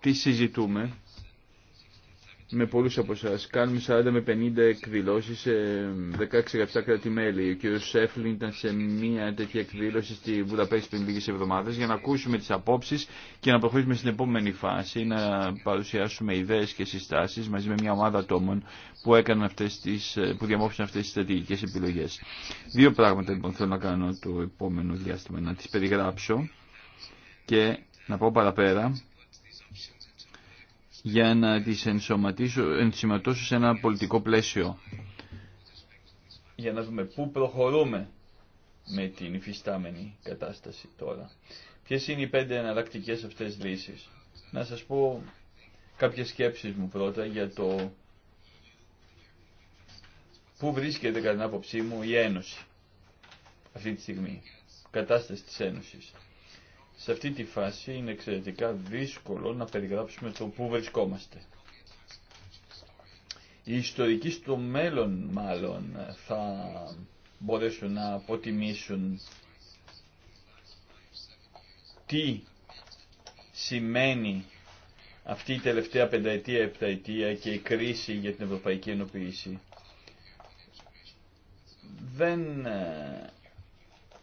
τι συζητούμε με πολλού από εσά. Κάνουμε 40 με 50 εκδηλώσει, σε 16 γραφτά κράτη-μέλη. Ο κ. Σέφλιν ήταν σε μια τέτοια εκδήλωση στη Βουδαπέστη πριν λίγες εβδομάδες για να ακούσουμε τι απόψει και να προχωρήσουμε στην επόμενη φάση, να παρουσιάσουμε ιδέε και συστάσει μαζί με μια ομάδα ατόμων που, έκαναν αυτές τις, που διαμόρφωσαν στρατηγικές Δύο πράγματα λοιπόν θέλω να κάνω το επόμενο διάστημα, να τι περιγράψω και να πω παραπέρα για να τις ενσωματώσω σε ένα πολιτικό πλαίσιο. Για να δούμε πού προχωρούμε με την υφιστάμενη κατάσταση τώρα. Ποιες είναι οι πέντε εναλλακτικέ αυτές λύσεις. Να σας πω κάποιες σκέψεις μου πρώτα για το πού βρίσκεται κατά την άποψή μου η Ένωση αυτή τη στιγμή. Κατάσταση της Ένωσης. Σε αυτή τη φάση είναι εξαιρετικά δύσκολο να περιγράψουμε το πού βρισκόμαστε. Οι ιστορικοί στο μέλλον μάλλον θα μπορέσουν να αποτιμήσουν τι σημαίνει αυτή η τελευταία πενταετία, επταετία και η κρίση για την ευρωπαϊκή Ενωποίηση. Δεν ε,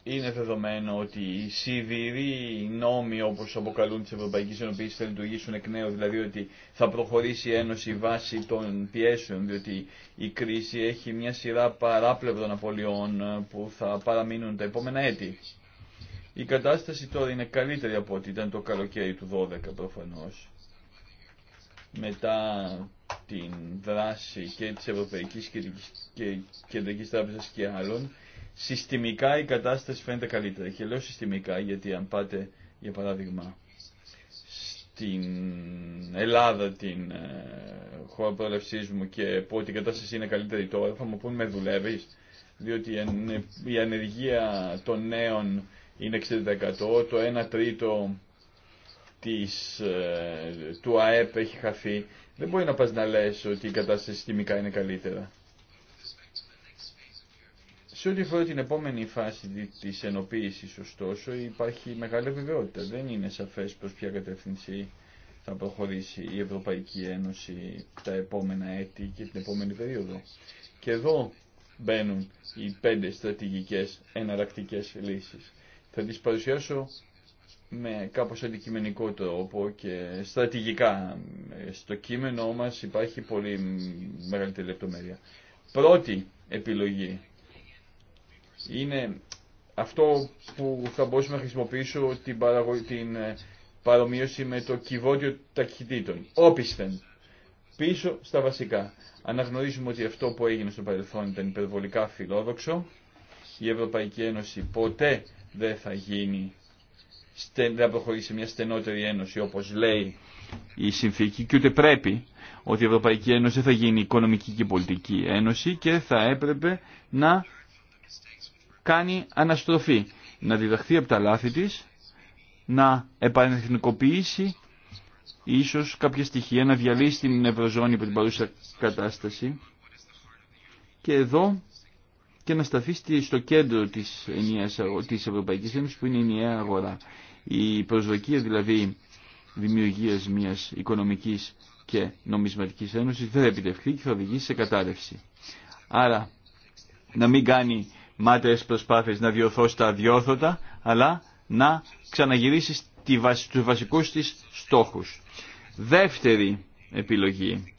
είναι δεδομένο ότι οι σιδηροί νόμοι όπως αποκαλούν της Ευρωπαϊκής Ενωπής θα λειτουργήσουν εκ νέου, δηλαδή ότι θα προχωρήσει η Ένωση βάσει των πιέσεων, διότι η κρίση έχει μια σειρά παράπλευρων απολειών που θα παραμείνουν τα επόμενα έτη. Η κατάσταση τώρα είναι καλύτερη από ό,τι ήταν το καλοκαίρι του 12 προφανώς. Μετά την δράση και της Ευρωπαϊκής και Κεντρικής Τράπεζας και άλλων, συστημικά η κατάσταση φαίνεται καλύτερη Και λέω συστημικά γιατί αν πάτε για παράδειγμα στην Ελλάδα την ε, χώρα προέλευσής μου και πω ότι η κατάσταση είναι καλύτερη τώρα θα μου πούν με δουλεύεις διότι η ανεργία των νέων είναι 60% το 1 τρίτο της, ε, του ΑΕΠ έχει χαθεί δεν μπορεί να πας να λες ότι η κατάσταση συστημικά είναι καλύτερα σε ό,τι αφορά την επόμενη φάση της ενοποίησης, ωστόσο, υπάρχει μεγάλη βεβαιότητα. Δεν είναι σαφές προ ποια κατεύθυνση θα προχωρήσει η Ευρωπαϊκή Ένωση τα επόμενα έτη και την επόμενη περίοδο. Και εδώ μπαίνουν οι πέντε στρατηγικές εναλλακτικέ λύσεις. Θα τις παρουσιάσω με κάπως αντικειμενικό τρόπο και στρατηγικά. Στο κείμενό μας υπάρχει πολύ μεγαλύτερη λεπτομέρεια. Πρώτη επιλογή είναι αυτό που θα μπορούσαμε να χρησιμοποιήσω την, παραγω... Ε, παρομοίωση με το κυβότιο ταχυτήτων. Όπισθεν. Πίσω στα βασικά. Αναγνωρίζουμε ότι αυτό που έγινε στο παρελθόν ήταν υπερβολικά φιλόδοξο. Η Ευρωπαϊκή Ένωση ποτέ δεν θα γίνει δεν θα προχωρήσει σε μια στενότερη ένωση όπως λέει η συνθήκη και ούτε πρέπει ότι η Ευρωπαϊκή Ένωση θα γίνει οικονομική και πολιτική ένωση και θα έπρεπε να κάνει αναστροφή, να διδαχθεί από τα λάθη της, να επανεθνικοποιήσει ίσως κάποια στοιχεία, να διαλύσει την Ευρωζώνη από την παρούσα κατάσταση και εδώ και να σταθεί στο κέντρο της, ενιαίας, της Ευρωπαϊκής Ένωσης που είναι η ενιαία αγορά. Η προσδοκία δηλαδή δημιουργίας μιας οικονομικής και νομισματικής ένωσης δεν επιτευχθεί και θα οδηγήσει σε κατάρρευση. Άρα να μην κάνει μάταιες προσπάθειες να διορθώσει τα αδιόρθωτα, αλλά να ξαναγυρίσει του βασικού βασικούς της στόχους. Δεύτερη επιλογή.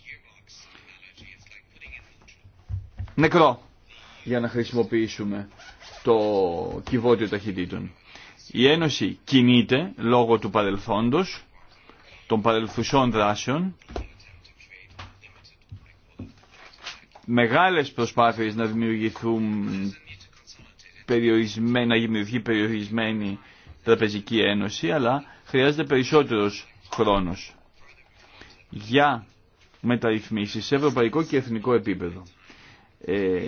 Νεκρό για να χρησιμοποιήσουμε το κυβότιο ταχυτήτων. Η Ένωση κινείται λόγω του παρελθόντος, των παρελθουσών δράσεων, μεγάλες προσπάθειες να δημιουργηθούν περιορισμένα, να δημιουργεί περιορισμένη τραπεζική ένωση, αλλά χρειάζεται περισσότερος χρόνος για μεταρρυθμίσεις σε ευρωπαϊκό και εθνικό επίπεδο. Ε,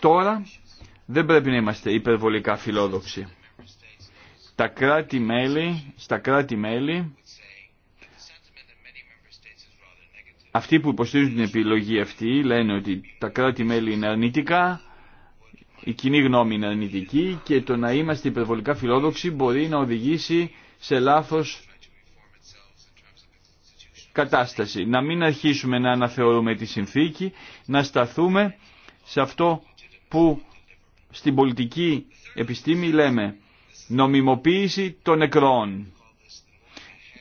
τώρα δεν πρέπει να είμαστε υπερβολικά φιλόδοξοι. Τα κράτη-μέλη, στα κράτη-μέλη, αυτοί που υποστηρίζουν την επιλογή αυτή λένε ότι τα κράτη-μέλη είναι αρνητικά, η κοινή γνώμη είναι αρνητική και το να είμαστε υπερβολικά φιλόδοξοι μπορεί να οδηγήσει σε λάθος κατάσταση. Να μην αρχίσουμε να αναθεωρούμε τη συνθήκη, να σταθούμε σε αυτό που στην πολιτική επιστήμη λέμε νομιμοποίηση των νεκρών.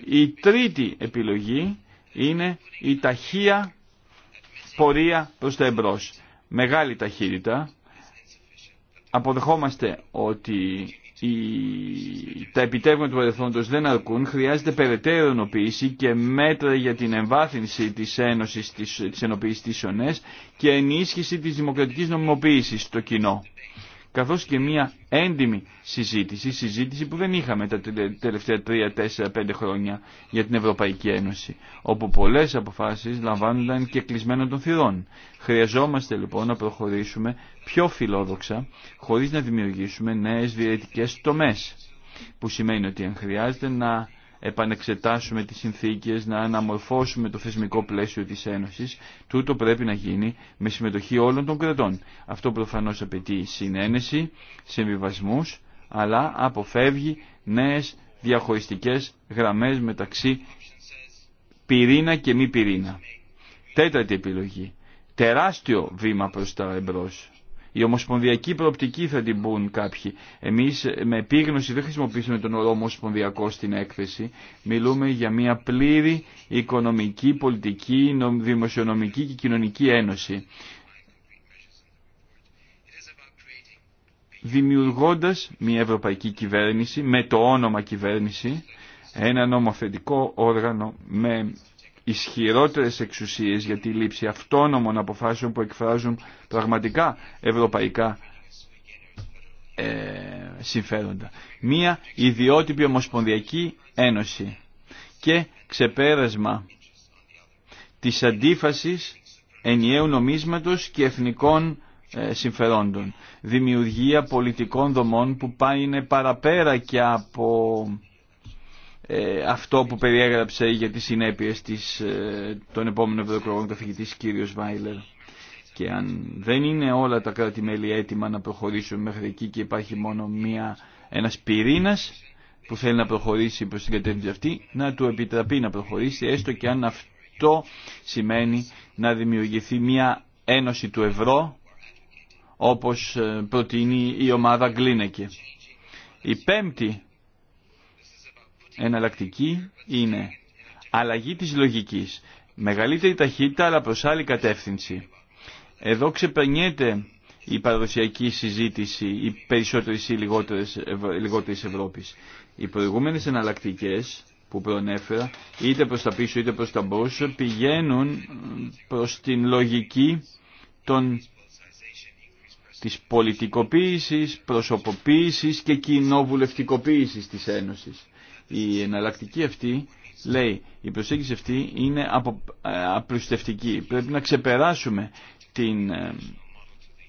Η τρίτη επιλογή είναι η ταχεία πορεία προς τα εμπρός. Μεγάλη ταχύτητα, αποδεχόμαστε ότι οι, τα επιτεύγματα του παρελθόντος δεν αρκούν, χρειάζεται περαιτέρω ενοποίηση και μέτρα για την εμβάθυνση της ένωσης της, της ενοποίησης της ΩΝΕΣ και ενίσχυση της δημοκρατικής νομιμοποίησης στο κοινό καθώς και μια έντιμη συζήτηση, συζήτηση που δεν είχαμε τα τελευταία 3-4-5 χρόνια για την Ευρωπαϊκή Ένωση, όπου πολλές αποφάσεις λαμβάνονταν και κλεισμένο των θυρών. Χρειαζόμαστε λοιπόν να προχωρήσουμε πιο φιλόδοξα, χωρίς να δημιουργήσουμε νέες διαιρετικές τομές, που σημαίνει ότι αν χρειάζεται να επανεξετάσουμε τις συνθήκες, να αναμορφώσουμε το θεσμικό πλαίσιο της Ένωσης. Τούτο πρέπει να γίνει με συμμετοχή όλων των κρατών. Αυτό προφανώς απαιτεί συνένεση, συμβιβασμού, αλλά αποφεύγει νέες διαχωριστικές γραμμές μεταξύ πυρήνα και μη πυρήνα. Τέταρτη επιλογή. Τεράστιο βήμα προς τα εμπρός. Η ομοσπονδιακή προοπτική θα την πούν κάποιοι. Εμείς με επίγνωση δεν χρησιμοποιήσουμε τον όρο ομοσπονδιακό στην έκθεση. Μιλούμε για μια πλήρη οικονομική, πολιτική, δημοσιονομική και κοινωνική ένωση. Δημιουργώντας μια ευρωπαϊκή κυβέρνηση με το όνομα κυβέρνηση, ένα νομοθετικό όργανο με ισχυρότερες εξουσίες για τη λήψη αυτόνομων αποφάσεων που εκφράζουν πραγματικά ευρωπαϊκά ε, συμφέροντα. Μία ιδιότυπη ομοσπονδιακή ένωση και ξεπέρασμα της αντίφασης ενιαίου νομίσματος και εθνικών ε, συμφερόντων. Δημιουργία πολιτικών δομών που πάει παραπέρα και από ε, αυτό που περιέγραψε για τις συνέπειες της, ε, των επόμενων ευρωεκλογών καθηγητής κύριος Βάιλερ. Και αν δεν είναι όλα τα κράτη-μέλη έτοιμα να προχωρήσουν μέχρι εκεί και υπάρχει μόνο μία, ένας πυρήνας που θέλει να προχωρήσει προς την κατεύθυνση αυτή, να του επιτραπεί να προχωρήσει, έστω και αν αυτό σημαίνει να δημιουργηθεί μία ένωση του ευρώ, όπως ε, προτείνει η ομάδα Γκλίνεκε. Η πέμπτη εναλλακτική είναι αλλαγή της λογικής. Μεγαλύτερη ταχύτητα αλλά προς άλλη κατεύθυνση. Εδώ ξεπερνιέται η παραδοσιακή συζήτηση, οι περισσότερες ή λιγότερες, λιγότερες Ευρώπης. Οι προηγούμενες εναλλακτικέ που προνέφερα είτε προς τα πίσω είτε προς τα μπρος, πηγαίνουν προς την λογική των, της πολιτικοποίησης, προσωποποίησης και κοινοβουλευτικοποίησης της Ένωσης. Η εναλλακτική αυτή λέει η προσέγγιση αυτή είναι απο, ε, απλουστευτική. Πρέπει να ξεπεράσουμε την ε,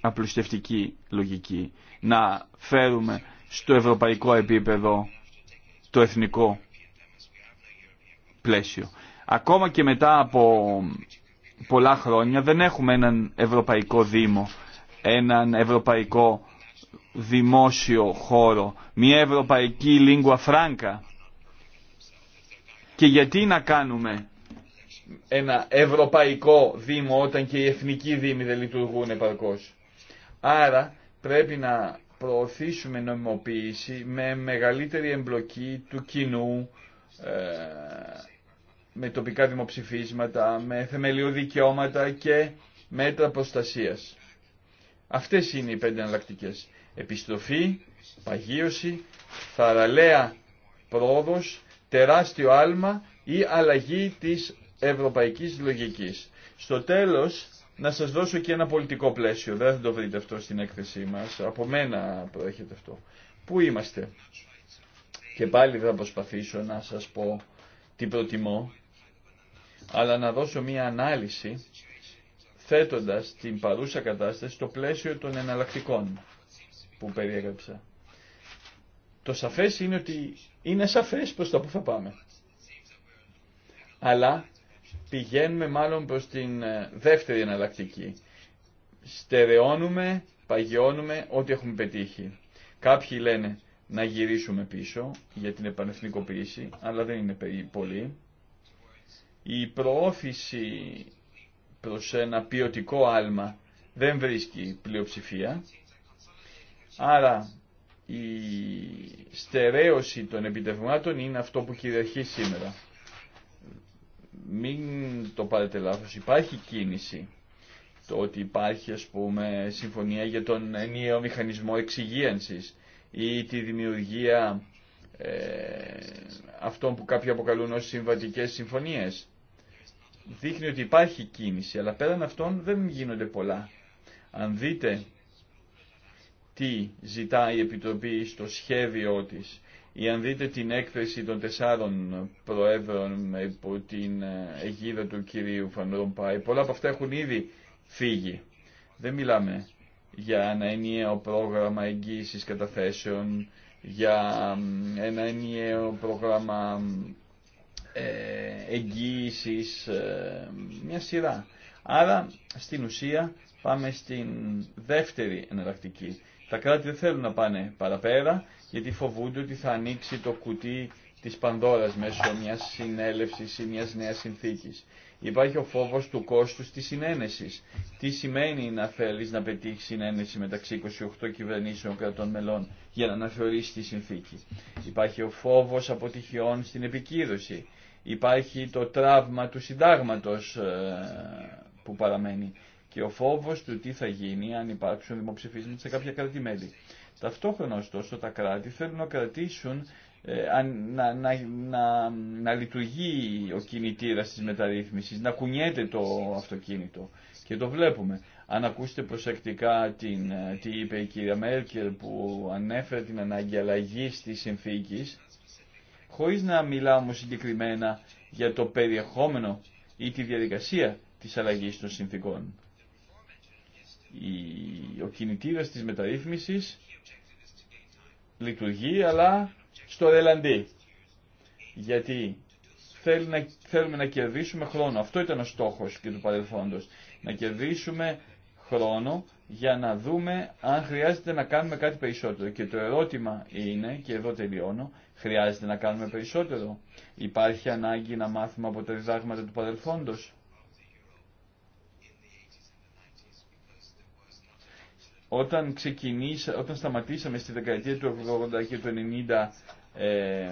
απλουστευτική λογική. Να φέρουμε στο ευρωπαϊκό επίπεδο το εθνικό πλαίσιο. Ακόμα και μετά από πολλά χρόνια δεν έχουμε έναν ευρωπαϊκό δήμο, έναν ευρωπαϊκό δημόσιο χώρο, μια ευρωπαϊκή λίγουα φράγκα και γιατί να κάνουμε ένα ευρωπαϊκό δήμο όταν και οι εθνικοί δήμοι δεν λειτουργούν επαρκώς. Άρα πρέπει να προωθήσουμε νομιμοποίηση με μεγαλύτερη εμπλοκή του κοινού, ε, με τοπικά δημοψηφίσματα, με θεμελιώδη δικαιώματα και μέτρα προστασίας. Αυτές είναι οι πέντε εναλλακτικέ. Επιστροφή, παγίωση, θαραλέα πρόοδος τεράστιο άλμα ή αλλαγή της ευρωπαϊκής λογικής. Στο τέλος, να σας δώσω και ένα πολιτικό πλαίσιο. Δεν θα το βρείτε αυτό στην έκθεσή μας. Από μένα προέρχεται αυτό. Πού είμαστε. Και πάλι θα προσπαθήσω να σας πω τι προτιμώ, αλλά να δώσω μία ανάλυση θέτοντας την παρούσα κατάσταση στο πλαίσιο των εναλλακτικών που περιέγραψα. Το σαφές είναι ότι είναι σαφές προς τα που θα πάμε. Αλλά πηγαίνουμε μάλλον προς την ε, δεύτερη εναλλακτική. Στερεώνουμε, παγιώνουμε ό,τι έχουμε πετύχει. Κάποιοι λένε να γυρίσουμε πίσω για την επανεθνικοποίηση, αλλά δεν είναι πολύ. Η προώθηση προς ένα ποιοτικό άλμα δεν βρίσκει πλειοψηφία. Άρα η στερέωση των επιτευγμάτων είναι αυτό που κυριαρχεί σήμερα. Μην το πάρετε λάθος, υπάρχει κίνηση. Το ότι υπάρχει ας πούμε συμφωνία για τον ενιαίο μηχανισμό εξυγίανσης ή τη δημιουργία ε, αυτών που κάποιοι αποκαλούν ως συμβατικές συμφωνίες. Δείχνει ότι υπάρχει κίνηση, αλλά πέραν αυτών δεν γίνονται πολλά. Αν δείτε τι ζητάει η Επιτροπή στο σχέδιό της. Ή αν δείτε την έκθεση των τεσσάρων προέδρων υπό την ε, αιγίδα του κυρίου Φανρομπάη, πολλά από αυτά έχουν ήδη φύγει. Δεν μιλάμε για ένα ενιαίο πρόγραμμα εγγύησης καταθέσεων, για ένα ενιαίο πρόγραμμα ε, εγγύησης, ε, μια σειρά. Άρα, στην ουσία, πάμε στην δεύτερη εναλλακτική. Τα κράτη δεν θέλουν να πάνε παραπέρα γιατί φοβούνται ότι θα ανοίξει το κουτί της Πανδώρας μέσω μιας συνέλευσης ή μιας νέας συνθήκης. Υπάρχει ο φόβος του κόστους της συνένεσης. Τι σημαίνει να θέλεις να πετύχει συνένεση μεταξύ 28 κυβερνήσεων κρατών μελών για να αναθεωρήσει τη συνθήκη. Υπάρχει ο φόβος αποτυχιών στην επικύρωση. Υπάρχει το τραύμα του συντάγματος ε, που παραμένει και ο φόβο του τι θα γίνει αν υπάρξουν δημοψηφίσματα σε κάποια κράτη-μέλη. Ταυτόχρονα ωστόσο τα κράτη θέλουν να κρατήσουν ε, να, να, να, να, λειτουργεί ο κινητήρα της μεταρρύθμιση, να κουνιέται το αυτοκίνητο. Και το βλέπουμε. Αν ακούσετε προσεκτικά την, ε, τι είπε η κυρία Μέρκελ που ανέφερε την ανάγκη αλλαγή τη συνθήκη, χωρί να μιλά όμω συγκεκριμένα για το περιεχόμενο ή τη διαδικασία της αλλαγής των συνθήκων ο κινητήρας της μεταρρύθμισης λειτουργεί αλλά στο ρελαντί. Γιατί θέλουμε να κερδίσουμε χρόνο. Αυτό ήταν ο στόχος και του παρελθόντος. Να κερδίσουμε χρόνο για να δούμε αν χρειάζεται να κάνουμε κάτι περισσότερο. Και το ερώτημα είναι, και εδώ τελειώνω, χρειάζεται να κάνουμε περισσότερο. Υπάρχει ανάγκη να μάθουμε από τα διδάγματα του παρελθόντος. Όταν, ξεκινήσα, όταν σταματήσαμε στη δεκαετία του 80 και του 90 ε,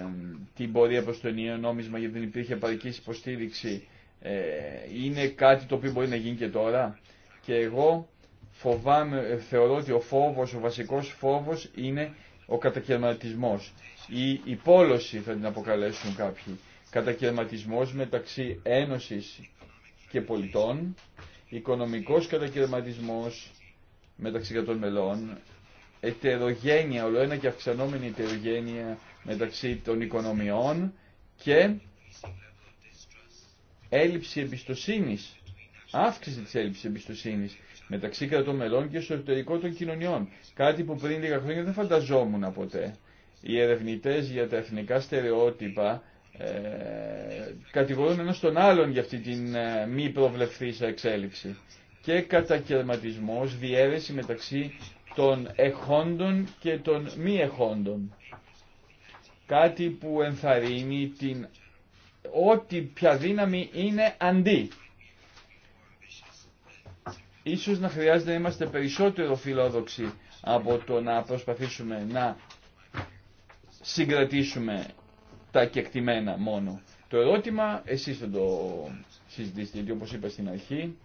την πορεία προς το ενιαίο νόμισμα γιατί δεν υπήρχε επαρκής υποστήριξη ε, είναι κάτι το οποίο μπορεί να γίνει και τώρα και εγώ φοβάμαι, ε, θεωρώ ότι ο φόβος, ο βασικός φόβος είναι ο κατακαιρματισμός η υπόλωση θα την αποκαλέσουν κάποιοι κατακαιρματισμός μεταξύ ένωσης και πολιτών οικονομικός κατακαιρματισμός μεταξύ κρατών μελών, ετερογένεια, ολοένα και αυξανόμενη ετερογένεια μεταξύ των οικονομιών και έλλειψη εμπιστοσύνης, αύξηση της έλλειψης εμπιστοσύνης μεταξύ κρατών μελών και στο εσωτερικό των κοινωνιών. Κάτι που πριν λίγα χρόνια δεν φανταζόμουν ποτέ. Οι ερευνητές για τα εθνικά στερεότυπα ε, κατηγορούν ένα τον άλλον για αυτή την ε, μη προβλεφθήσα εξέλιξη και κατακαιρματισμός, διέρεση μεταξύ των εχόντων και των μη εχόντων. Κάτι που ενθαρρύνει την ό,τι πια δύναμη είναι αντί. Ίσως να χρειάζεται να είμαστε περισσότερο φιλόδοξοι από το να προσπαθήσουμε να συγκρατήσουμε τα κεκτημένα μόνο. Το ερώτημα, εσείς θα το συζητήσετε, γιατί όπως είπα στην αρχή,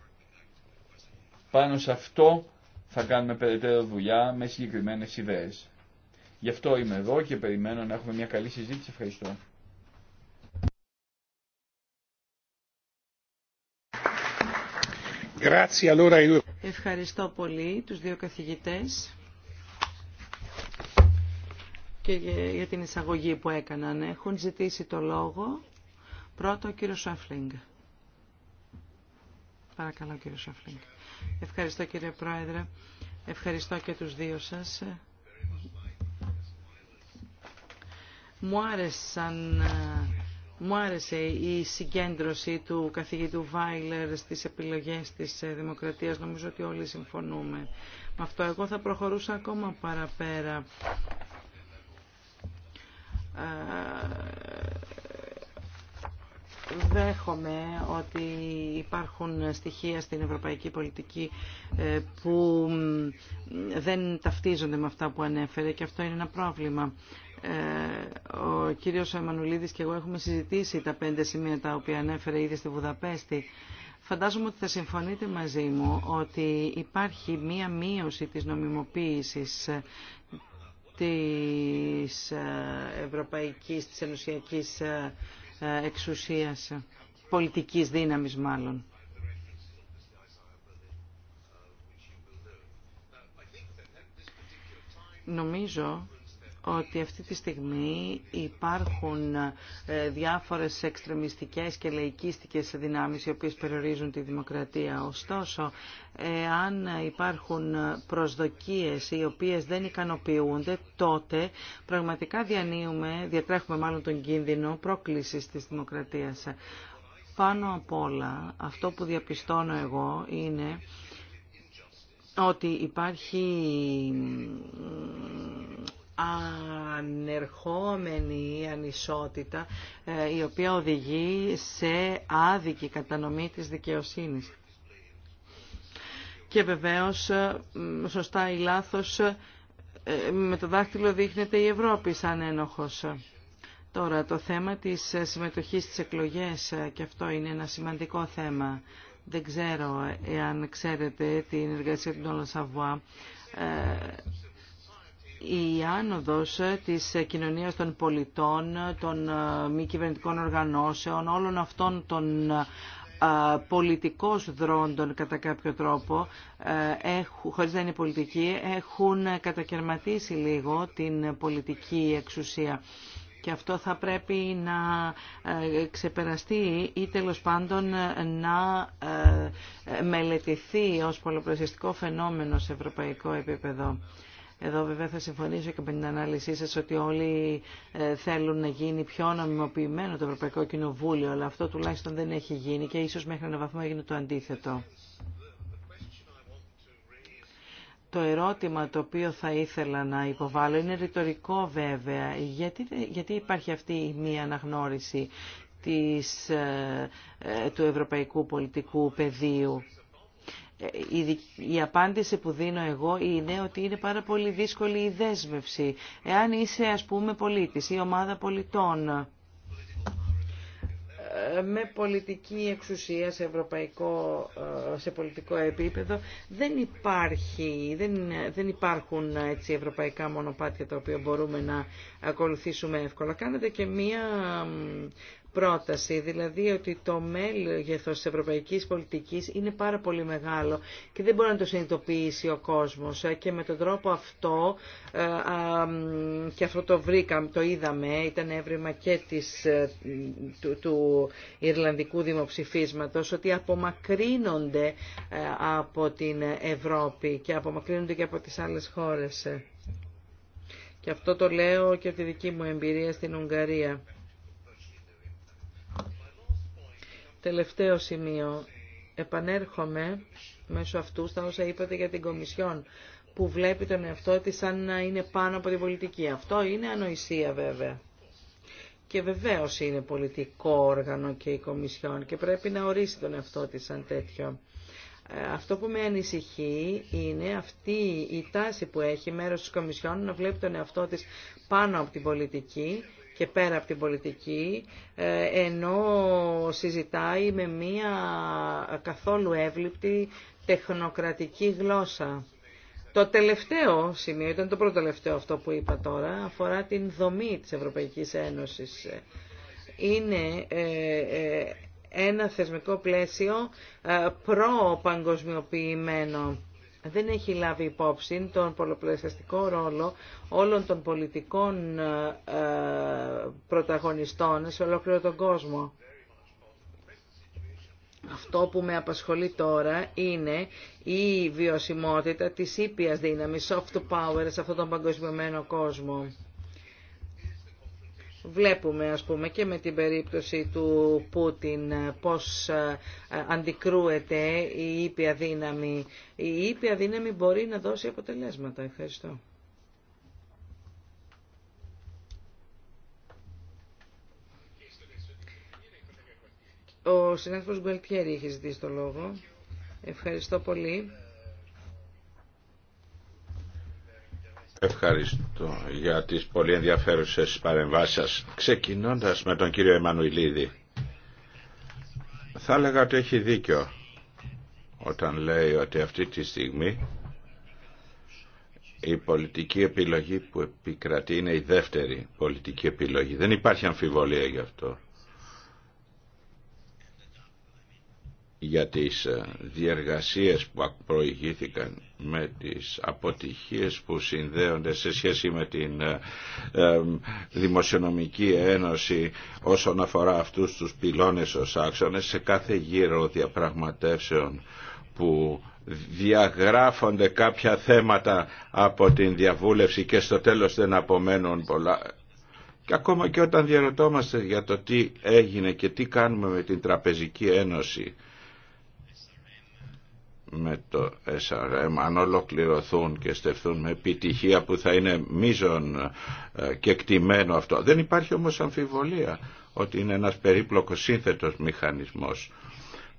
πάνω σε αυτό θα κάνουμε περαιτέρω δουλειά με συγκεκριμένε ιδέε. Γι' αυτό είμαι εδώ και περιμένω να έχουμε μια καλή συζήτηση. Ευχαριστώ. Ευχαριστώ πολύ τους δύο καθηγητές και για την εισαγωγή που έκαναν. Έχουν ζητήσει το λόγο. Πρώτο ο κύριος Σαφλίνγκ. Παρακαλώ κύριο Σαφλίνγκ. Ευχαριστώ κύριε Πρόεδρε. Ευχαριστώ και τους δύο σας. Μου άρεσαν μου άρεσε η συγκέντρωση του καθηγητού Βάιλερ στις επιλογές της Δημοκρατίας. Νομίζω ότι όλοι συμφωνούμε με αυτό. Εγώ θα προχωρούσα ακόμα παραπέρα δέχομαι ότι υπάρχουν στοιχεία στην ευρωπαϊκή πολιτική ε, που δεν ταυτίζονται με αυτά που ανέφερε και αυτό είναι ένα πρόβλημα. Ε, ο κύριος Εμμανουλίδης και εγώ έχουμε συζητήσει τα πέντε σημεία τα οποία ανέφερε ήδη στη Βουδαπέστη. Φαντάζομαι ότι θα συμφωνείτε μαζί μου ότι υπάρχει μία μείωση της νομιμοποίησης ε, της ευρωπαϊκής, της ενωσιακής ε, εξουσίας, πολιτικής δύναμης μάλλον. Νομίζω ότι αυτή τη στιγμή υπάρχουν ε, διάφορες εξτρεμιστικές και λαϊκίστικες δυνάμεις οι οποίες περιορίζουν τη δημοκρατία. Ωστόσο, αν υπάρχουν προσδοκίες οι οποίες δεν ικανοποιούνται, τότε πραγματικά διανύουμε, διατρέχουμε μάλλον τον κίνδυνο πρόκλησης της δημοκρατίας. Πάνω απ' όλα, αυτό που διαπιστώνω εγώ είναι ότι υπάρχει ανερχόμενη ανισότητα ε, η οποία οδηγεί σε άδικη κατανομή της δικαιοσύνης. Και βεβαίως, ε, σωστά ή λάθος, ε, με το δάχτυλο δείχνεται η Ευρώπη σαν ένοχος. Τώρα, το θέμα της συμμετοχής στις εκλογές, και αυτό είναι ένα σημαντικό θέμα. Δεν ξέρω εάν ξέρετε την εργασία του Ντόλα Σαββουά η άνοδος της κοινωνίας των πολιτών, των ε, μη κυβερνητικών οργανώσεων, όλων αυτών των ε, πολιτικός δρόντων κατά κάποιο τρόπο, ε, έχουν, χωρίς να είναι πολιτικοί, έχουν κατακαιρματίσει λίγο την πολιτική εξουσία. Και αυτό θα πρέπει να ξεπεραστεί ή τέλος πάντων να μελετηθεί ως πολλαπλασιαστικό φαινόμενο σε ευρωπαϊκό επίπεδο. Εδώ βέβαια θα συμφωνήσω και με την ανάλυση σας ότι όλοι ε, θέλουν να γίνει πιο νομιμοποιημένο το Ευρωπαϊκό Κοινοβούλιο, αλλά αυτό τουλάχιστον δεν έχει γίνει και ίσως μέχρι ένα βαθμό έγινε το αντίθετο. Το ερώτημα το οποίο θα ήθελα να υποβάλω είναι ρητορικό βέβαια. Γιατί, γιατί υπάρχει αυτή η μία αναγνώριση της, ε, ε, του ευρωπαϊκού πολιτικού πεδίου η απάντηση που δίνω εγώ είναι ότι είναι πάρα πολύ δύσκολη η δέσμευση. Εάν είσαι ας πούμε πολίτης ή ομάδα πολιτών ε, με πολιτική εξουσία σε, ευρωπαϊκό, ε, σε πολιτικό επίπεδο δεν, υπάρχει, δεν, δεν υπάρχουν έτσι, ευρωπαϊκά μονοπάτια τα οποία μπορούμε να ακολουθήσουμε εύκολα. Κάνετε και μία πρόταση, δηλαδή ότι το μέγεθος της ευρωπαϊκής πολιτικής είναι πάρα πολύ μεγάλο και δεν μπορεί να το συνειδητοποιήσει ο κόσμος ε, και με τον τρόπο αυτό ε, και αυτό το βρήκαμε, το είδαμε, ήταν έβριμα και της, ε, του, του Ιρλανδικού δημοψηφίσματος ότι απομακρύνονται από την Ευρώπη και απομακρύνονται και από τις άλλες χώρες. Και αυτό το λέω και από τη δική μου εμπειρία στην Ουγγαρία. Τελευταίο σημείο. Επανέρχομαι μέσω αυτού στα όσα είπατε για την Κομισιόν που βλέπει τον εαυτό της σαν να είναι πάνω από την πολιτική. Αυτό είναι ανοησία βέβαια. Και βεβαίως είναι πολιτικό όργανο και η Κομισιόν και πρέπει να ορίσει τον εαυτό της σαν τέτοιο. Ε, αυτό που με ανησυχεί είναι αυτή η τάση που έχει μέρος της Κομισιόν να βλέπει τον εαυτό της πάνω από την πολιτική και πέρα από την πολιτική, ε, ενώ συζητάει με μία καθόλου εύληπτη τεχνοκρατική γλώσσα. Το τελευταίο σημείο, ήταν το πρώτο τελευταίο αυτό που είπα τώρα, αφορά την δομή της Ευρωπαϊκής Ένωσης. Είναι ε, ε, ένα θεσμικό πλαίσιο προ-παγκοσμιοποιημένο δεν έχει λάβει υπόψη τον πολλοπλασιαστικό ρόλο όλων των πολιτικών ε, ε, πρωταγωνιστών σε ολόκληρο τον κόσμο. Αυτό που με απασχολεί τώρα είναι η βιωσιμότητα της ήπιας δύναμης, soft power σε αυτόν τον παγκοσμιωμένο κόσμο. Βλέπουμε ας πούμε και με την περίπτωση του Πούτιν πώς ε, αντικρούεται η ήπια δύναμη. Η ήπια δύναμη μπορεί να δώσει αποτελέσματα. Ευχαριστώ. Ο συνάδελφος Γκουελτιέρη είχε ζητήσει το λόγο. Ευχαριστώ πολύ. Ευχαριστώ για τις πολύ ενδιαφέρουσες παρεμβάσεις σας. Ξεκινώντας με τον κύριο Εμμανουηλίδη, θα έλεγα ότι έχει δίκιο όταν λέει ότι αυτή τη στιγμή η πολιτική επιλογή που επικρατεί είναι η δεύτερη πολιτική επιλογή. Δεν υπάρχει αμφιβολία γι' αυτό. για τις ε, διεργασίες που προηγήθηκαν με τις αποτυχίες που συνδέονται σε σχέση με την ε, ε, Δημοσιονομική Ένωση όσον αφορά αυτούς τους πυλώνες ως άξονες σε κάθε γύρο διαπραγματεύσεων που διαγράφονται κάποια θέματα από την διαβούλευση και στο τέλος δεν απομένουν πολλά. Και ακόμα και όταν διαρωτόμαστε για το τι έγινε και τι κάνουμε με την Τραπεζική Ένωση με το SRM αν ολοκληρωθούν και στεφθούν με επιτυχία που θα είναι μείζον ε, και κτημένο αυτό. Δεν υπάρχει όμως αμφιβολία ότι είναι ένας περίπλοκος σύνθετος μηχανισμός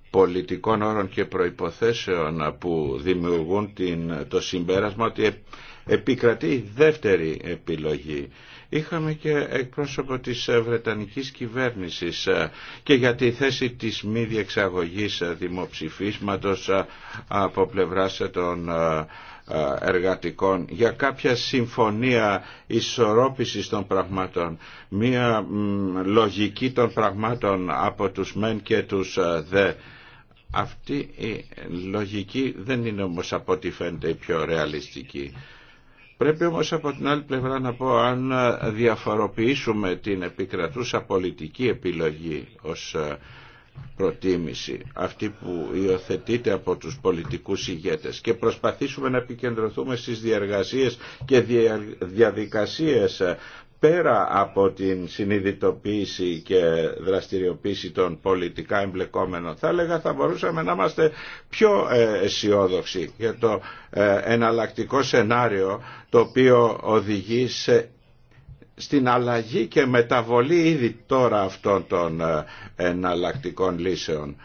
πολιτικών όρων και προϋποθέσεων που δημιουργούν την, το συμπέρασμα ότι επικρατεί δεύτερη επιλογή Είχαμε και εκπρόσωπο της ε, Βρετανικής κυβέρνησης ε, και για τη θέση της μη διεξαγωγής ε, δημοψηφίσματος από πλευράς των εργατικών για κάποια συμφωνία ισορρόπησης των πραγμάτων μία λογική των πραγμάτων από τους μεν και τους δε αυτή η λογική δεν είναι όμως από ό,τι φαίνεται η πιο ρεαλιστική Πρέπει όμως από την άλλη πλευρά να πω αν διαφοροποιήσουμε την επικρατούσα πολιτική επιλογή ως ε, προτίμηση αυτή που υιοθετείται από τους πολιτικούς ηγέτες και προσπαθήσουμε να επικεντρωθούμε στις διαργασίες και διαδικασίες ε, πέρα από την συνειδητοποίηση και δραστηριοποίηση των πολιτικά εμπλεκόμενων θα έλεγα θα μπορούσαμε να είμαστε πιο ε, αισιόδοξοι για το ε, εναλλακτικό σενάριο το οποίο οδηγεί στην αλλαγή και μεταβολή ήδη τώρα αυτών των ε, εναλλακτικών λύσεων.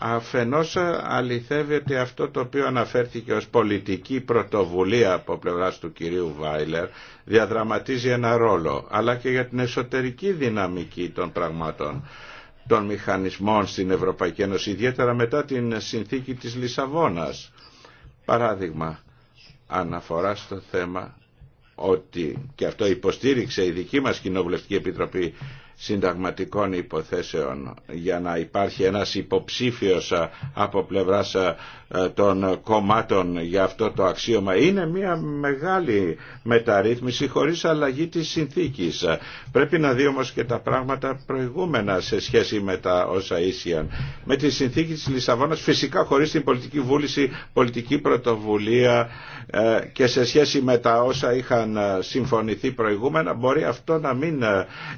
Αφενός ε, αληθεύεται αυτό το οποίο αναφέρθηκε ως πολιτική πρωτοβουλία από πλευράς του κυρίου Βάιλερ διαδραματίζει ένα ρόλο αλλά και για την εσωτερική δυναμική των πραγμάτων των μηχανισμών στην Ευρωπαϊκή Ένωση ιδιαίτερα μετά την συνθήκη της Λισαβόνας. Παράδειγμα, αναφορά στο θέμα ότι και αυτό υποστήριξε η δική μας Κοινοβουλευτική Επιτροπή συνταγματικών υποθέσεων για να υπάρχει ένας υποψήφιος από πλευράς ε, των κομμάτων για αυτό το αξίωμα είναι μια μεγάλη μεταρρύθμιση χωρίς αλλαγή της συνθήκης. Πρέπει να δει όμως και τα πράγματα προηγούμενα σε σχέση με τα όσα ίσιαν. Με τη συνθήκη της Λισαβόνας φυσικά χωρίς την πολιτική βούληση, πολιτική πρωτοβουλία ε, και σε σχέση με τα όσα είχαν ε, συμφωνηθεί προηγούμενα μπορεί αυτό να μην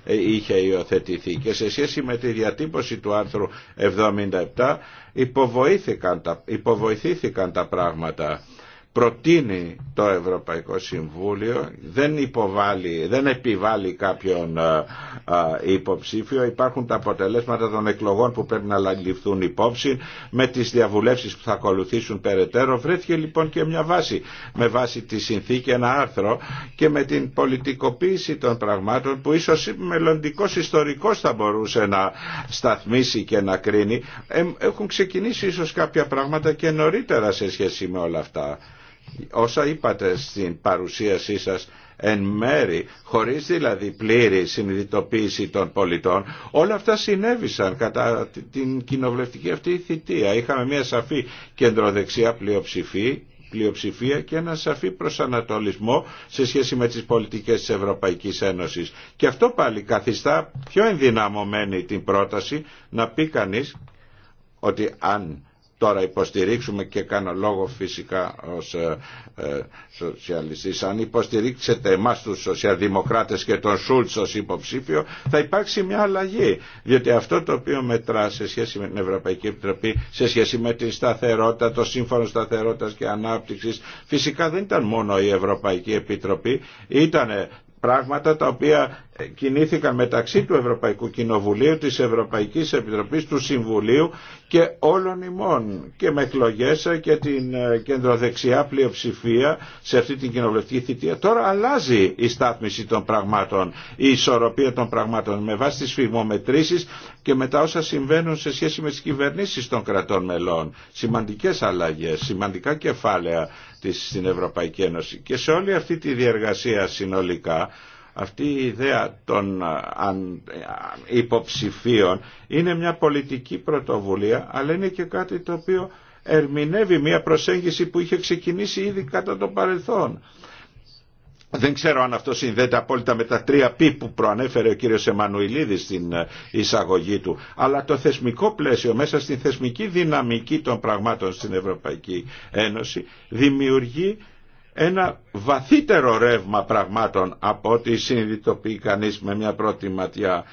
είχε υιοθετηθεί και σε σχέση με τη διατύπωση του άρθρου 77 υποβοηθήθηκαν τα πράγματα προτείνει το Ευρωπαϊκό Συμβούλιο, δεν, υποβάλλει, δεν επιβάλλει κάποιον ε, ε, υποψήφιο. Υπάρχουν τα αποτελέσματα των εκλογών που πρέπει να λαγγλυφθούν υπόψη με τις διαβουλεύσεις που θα ακολουθήσουν περαιτέρω. Βρέθηκε λοιπόν και μια βάση με βάση τη συνθήκη ένα άρθρο και με την πολιτικοποίηση των πραγμάτων που ίσως μελλοντικό ιστορικός θα μπορούσε να σταθμίσει και να κρίνει. Ε, έχουν ξεκινήσει ίσως κάποια πράγματα και νωρίτερα σε σχέση με όλα αυτά όσα είπατε στην παρουσίασή σας εν μέρη, χωρίς δηλαδή πλήρη συνειδητοποίηση των πολιτών, όλα αυτά συνέβησαν κατά την κοινοβουλευτική αυτή θητεία. Είχαμε μια σαφή κεντροδεξιά πλειοψηφία, πλειοψηφία και ένα σαφή προσανατολισμό σε σχέση με τις πολιτικές της Ευρωπαϊκής Ένωσης. Και αυτό πάλι καθιστά πιο ενδυναμωμένη την πρόταση να πει κανείς ότι αν τώρα υποστηρίξουμε και κάνω λόγο φυσικά ως ε, ε, σοσιαλιστής αν υποστηρίξετε εμάς τους σοσιαλδημοκράτες και τον Σούλτς ως υποψήφιο θα υπάρξει μια αλλαγή διότι αυτό το οποίο μετρά σε σχέση με την Ευρωπαϊκή Επιτροπή σε σχέση με την σταθερότητα, το σύμφωνο σταθερότητας και ανάπτυξης φυσικά δεν ήταν μόνο η Ευρωπαϊκή Επιτροπή ήταν πράγματα τα οποία κινήθηκαν μεταξύ του Ευρωπαϊκού Κοινοβουλίου, της Ευρωπαϊκής Επιτροπής, του Συμβουλίου και όλων ημών και με εκλογέ και την ε, κεντροδεξιά πλειοψηφία σε αυτή την κοινοβουλευτική θητεία. Τώρα αλλάζει η στάθμιση των πραγμάτων, η ισορροπία των πραγμάτων με βάση τις φημομετρήσεις και μετά όσα συμβαίνουν σε σχέση με τις κυβερνήσεις των κρατών μελών. Σημαντικές αλλαγές, σημαντικά κεφάλαια της, στην Ευρωπαϊκή Ένωση. Και σε όλη αυτή τη διεργασία συνολικά αυτή η ιδέα των υποψηφίων είναι μια πολιτική πρωτοβουλία αλλά είναι και κάτι το οποίο ερμηνεύει μια προσέγγιση που είχε ξεκινήσει ήδη κατά το παρελθόν δεν ξέρω αν αυτό συνδέεται απόλυτα με τα τρία π που προανέφερε ο κύριος Εμμανουηλίδης στην ε, εισαγωγή του. Αλλά το θεσμικό πλαίσιο μέσα στη θεσμική δυναμική των πραγμάτων στην Ευρωπαϊκή Ένωση δημιουργεί ένα βαθύτερο ρεύμα πραγμάτων από ό,τι συνειδητοποιεί κανείς με μια πρώτη ματιά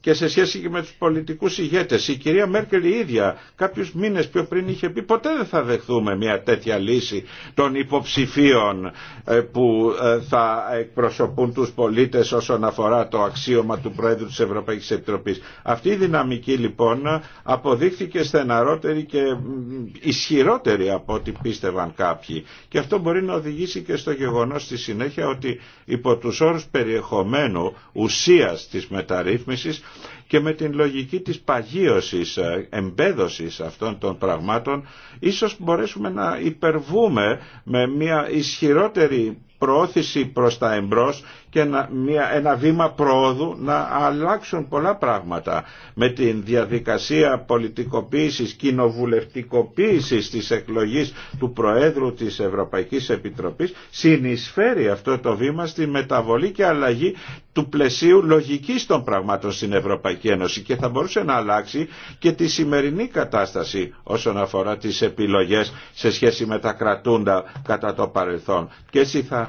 και σε σχέση και με τους πολιτικούς ηγέτες. Η κυρία Μέρκελ η ίδια κάποιους μήνες πιο πριν είχε πει ποτέ δεν θα δεχθούμε μια τέτοια λύση των υποψηφίων ε, που ε, θα εκπροσωπούν τους πολίτες όσον αφορά το αξίωμα του Πρόεδρου της Ευρωπαϊκής Επιτροπής. Αυτή η δυναμική λοιπόν αποδείχθηκε στεναρότερη και ισχυρότερη από ό,τι πίστευαν κάποιοι. Και αυτό μπορεί να οδηγήσει και στο γεγονός στη συνέχεια ότι υπό τους όρους περιεχομένου ουσίας της μεταρρύθμισης και με την λογική της παγίωσης, ε, εμπέδωσης αυτών των πραγμάτων ίσως μπορέσουμε να υπερβούμε με μια ισχυρότερη προώθηση προς τα εμπρός και ένα, μια, ένα βήμα προόδου να αλλάξουν πολλά πράγματα με την διαδικασία πολιτικοποίησης, κοινοβουλευτικοποίησης της εκλογής του Προέδρου της Ευρωπαϊκής Επιτροπής συνεισφέρει αυτό το βήμα στη μεταβολή και αλλαγή του πλαισίου λογικής των πραγμάτων στην Ευρωπαϊκή Ένωση και θα μπορούσε να αλλάξει και τη σημερινή κατάσταση όσον αφορά τις επιλογές σε σχέση με τα κρατούντα κατά το παρελθόν και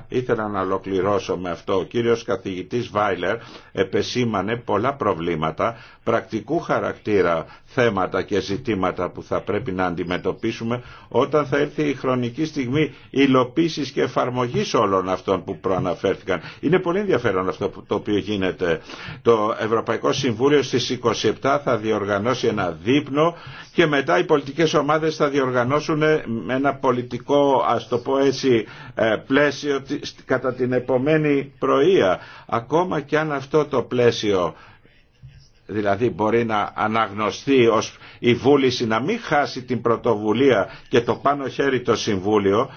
ήθελα να ολοκληρώσω με αυτό. Ο κύριος καθηγητής Βάιλερ επεσήμανε πολλά προβλήματα πρακτικού χαρακτήρα θέματα και ζητήματα που θα πρέπει να αντιμετωπίσουμε όταν θα έρθει η χρονική στιγμή υλοποίησης και εφαρμογής όλων αυτών που προαναφέρθηκαν. Είναι πολύ ενδιαφέρον αυτό το οποίο γίνεται. Το Ευρωπαϊκό Συμβούλιο στις 27 θα διοργανώσει ένα δείπνο και μετά οι πολιτικές ομάδες θα διοργανώσουν ένα πολιτικό, ας το πω ε, πλαίσιο κατά την επομένη πρωία. Ακόμα και αν αυτό το πλαίσιο Δηλαδή μπορεί να αναγνωστεί ως η βούληση να μην χάσει την πρωτοβουλία και το πάνω χέρι το Συμβούλιο,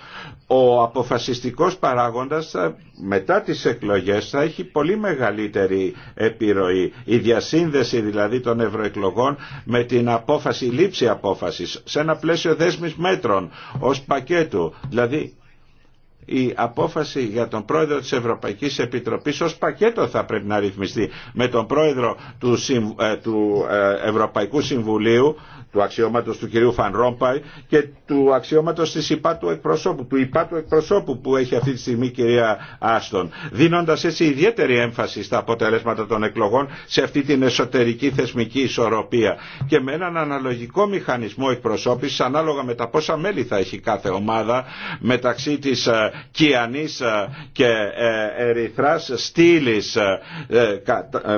ο αποφασιστικός παράγοντας ε, μετά τις εκλογές θα έχει πολύ μεγαλύτερη επιρροή. Η διασύνδεση δηλαδή των ευρωεκλογών με την απόφαση, λήψη απόφασης σε ένα πλαίσιο δέσμης μέτρων ως πακέτου. Δηλαδή η απόφαση για τον πρόεδρο της Ευρωπαϊκής Επιτροπής ως πακέτο θα πρέπει να ρυθμιστεί με τον πρόεδρο του, ε, ε, Ευρωπαϊκού Συμβουλίου του αξιώματο του κυρίου Φαν και του αξιώματο της υπά του εκπροσώπου, του υπά του εκπροσώπου που έχει αυτή τη στιγμή η κυρία Άστον, δίνοντας έτσι ιδιαίτερη έμφαση στα αποτελέσματα των εκλογών σε αυτή την εσωτερική θεσμική ισορροπία και με έναν αναλογικό μηχανισμό εκπροσώπησης ανάλογα με τα πόσα μέλη θα έχει κάθε ομάδα μεταξύ της ε, Κιανής ε, και ε, Ερυθράς στήλη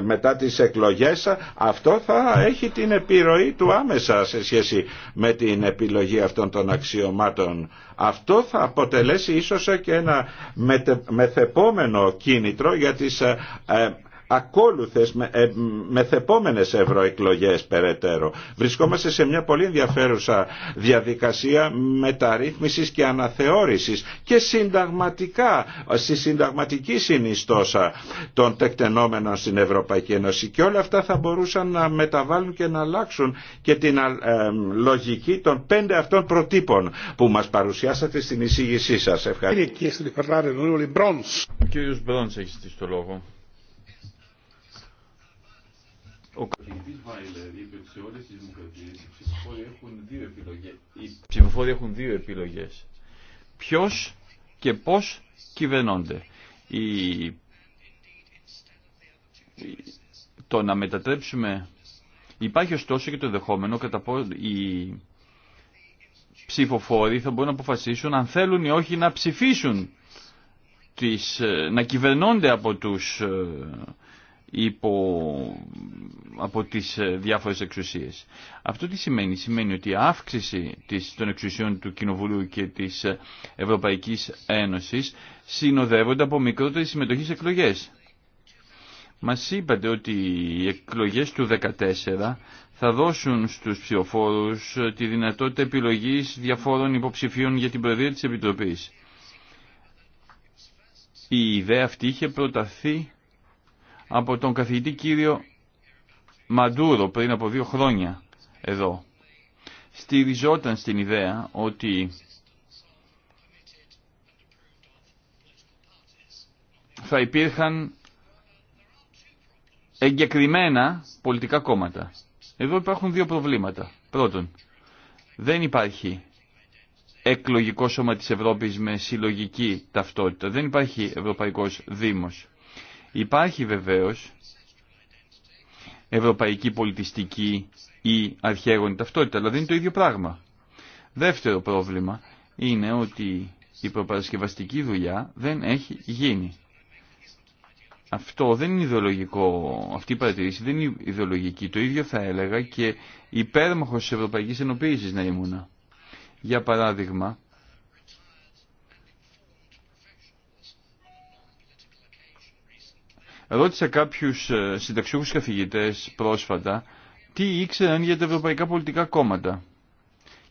μετά τις εκλογές αυτό θα έχει την επιρροή του άμεσα σε σχέση με την επιλογή αυτών των αξιωμάτων. Αυτό θα αποτελέσει ίσως και ένα μεθεπόμενο κίνητρο για τις ε, ε, ακόλουθες με, ε, μεθεπόμενες ευρωεκλογές περαιτέρω. Βρισκόμαστε σε μια πολύ ενδιαφέρουσα διαδικασία μεταρρύθμισης και αναθεώρησης και συνταγματικά, στη συνταγματική συνιστόσα των τεκτενόμενων στην Ευρωπαϊκή Ένωση και όλα αυτά θα μπορούσαν να μεταβάλουν και να αλλάξουν και την ε, λογική των πέντε αυτών προτύπων που μας παρουσιάσατε στην εισήγησή σας. Ευχαριστώ. κύριος έχει το λόγο. Ο καθηγητή Βάιλερ είπε ότι σε όλε τι δημοκρατίε οι ψηφοφόροι έχουν δύο επιλογέ. Οι ψηφοφόροι έχουν δύο επιλογέ. Ποιο και πώ κυβερνώνται. Η... Το να μετατρέψουμε. Υπάρχει ωστόσο και το δεχόμενο κατά πώ οι ψηφοφόροι θα μπορούν να αποφασίσουν αν θέλουν ή όχι να ψηφίσουν τις, ε, να κυβερνώνται από τους ε, υπό, από τις ε, διάφορες εξουσίες. Αυτό τι σημαίνει. Σημαίνει ότι η αύξηση της, των εξουσιών του Κοινοβουλίου και της ε, Ευρωπαϊκής Ένωσης συνοδεύονται από μικρότερη συμμετοχή σε εκλογές. Μας είπατε ότι οι εκλογές του 2014 θα δώσουν στους ψηφοφόρους ε, τη δυνατότητα επιλογής διαφόρων υποψηφίων για την Προεδρία της Επιτροπής. Η ιδέα αυτή είχε προταθεί από τον καθηγητή κύριο Μαντούρο πριν από δύο χρόνια εδώ. Στηριζόταν στην ιδέα ότι θα υπήρχαν εγκεκριμένα πολιτικά κόμματα. Εδώ υπάρχουν δύο προβλήματα. Πρώτον, δεν υπάρχει εκλογικό σώμα της Ευρώπης με συλλογική ταυτότητα. Δεν υπάρχει Ευρωπαϊκός Δήμος. Υπάρχει βεβαίως ευρωπαϊκή πολιτιστική ή αρχαίγονη ταυτότητα, αλλά δεν είναι το ίδιο πράγμα. Δεύτερο πρόβλημα είναι ότι η προπαρασκευαστική δουλειά δεν έχει γίνει. Αυτό δεν είναι ιδεολογικό, αυτή η παρατηρήση δεν είναι ιδεολογική. Το ίδιο θα έλεγα και υπέρμαχος της Ευρωπαϊκής Ενοποίησης να ήμουνα. Για παράδειγμα, Ρώτησα κάποιου ε, συνταξιούχου καθηγητέ πρόσφατα τι ήξεραν για τα ευρωπαϊκά πολιτικά κόμματα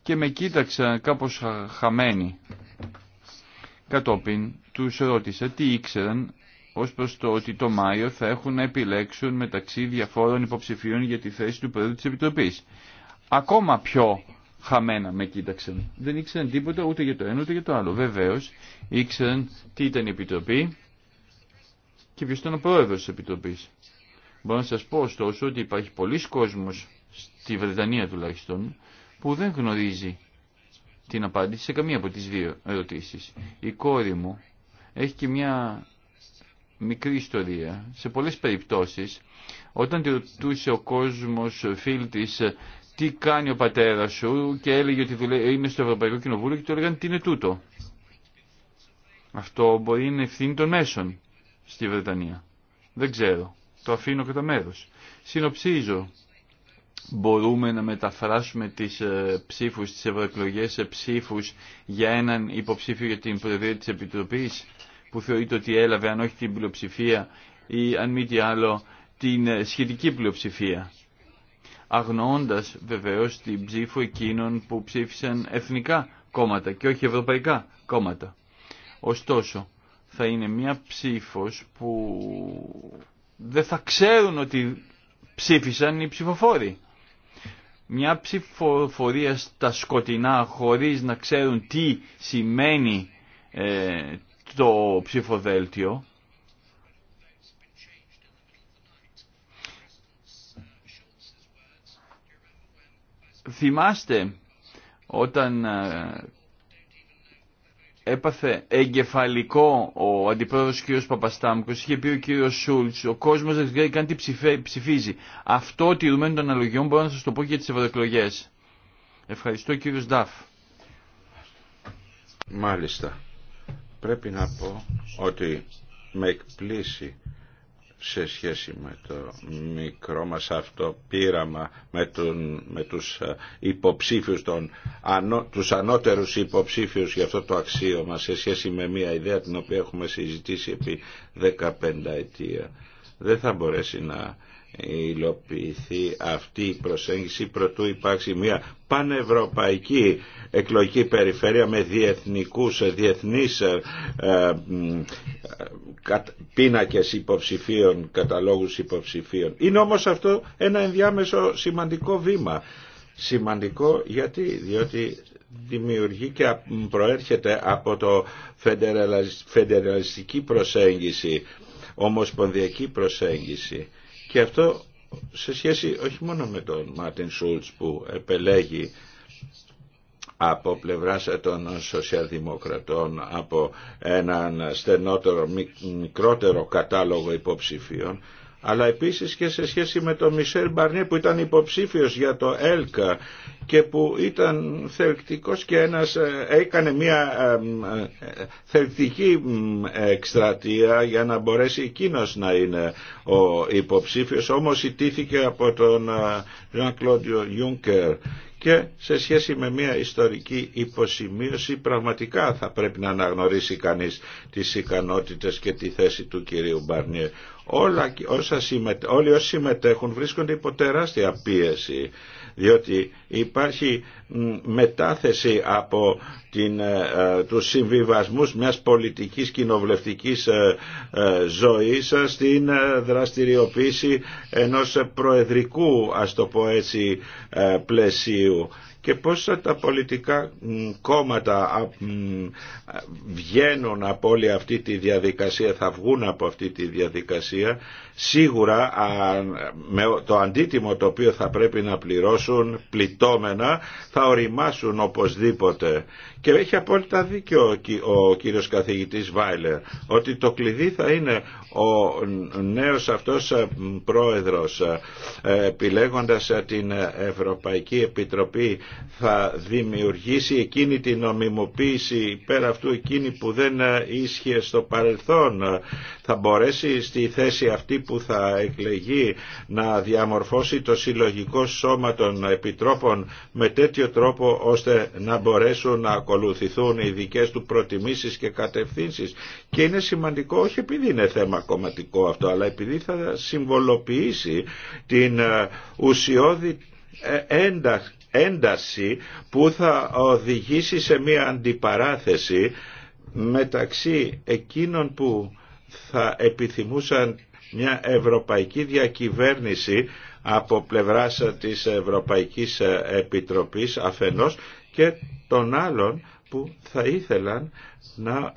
και με κοίταξαν κάπως χαμένοι. Κατόπιν του ρώτησα τι ήξεραν ως προς το ότι το Μάιο θα έχουν να επιλέξουν μεταξύ διαφόρων υποψηφίων για τη θέση του Πρόεδρου τη Επιτροπή. Ακόμα πιο χαμένα με κοίταξαν. Δεν ήξεραν τίποτα ούτε για το ένα ούτε για το άλλο. Βεβαίω, ήξεραν τι ήταν η Επιτροπή, και ποιος ήταν ο πρόεδρος της Επιτροπής. Μπορώ να σας πω ωστόσο ότι υπάρχει πολλοί κόσμος, στη Βρετανία τουλάχιστον, που δεν γνωρίζει την απάντηση σε καμία από τις δύο ερωτήσεις. Η κόρη μου έχει και μια μικρή ιστορία. Σε πολλές περιπτώσεις, όταν τη ρωτούσε ο κόσμος φίλη της τι κάνει ο πατέρας σου και έλεγε ότι είναι στο Ευρωπαϊκό Κοινοβούλιο και του έλεγαν τι είναι τούτο. Αυτό μπορεί να είναι ευθύνη των μέσων στη Βρετανία. Δεν ξέρω. Το αφήνω κατά μέρο. Συνοψίζω. Μπορούμε να μεταφράσουμε τις ε, ψήφους, τις ευρωεκλογέ σε ψήφους για έναν υποψήφιο για την Προεδρία της Επιτροπής που θεωρείται ότι έλαβε αν όχι την πλειοψηφία ή αν μη τι άλλο την ε, σχετική πλειοψηφία αγνοώντας βεβαίως την ψήφο εκείνων που ψήφισαν εθνικά κόμματα και όχι ευρωπαϊκά κόμματα. Ωστόσο, θα είναι μια ψήφος που δεν θα ξέρουν ότι ψήφισαν οι ψηφοφόροι. Μια ψηφοφορία στα σκοτεινά χωρίς να ξέρουν τι σημαίνει ε, το ψηφοδέλτιο θυμάστε όταν ε, έπαθε εγκεφαλικό ο αντιπρόεδρος κ. Παπαστάμκος, είχε πει ο κ. Σούλτς, ο κόσμος δεν ξέρει καν τι ψηφίζει. Αυτό τηρουμένου των αναλογιών μπορώ να σας το πω και για τις ευρωεκλογέ. Ευχαριστώ κ. Νταφ. Μάλιστα. Πρέπει να πω ότι με εκπλήσει σε σχέση με το μικρό μας αυτό πείραμα με, τους ε, υποψήφιους, τον, ανώ, τους ανώτερους υποψήφιους για αυτό το αξίωμα σε σχέση με μια ιδέα την οποία έχουμε συζητήσει επί 15 ετία. Δεν θα μπορέσει να υλοποιηθεί αυτή η προσέγγιση προτού υπάρξει μια πανευρωπαϊκή εκλογική περιφέρεια με διεθνικούς, διεθνείς ε, ε, ε πίνακες υποψηφίων, καταλόγους υποψηφίων. Είναι όμως αυτό ένα ενδιάμεσο σημαντικό βήμα. Σημαντικό γιατί, διότι δημιουργεί και προέρχεται από το φεντεραλιστική προσέγγιση, ομοσπονδιακή προσέγγιση. Και αυτό σε σχέση όχι μόνο με τον Μάρτιν Σούλτς που επελέγει από πλευράς των σοσιαλδημοκρατών από έναν στενότερο, μικρότερο κατάλογο υποψηφίων αλλά επίσης και σε σχέση με τον Μισελ Μπαρνιέ που ήταν υποψήφιος για το ΕΛΚΑ και που ήταν θελκτικός και ένας, ε, έκανε μια ε, θελκτική εκστρατεία για να μπορέσει εκείνο να είναι ο υποψήφιος όμως ιτήθηκε από τον Ζαν ε, Κλόντιο Juncker και σε σχέση με μια ιστορική υποσημείωση πραγματικά θα πρέπει να αναγνωρίσει κανείς τις ικανότητες και τη θέση του κυρίου Μπαρνιέ. Όλα, όσα όλοι όσοι συμμετέχουν βρίσκονται υπό τεράστια πίεση διότι υπάρχει μετάθεση από την, ε, τους συμβιβασμούς μιας πολιτικής κοινοβουλευτικής ε, ε, ζωής στην δραστηριοποίηση ενός προεδρικού ας το πω έτσι πλαισίου και πώς τα πολιτικά κόμματα βγαίνουν από όλη αυτή τη διαδικασία, θα βγουν από αυτή τη διαδικασία σίγουρα με το αντίτιμο το οποίο θα πρέπει να πληρώσουν πληττόμενα θα οριμάσουν οπωσδήποτε. Και έχει απόλυτα δίκιο ο κύριος καθηγητής Βάιλερ ότι το κλειδί θα είναι ο νέος αυτός πρόεδρος επιλέγοντας την Ευρωπαϊκή Επιτροπή θα δημιουργήσει εκείνη την νομιμοποίηση πέρα αυτού εκείνη που δεν ίσχυε στο παρελθόν θα μπορέσει στη θέση αυτή που θα εκλεγεί να διαμορφώσει το συλλογικό σώμα των επιτρόπων με τέτοιο τρόπο ώστε να μπορέσουν να ακολουθηθούν οι δικές του προτιμήσεις και κατευθύνσεις. Και είναι σημαντικό όχι επειδή είναι θέμα κομματικό αυτό, αλλά επειδή θα συμβολοποιήσει την ε, ουσιώδη ε, ένταση που θα οδηγήσει σε μια αντιπαράθεση μεταξύ εκείνων που θα επιθυμούσαν μια ευρωπαϊκή διακυβέρνηση από πλευράς της Ευρωπαϊκής Επιτροπής αφενός και των άλλων που θα ήθελαν να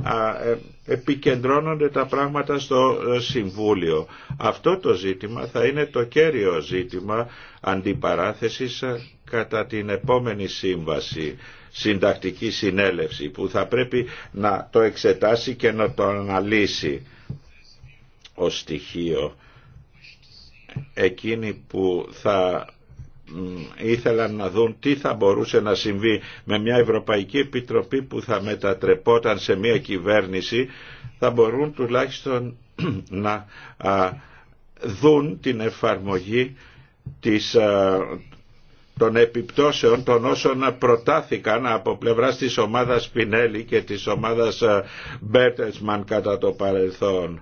ε, επικεντρώνονται τα πράγματα στο ε, Συμβούλιο. Αυτό το ζήτημα θα είναι το κέριο ζήτημα αντιπαράθεσης ε, κατά την επόμενη σύμβαση συντακτική συνέλευση που θα πρέπει να το εξετάσει και να το αναλύσει ως στοιχείο εκείνοι που θα ήθελαν να δουν τι θα μπορούσε να συμβεί με μια Ευρωπαϊκή Επιτροπή που θα μετατρεπόταν σε μια κυβέρνηση θα μπορούν τουλάχιστον να δουν την εφαρμογή της, των επιπτώσεων των όσων προτάθηκαν από πλευράς της ομάδας Πινέλη και της ομάδας Μπέρτεσμαν κατά το παρελθόν.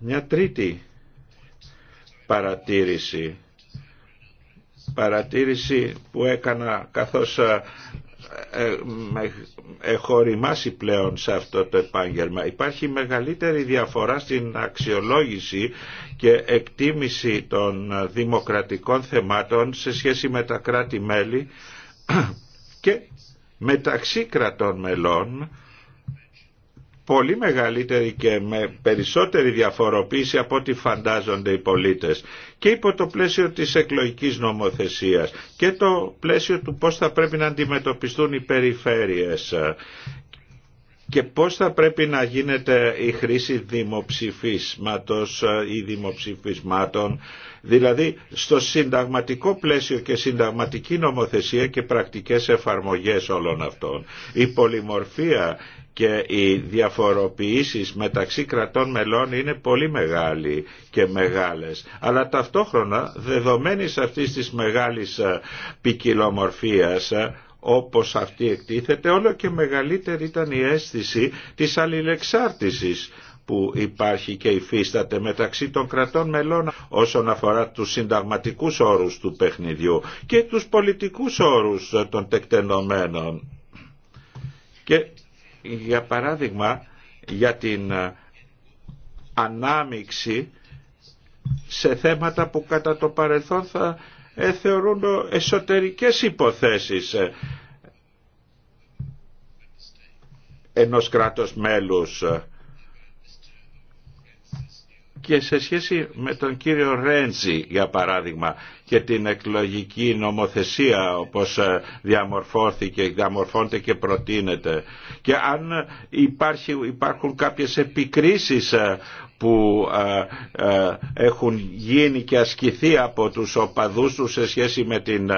Μια τρίτη παρατήρηση, παρατήρηση που έκανα καθώς ε, ε, έχω ρημάσει πλέον σε αυτό το επάγγελμα. Υπάρχει μεγαλύτερη διαφορά στην αξιολόγηση και εκτίμηση των δημοκρατικών θεμάτων σε σχέση με τα κράτη-μέλη και μεταξύ κρατών μελών πολύ μεγαλύτερη και με περισσότερη διαφοροποίηση από ό,τι φαντάζονται οι πολίτες και υπό το πλαίσιο της εκλογικής νομοθεσίας και το πλαίσιο του πώς θα πρέπει να αντιμετωπιστούν οι περιφέρειες και πώς θα πρέπει να γίνεται η χρήση δημοψηφίσματος ή δημοψηφισμάτων, δηλαδή στο συνταγματικό πλαίσιο και συνταγματική νομοθεσία και πρακτικές εφαρμογές όλων αυτών. Η πολυμορφία και οι διαφοροποιήσεις μεταξύ κρατών μελών είναι πολύ μεγάλοι και μεγάλες. Αλλά ταυτόχρονα δεδομένης αυτής της μεγάλης ε, ποικιλομορφίας ε, όπως αυτή εκτίθεται όλο και μεγαλύτερη ήταν η αίσθηση της αλληλεξάρτησης που υπάρχει και υφίσταται μεταξύ των κρατών μελών όσον αφορά τους συνταγματικούς όρους του παιχνιδιού και τους πολιτικούς όρους των τεκτενωμένων για παράδειγμα για την ε, ανάμιξη σε θέματα που κατά το παρελθόν θα ε, θεωρούν εσωτερικές υποθέσεις ε, ενός κράτος μέλους και σε σχέση με τον κύριο Ρέντζι για παράδειγμα και την εκλογική νομοθεσία όπως ε, διαμορφώθηκε, διαμορφώνεται και προτείνεται και αν υπάρχει, υπάρχουν κάποιες επικρίσεις ε, που ε, έχουν γίνει και ασκηθεί από τους οπαδούς τους σε σχέση με την,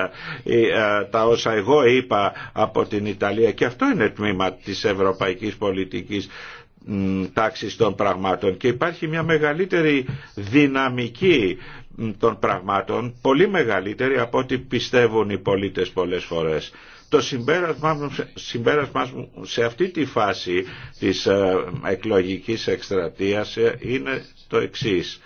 τα όσα εγώ είπα από την Ιταλία και αυτό είναι τμήμα της ευρωπαϊκής πολιτικής τάξης των πραγμάτων και υπάρχει μια μεγαλύτερη δυναμική των πραγμάτων, πολύ μεγαλύτερη από ό,τι πιστεύουν οι πολίτες πολλές φορές. Το συμπέρασμά μου σε αυτή τη φάση της ε, εκλογικής εκστρατείας ε, είναι το εξής.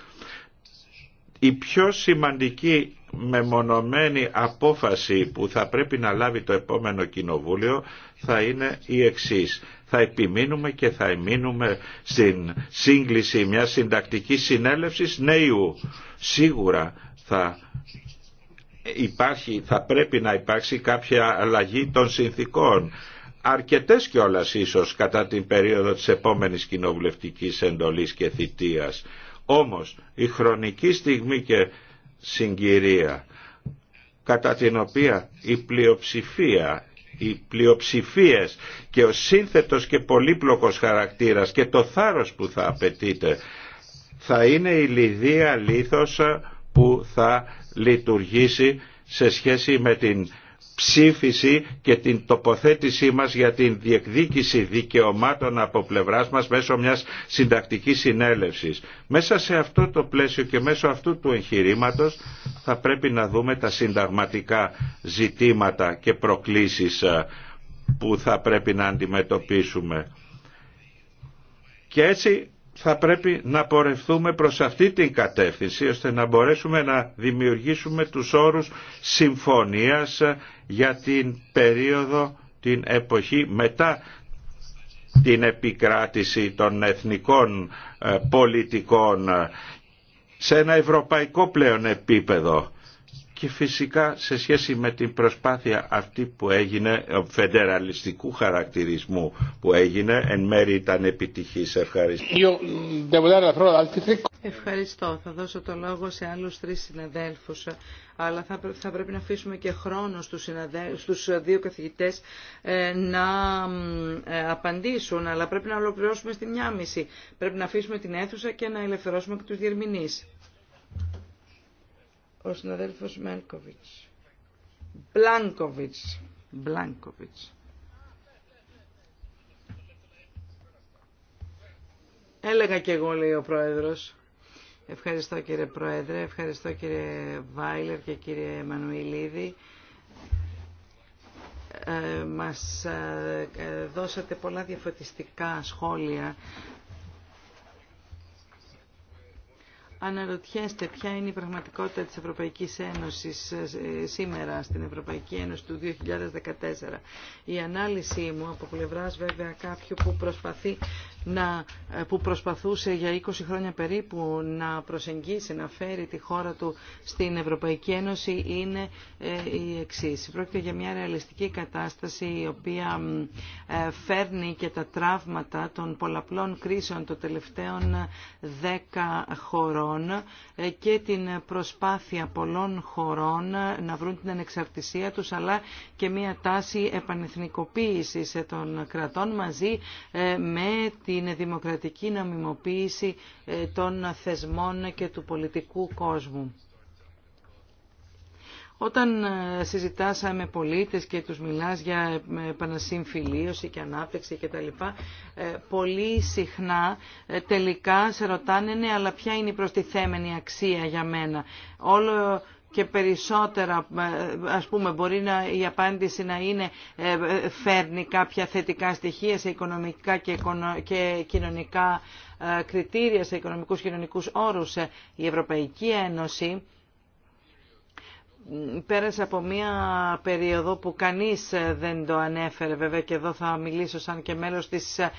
Η πιο σημαντική μεμονωμένη απόφαση που θα πρέπει να λάβει το επόμενο κοινοβούλιο θα είναι η εξής θα επιμείνουμε και θα εμείνουμε στην σύγκληση μιας συντακτικής συνέλευσης νέου. Σίγουρα θα υπάρχει, θα πρέπει να υπάρξει κάποια αλλαγή των συνθήκων. Αρκετές κιόλας ίσως κατά την περίοδο της επόμενης κοινοβουλευτικής εντολής και θητείας. Όμως η χρονική στιγμή και συγκυρία κατά την οποία η πλειοψηφία οι πλειοψηφίες και ο σύνθετος και πολύπλοκος χαρακτήρας και το θάρρος που θα απαιτείται θα είναι η λιδία λίθος που θα λειτουργήσει σε σχέση με την ψήφιση και την τοποθέτησή μας για την διεκδίκηση δικαιωμάτων από πλευράς μας μέσω μιας συντακτικής συνέλευσης. Μέσα σε αυτό το πλαίσιο και μέσω αυτού του εγχειρήματο θα πρέπει να δούμε τα συνταγματικά ζητήματα και προκλήσεις ε, που θα πρέπει να αντιμετωπίσουμε. Και έτσι θα πρέπει να πορευθούμε προς αυτή την κατεύθυνση ώστε να μπορέσουμε να δημιουργήσουμε τους όρους συμφωνίας για την περίοδο, την εποχή μετά την επικράτηση των εθνικών ε, πολιτικών ε, σε ένα ευρωπαϊκό πλέον επίπεδο και φυσικά σε σχέση με την προσπάθεια αυτή που έγινε, φεντεραλιστικού χαρακτηρισμού που έγινε, εν μέρει ήταν επιτυχής. Ευχαριστώ. Ευχαριστώ. Θα δώσω το λόγο σε άλλους τρεις συναδέλφους, αλλά θα, πρέπει να αφήσουμε και χρόνο στους, δύο καθηγητές ε, να ε, απαντήσουν, αλλά πρέπει να ολοκληρώσουμε στη μια Πρέπει να αφήσουμε την αίθουσα και να ελευθερώσουμε και τους διερμηνείς ο συναδέλφος Μέλκοβιτς. Μπλάνκοβιτς. Μπλάνκοβιτς. Έλεγα και εγώ, λέει ο Πρόεδρος. Ευχαριστώ κύριε Πρόεδρε, ευχαριστώ κύριε Βάιλερ και κύριε Εμμανουηλίδη. Ε, μας ε, ε δώσατε πολλά διαφωτιστικά σχόλια αναρωτιέστε ποια είναι η πραγματικότητα της Ευρωπαϊκής Ένωσης ε, σήμερα στην Ευρωπαϊκή Ένωση του 2014. Η ανάλυση μου από πλευρά βέβαια κάποιου που προσπαθεί να, ε, που προσπαθούσε για 20 χρόνια περίπου να προσεγγίσει, να φέρει τη χώρα του στην Ευρωπαϊκή Ένωση είναι ε, η εξή. Πρόκειται για μια ρεαλιστική κατάσταση η οποία ε, φέρνει και τα τραύματα των πολλαπλών κρίσεων των τελευταίων 10 χωρών και την προσπάθεια πολλών χωρών να βρουν την ανεξαρτησία τους αλλά και μια τάση επανεθνικοποίησης των κρατών μαζί με είναι δημοκρατική νομιμοποίηση ε, των θεσμών και του πολιτικού κόσμου. Όταν ε, συζητάσαμε με πολίτες και τους μιλάς για ε, επανασυμφιλίωση και ανάπτυξη και τα λοιπά, πολύ συχνά τελικά σε ρωτάνε, ναι, αλλά ποια είναι η προστιθέμενη αξία για μένα. Όλο και περισσότερα ε, ας πούμε μπορεί να, η απάντηση να είναι ε, φέρνει κάποια θετικά στοιχεία σε οικονομικά και, και κοινωνικά ε, κριτήρια, σε οικονομικούς και κοινωνικούς όρους η Ευρωπαϊκή Ένωση πέρασε από μία περίοδο που κανείς ε, δεν το ανέφερε βέβαια και εδώ θα μιλήσω σαν και μέλος της ε,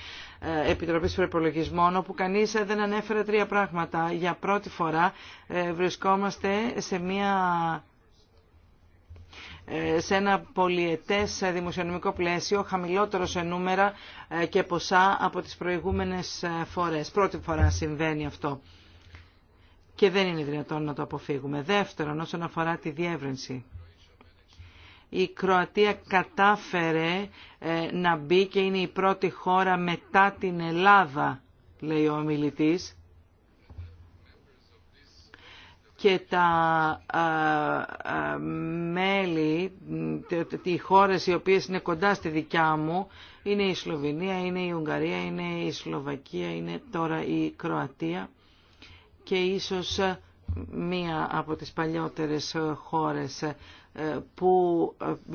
Επιτροπής Προπολογισμών όπου κανείς ε, δεν ανέφερε τρία πράγματα. Για πρώτη φορά βρισκόμαστε σε μία σε ένα πολιετές δημοσιονομικό πλαίσιο χαμηλότερο σε νούμερα και ποσά από τις προηγούμενες φορές. Πρώτη φορά συμβαίνει αυτό και δεν είναι δυνατόν να το αποφύγουμε. Δεύτερον, όσον αφορά τη διεύρυνση. Η Κροατία κατάφερε ε, να μπει και είναι η πρώτη χώρα μετά την Ελλάδα, λέει ο ομιλητής. Και τα μέλη, οι χώρες οι οποίες είναι κοντά στη δικιά μου, είναι η Σλοβενία, είναι η Ουγγαρία, είναι η Σλοβακία, είναι τώρα η Κροατία και ίσως μία από τις παλιότερες χώρες ε, που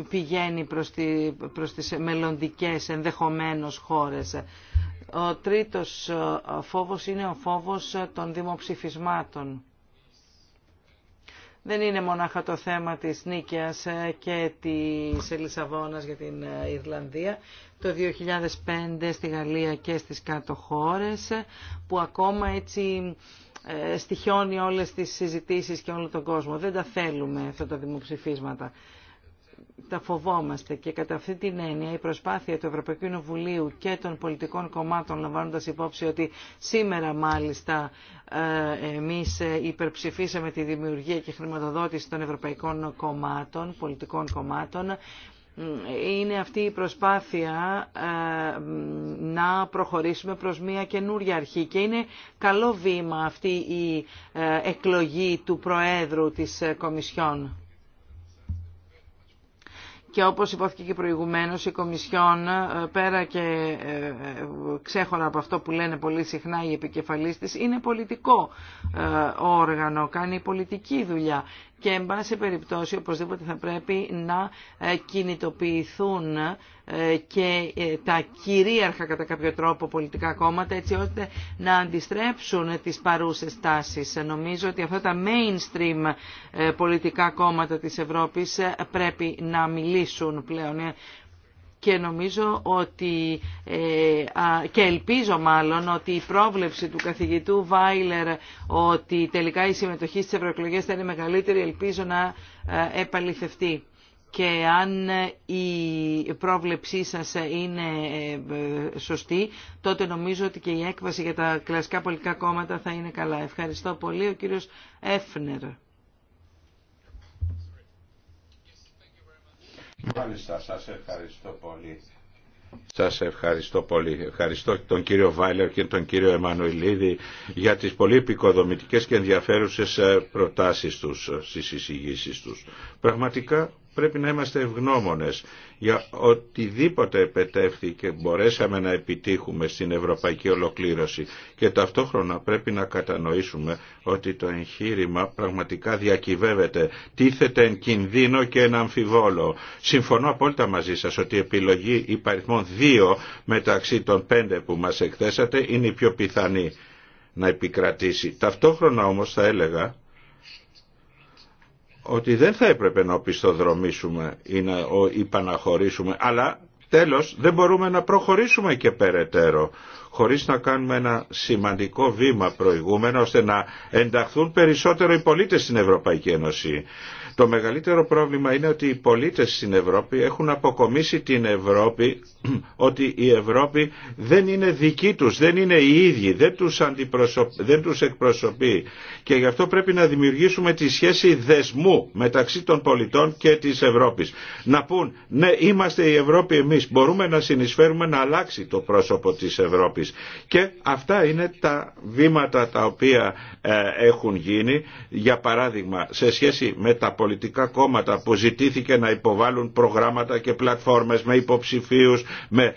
πηγαίνει προς, τη, προς τις μελλοντικές ενδεχομένως χώρες. Ο τρίτος ε, φόβος είναι ο φόβος ε, των δημοψηφισμάτων. Δεν είναι μονάχα το θέμα της Νίκαιας και της Ελισσαβόνας για την Ιρλανδία. Το 2005 στη Γαλλία και στις κάτω χώρες που ακόμα έτσι ε, στοιχιώνει όλες τις συζητήσεις και όλο τον κόσμο. Δεν τα θέλουμε αυτά τα δημοψηφίσματα. Τα φοβόμαστε και κατά αυτή την έννοια η προσπάθεια του Ευρωπαϊκού Κοινοβουλίου και των πολιτικών κομμάτων λαμβάνοντας υπόψη ότι σήμερα μάλιστα ε, εμείς ε, υπερψηφίσαμε τη δημιουργία και χρηματοδότηση των ευρωπαϊκών κομμάτων, πολιτικών κομμάτων είναι αυτή η προσπάθεια ε, να προχωρήσουμε προς μια καινούρια αρχή και είναι καλό βήμα αυτή η ε, εκλογή του Προέδρου της ε, Κομισιόν. Και όπως υπόθηκε και προηγουμένως, η Κομισιόν, πέρα και ξέχωρα από αυτό που λένε πολύ συχνά οι επικεφαλίστες της, είναι πολιτικό όργανο, κάνει πολιτική δουλειά και εν πάση περιπτώσει οπωσδήποτε θα πρέπει να ε, κινητοποιηθούν ε, και ε, τα κυρίαρχα κατά κάποιο τρόπο πολιτικά κόμματα έτσι ώστε να αντιστρέψουν τις παρούσες τάσεις. Νομίζω ότι αυτά τα mainstream πολιτικά κόμματα της Ευρώπης πρέπει να μιλήσουν πλέον και νομίζω ότι ε, και ελπίζω μάλλον ότι η πρόβλεψη του καθηγητού Βάιλερ ότι τελικά η συμμετοχή στις ευρωεκλογές θα είναι μεγαλύτερη ελπίζω να ε, επαληθευτεί και αν ε, η πρόβλεψή σας είναι σωστή, τότε νομίζω ότι και η έκβαση για τα κλασικά πολιτικά κόμματα θα είναι καλά. Ευχαριστώ πολύ. Ο κύριος Έφνερ. Μάλιστα, σας ευχαριστώ πολύ. Σας ευχαριστώ πολύ. Ευχαριστώ τον κύριο Βάιλερ και τον κύριο Εμμανουηλίδη για τις πολύ επικοδομητικές και ενδιαφέρουσες ε, προτάσεις τους ε, στις εισηγήσεις τους. Πραγματικά πρέπει να είμαστε ευγνώμονες για οτιδήποτε επετεύχθη και μπορέσαμε να επιτύχουμε στην ευρωπαϊκή ολοκλήρωση και ταυτόχρονα πρέπει να κατανοήσουμε ότι το εγχείρημα πραγματικά διακυβεύεται, τίθεται εν κινδύνο και εν αμφιβόλο. Συμφωνώ απόλυτα μαζί σας ότι η επιλογή υπαριθμών 2 μεταξύ των 5 που μας εκθέσατε είναι η πιο πιθανή να επικρατήσει. Ταυτόχρονα όμως θα έλεγα ότι δεν θα έπρεπε να οπισθοδρομήσουμε ή να υπαναχωρήσουμε, αλλά τέλος δεν μπορούμε να προχωρήσουμε και περαιτέρω χωρίς να κάνουμε ένα σημαντικό βήμα προηγούμενο ώστε να ενταχθούν περισσότερο οι πολίτες στην Ευρωπαϊκή Ένωση. Το μεγαλύτερο πρόβλημα είναι ότι οι πολίτες στην Ευρώπη έχουν αποκομίσει την Ευρώπη ότι η Ευρώπη δεν είναι δική τους, δεν είναι οι ίδιοι, δεν τους, αντιπροσωπ... δεν τους εκπροσωπεί και γι' αυτό πρέπει να δημιουργήσουμε τη σχέση δεσμού μεταξύ των πολιτών και της Ευρώπης. Να πούν ναι είμαστε η Ευρώπη εμείς, μπορούμε να συνεισφέρουμε να αλλάξει το πρόσωπο της Ευρώπης και αυτά είναι τα βήματα τα οποία ε, έχουν γίνει για παράδειγμα σε σχέση με τα πολιτικά πολιτικά κόμματα που ζητήθηκε να υποβάλουν προγράμματα και πλατφόρμες με υποψηφίους, με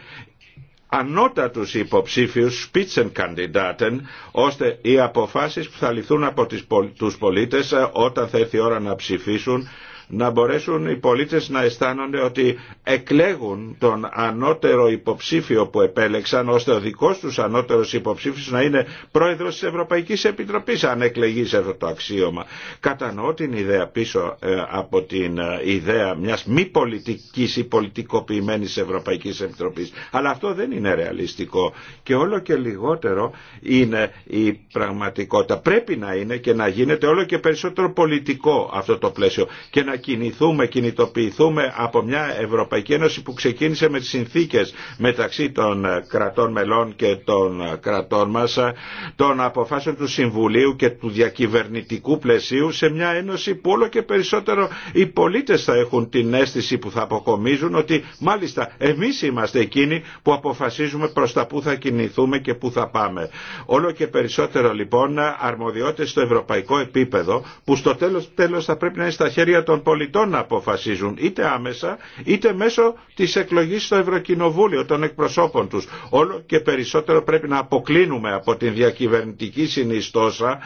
ανώτατους υποψήφιους Spitzenkandidaten ώστε οι αποφάσεις που θα ληφθούν από τις, τους πολίτες ε, όταν θα έρθει η ώρα να ψηφίσουν να μπορέσουν οι πολίτες να αισθάνονται ότι εκλέγουν τον ανώτερο υποψήφιο που επέλεξαν ώστε ο δικός τους ανώτερος υποψήφιος να είναι πρόεδρος της Ευρωπαϊκής Επιτροπής αν εκλεγεί σε αυτό το αξίωμα. Κατανοώ την ιδέα πίσω ε, από την ε, ιδέα μιας μη πολιτικής ή πολιτικοποιημένης Ευρωπαϊκής Επιτροπής αλλά αυτό δεν είναι ρεαλιστικό και όλο και λιγότερο είναι η πραγματικότητα. Πρέπει να είναι και να γίνεται όλο και περισσότερο πολιτικό αυτό το πλαίσιο και να κινηθούμε, κινητοποιηθούμε από μια Ευρωπαϊκή Ένωση που ξεκίνησε με τις συνθήκες μεταξύ των ε, κρατών μελών και των ε, κρατών μας, ε, των αποφάσεων του Συμβουλίου και του διακυβερνητικού πλαισίου σε μια Ένωση που όλο και περισσότερο οι πολίτες θα έχουν την αίσθηση που θα αποκομίζουν ότι μάλιστα εμείς είμαστε εκείνοι που αποφασίζουμε προς τα που θα κινηθούμε και που θα πάμε. Όλο και περισσότερο λοιπόν αρμοδιότητες στο ευρωπαϊκό επίπεδο που στο τέλος, τέλος θα πρέπει να είναι στα χέρια των πολιτών να αποφασίζουν είτε άμεσα είτε μέσω της εκλογής στο Ευρωκοινοβούλιο των εκπροσώπων τους. Όλο και περισσότερο πρέπει να αποκλίνουμε από την διακυβερνητική συνιστόσα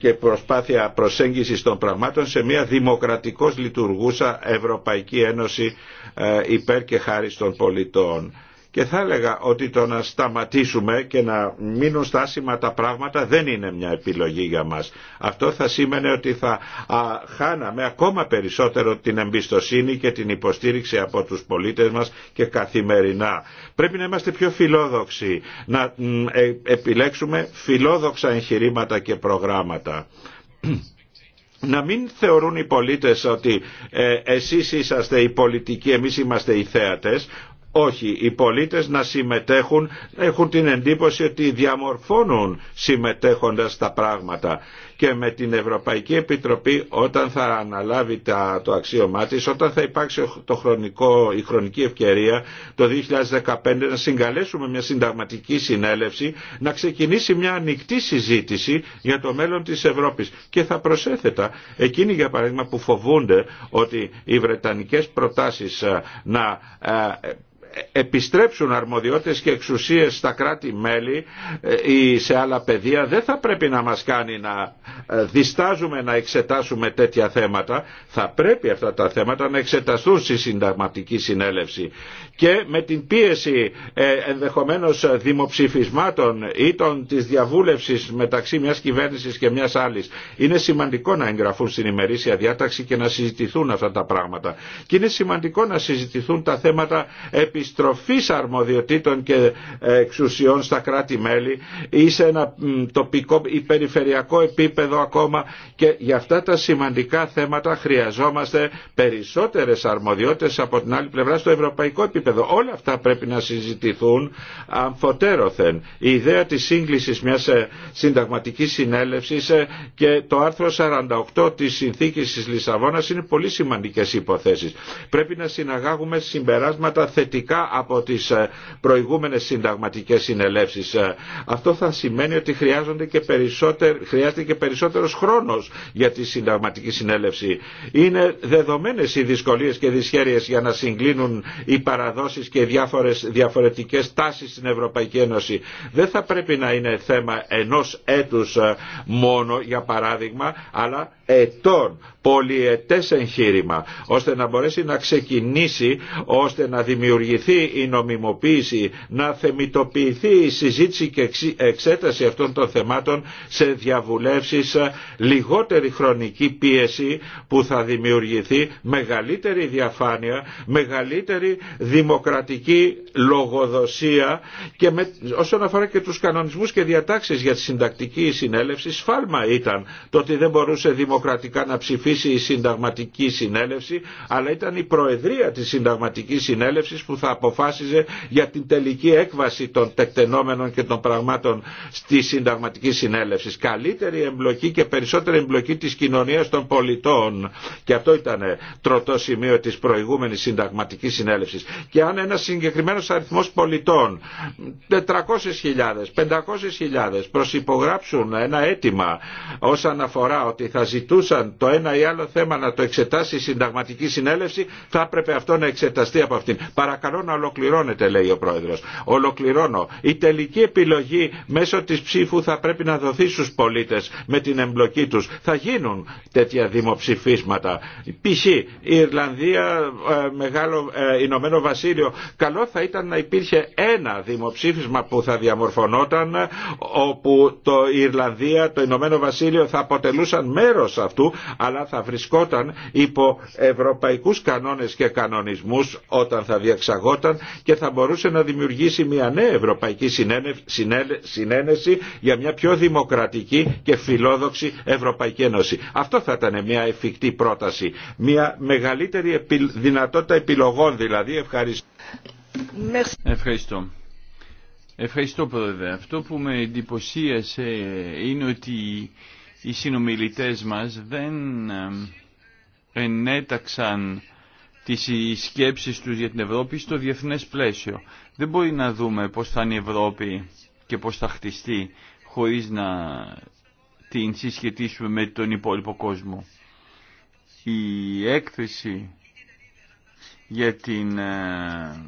και προσπάθεια προσέγγισης των πραγμάτων σε μια δημοκρατικώς λειτουργούσα Ευρωπαϊκή Ένωση ε, υπέρ και χάρη των πολιτών. Και θα έλεγα ότι το να σταματήσουμε και να μείνουν στάσιμα τα πράγματα δεν είναι μια επιλογή για μας. Αυτό θα σήμαινε ότι θα χάναμε ακόμα περισσότερο την εμπιστοσύνη και την υποστήριξη από τους πολίτες μας και καθημερινά. Πρέπει να είμαστε πιο φιλόδοξοι, να ε, επιλέξουμε φιλόδοξα εγχειρήματα και προγράμματα να μην θεωρούν οι πολίτες ότι ε, εσείς είσαστε οι πολιτικοί, εμείς είμαστε οι θέατες. Όχι, οι πολίτες να συμμετέχουν έχουν την εντύπωση ότι διαμορφώνουν συμμετέχοντας τα πράγματα και με την Ευρωπαϊκή Επιτροπή όταν θα αναλάβει τα, το αξίωμά της, όταν θα υπάρξει το χρονικό, η χρονική ευκαιρία το 2015 να συγκαλέσουμε μια συνταγματική συνέλευση, να ξεκινήσει μια ανοιχτή συζήτηση για το μέλλον της Ευρώπης. Και θα προσέθετα εκείνοι για παράδειγμα που φοβούνται ότι οι Βρετανικές προτάσεις ε, να ε, επιστρέψουν αρμοδιότητες και εξουσίες στα κράτη-μέλη ε, ή σε άλλα πεδία δεν θα πρέπει να μας κάνει να ε, διστάζουμε να εξετάσουμε τέτοια θέματα. Θα πρέπει αυτά τα θέματα να εξεταστούν στη συνταγματική συνέλευση και με την πίεση ε, ενδεχομένως δημοψηφισμάτων ή των της διαβούλευσης μεταξύ μιας κυβέρνησης και μιας άλλης είναι σημαντικό να εγγραφούν στην ημερήσια διάταξη και να συζητηθούν αυτά τα πράγματα. Και είναι σημαντικό να συζητηθούν τα θέματα επιστροφής αρμοδιοτήτων και εξουσιών στα κράτη-μέλη ή σε ένα τοπικό ή περιφερειακό επίπεδο ακόμα και για αυτά τα σημαντικά θέματα χρειαζόμαστε περισσότερες αρμοδιότητες από την άλλη πλευρά στο ευρωπαϊκό επίπεδο. Όλα αυτά πρέπει να συζητηθούν αμφωτέρωθεν. Η ιδέα της σύγκλησης μιας ε, συνταγματικής συνέλευσης ε, και το άρθρο 48 της συνθήκης της Λισαβόνας είναι πολύ σημαντικές υποθέσεις. Πρέπει να συναγάγουμε συμπεράσματα θετικά διαφορετικά από τις ε, προηγούμενες συνταγματικές συνελεύσεις. Ε, αυτό θα σημαίνει ότι χρειάζονται και περισσότερο, χρειάζεται και περισσότερος χρόνος για τη συνταγματική συνέλευση. Είναι δεδομένες οι δυσκολίες και δυσχέρειες για να συγκλίνουν οι παραδόσεις και οι διάφορες διαφορετικές τάσεις στην Ευρωπαϊκή Ένωση. Δεν θα πρέπει να είναι θέμα ενός έτους ε, μόνο για παράδειγμα, αλλά ετών πολιετές εγχείρημα ώστε να μπορέσει να ξεκινήσει ώστε να δημιουργηθεί η νομιμοποίηση να θεμητοποιηθεί η συζήτηση και εξέταση αυτών των θεμάτων σε διαβουλεύσεις ε, λιγότερη χρονική πίεση που θα δημιουργηθεί μεγαλύτερη διαφάνεια μεγαλύτερη δημοκρατική λογοδοσία και με, όσον αφορά και τους κανονισμούς και διατάξεις για τη συντακτική συνέλευση σφάλμα ήταν το ότι δεν μπορούσε δημοκρατικά να ψηφίσει η συνταγματική συνέλευση αλλά ήταν η προεδρία της συνταγματικής συνέλευσης που θα αποφάσιζε για την τελική έκβαση των τεκτενόμενων και των πραγμάτων στη συνταγματική συνέλευση. Καλύτερη εμπλοκή και περισσότερη εμπλοκή της κοινωνίας των πολιτών και αυτό ήταν τροτό σημείο της προηγούμενης συνταγματικής συνέλευσης. Και αν ένας συγκεκριμένος αριθμός πολιτών 400.000, 500.000 προσυπογράψουν ένα αίτημα όσον αφορά ότι θα ζητούσαν το ένα ή άλλο θέμα να το εξετάσει η συνταγματική συνέλευση θα έπρεπε αυτό να εξεταστεί από αυτήν. Παρακαλώ να ολοκληρώνετε λέει ο Πρόεδρος. Ολοκληρώνω. Η τελική επιλογή μέσω της ψήφου θα πρέπει να δοθεί στους πολίτες με την εμπλοκή τους. Θα γίνουν τέτοια δημοψηφίσματα. Π.χ. η Ιρλανδία, ε, Μεγάλο ε, Ηνωμένο Βασίλειο. Καλό θα ήταν να υπήρχε ένα δημοψήφισμα που θα διαμορφωνόταν όπου το Ιρλανδία, το Ηνωμένο Βασίλειο θα αποτελούσαν μέρος αυτού αλλά θα βρισκόταν υπό ευρωπαϊκούς κανόνες και κανονισμούς όταν θα διεξαγόταν και θα μπορούσε να δημιουργήσει μια νέα ευρωπαϊκή συνένεση για μια πιο δημοκρατική και φιλόδοξη Ευρωπαϊκή Ένωση. Αυτό θα ήταν μια εφικτή πρόταση, μια μεγαλύτερη δυνατότητα επιλογών δηλαδή. Ευχαριστώ. Ευχαριστώ. Ευχαριστώ πρόεδρε. Αυτό που με εντυπωσίασε είναι ότι οι συνομιλητές μας δεν ενέταξαν τις σκέψεις τους για την Ευρώπη στο διεθνές πλαίσιο. Δεν μπορεί να δούμε πώς θα είναι η Ευρώπη και πώς θα χτιστεί χωρίς να την συσχετίσουμε με τον υπόλοιπο κόσμο. Η έκθεση για την ε,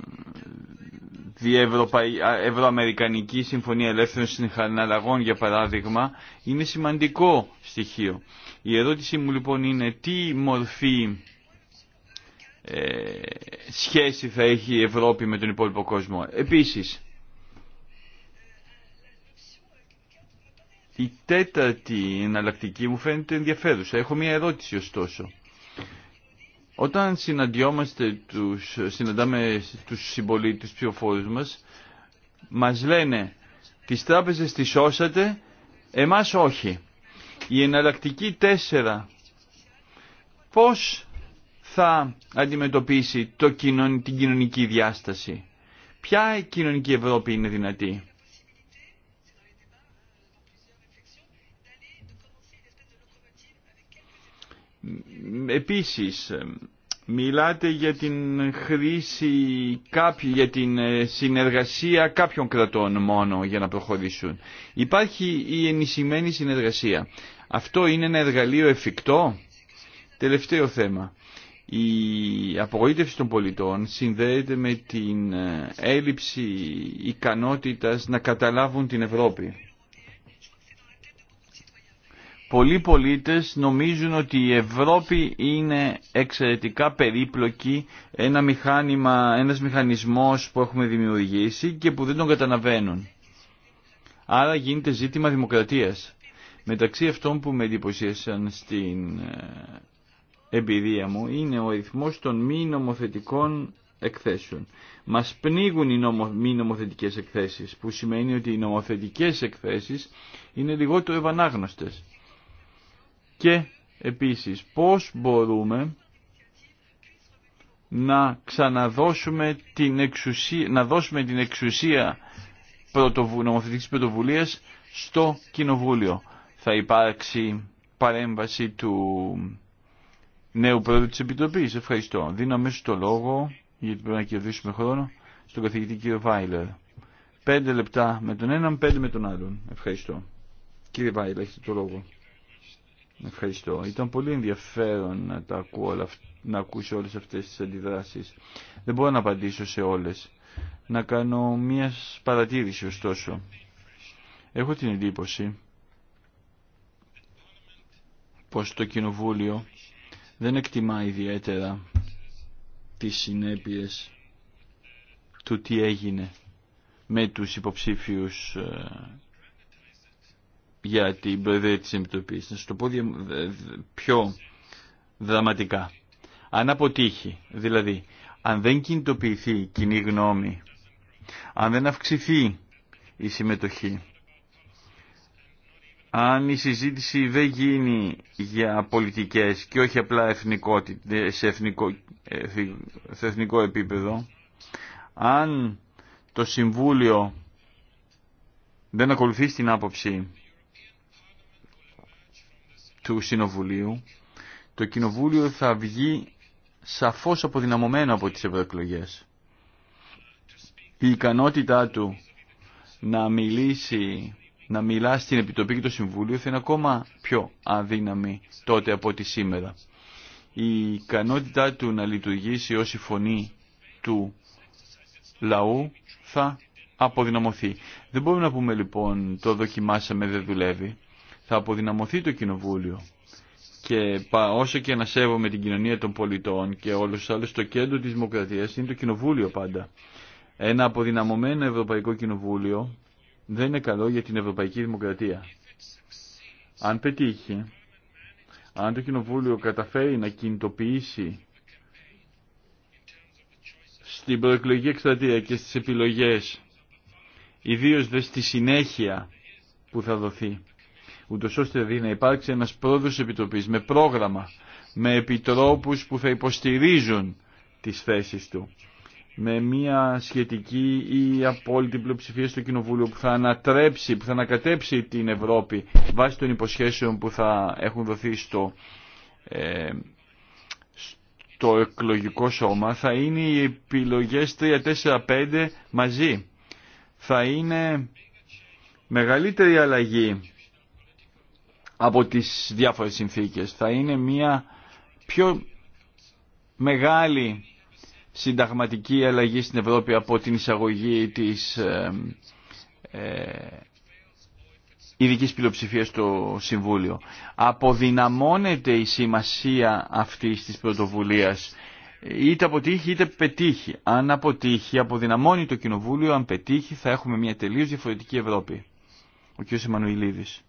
Ευρωαμερικανική Συμφωνία Ελεύθερων Συναλλαγών, για παράδειγμα, είναι σημαντικό στοιχείο. Η ερώτησή μου λοιπόν είναι τι μορφή ε, σχέση θα έχει η Ευρώπη με τον υπόλοιπο κόσμο. Επίσης, η τέταρτη εναλλακτική μου φαίνεται ενδιαφέρουσα. Έχω μία ερώτηση ωστόσο. Όταν συναντιόμαστε, τους, συναντάμε τους συμπολίτες, τους ψηφοφόρους μας, μας λένε τις τράπεζες τις σώσατε, εμάς όχι. Η εναλλακτική τέσσερα πώς θα αντιμετωπίσει το την κοινωνική διάσταση. Ποια κοινωνική Ευρώπη είναι δυνατή. Επίσης, μιλάτε για την χρήση κάποιου, για την ε, συνεργασία κάποιων κρατών μόνο για να προχωρήσουν. Υπάρχει η ενισχυμένη συνεργασία. Αυτό είναι ένα εργαλείο εφικτό. Τελευταίο θέμα. Η απογοήτευση των πολιτών συνδέεται με την ε, έλλειψη ικανότητας να καταλάβουν την Ευρώπη πολλοί πολίτες νομίζουν ότι η Ευρώπη είναι εξαιρετικά περίπλοκη, ένα μηχάνημα, ένας μηχανισμός που έχουμε δημιουργήσει και που δεν τον καταλαβαίνουν. Άρα γίνεται ζήτημα δημοκρατίας. Μεταξύ αυτών που με εντυπωσίασαν στην ε, εμπειρία μου είναι ο αριθμό των μη νομοθετικών εκθέσεων. Μας πνίγουν οι νομο, μη νομοθετικές εκθέσεις, που σημαίνει ότι οι νομοθετικές εκθέσεις είναι λιγότερο ευανάγνωστες και επίσης πώς μπορούμε να ξαναδώσουμε την εξουσία, να δώσουμε την εξουσία πρωτοβου, νομοθετικής στο Κοινοβούλιο. Θα υπάρξει παρέμβαση του νέου πρόεδρου της Επιτροπής. Ευχαριστώ. Δίνω αμέσως το λόγο, γιατί πρέπει να κερδίσουμε χρόνο, στον καθηγητή κύριο Βάιλερ. Πέντε λεπτά με τον έναν, πέντε με τον άλλον. Ευχαριστώ. Κύριε Βάιλερ, έχετε το λόγο. Ευχαριστώ. Ήταν πολύ ενδιαφέρον να τα ακούω να ακούσω όλες αυτές τις αντιδράσεις. Δεν μπορώ να απαντήσω σε όλες. Να κάνω μία παρατήρηση ωστόσο. Έχω την εντύπωση πως το Κοινοβούλιο δεν εκτιμά ιδιαίτερα τις συνέπειες του τι έγινε με τους υποψήφιους ε, για την Προεδρία της Επιτροπής. Να το πω πιο δραματικά. Αν αποτύχει, δηλαδή, αν δεν κινητοποιηθεί κοινή γνώμη, αν δεν αυξηθεί η συμμετοχή, αν η συζήτηση δεν γίνει για πολιτικές και όχι απλά εθνικότητα, σε εθνικό, σε εθνικό επίπεδο, αν το Συμβούλιο δεν ακολουθεί την άποψη του Συνοβουλίου, το Κοινοβούλιο θα βγει σαφώς αποδυναμωμένο από τις ευρωεκλογέ. Η ικανότητά του να μιλήσει, να μιλά στην Επιτροπή και το Συμβούλιο θα είναι ακόμα πιο αδύναμη τότε από ό,τι σήμερα. Η ικανότητά του να λειτουργήσει ως η φωνή του λαού θα αποδυναμωθεί. Δεν μπορούμε να πούμε λοιπόν το δοκιμάσαμε δεν δουλεύει θα αποδυναμωθεί το Κοινοβούλιο. Και όσο και να σέβομαι την κοινωνία των πολιτών και όλους τους άλλους, το κέντρο της δημοκρατίας είναι το Κοινοβούλιο πάντα. Ένα αποδυναμωμένο Ευρωπαϊκό Κοινοβούλιο δεν είναι καλό για την Ευρωπαϊκή Δημοκρατία. Αν πετύχει, αν το Κοινοβούλιο καταφέρει να κινητοποιήσει στην προεκλογική εκστρατεία και στις επιλογές, ιδίως δε στη συνέχεια που θα δοθεί ούτως ώστε δηλαδή να υπάρξει ένας πρόεδρος επιτροπής με πρόγραμμα, με επιτρόπους που θα υποστηρίζουν τις θέσεις του, με μια σχετική ή απόλυτη πλειοψηφία στο Κοινοβούλιο που θα ανατρέψει, που θα ανακατέψει την Ευρώπη βάσει των υποσχέσεων που θα έχουν δοθεί στο, ε, εκλογικό σώμα, θα είναι οι επιλογές 3, 4, 5 μαζί. Θα είναι μεγαλύτερη αλλαγή από τις διάφορες συνθήκες. Θα είναι μια πιο μεγάλη συνταγματική αλλαγή στην Ευρώπη από την εισαγωγή της ε, ε, ειδικής πλειοψηφίας στο Συμβούλιο. Αποδυναμώνεται η σημασία αυτής της πρωτοβουλίας. Είτε αποτύχει είτε πετύχει. Αν αποτύχει αποδυναμώνει το Κοινοβούλιο, αν πετύχει θα έχουμε μια τελείως διαφορετική Ευρώπη. Ο κ. Εμμανουηλίδης.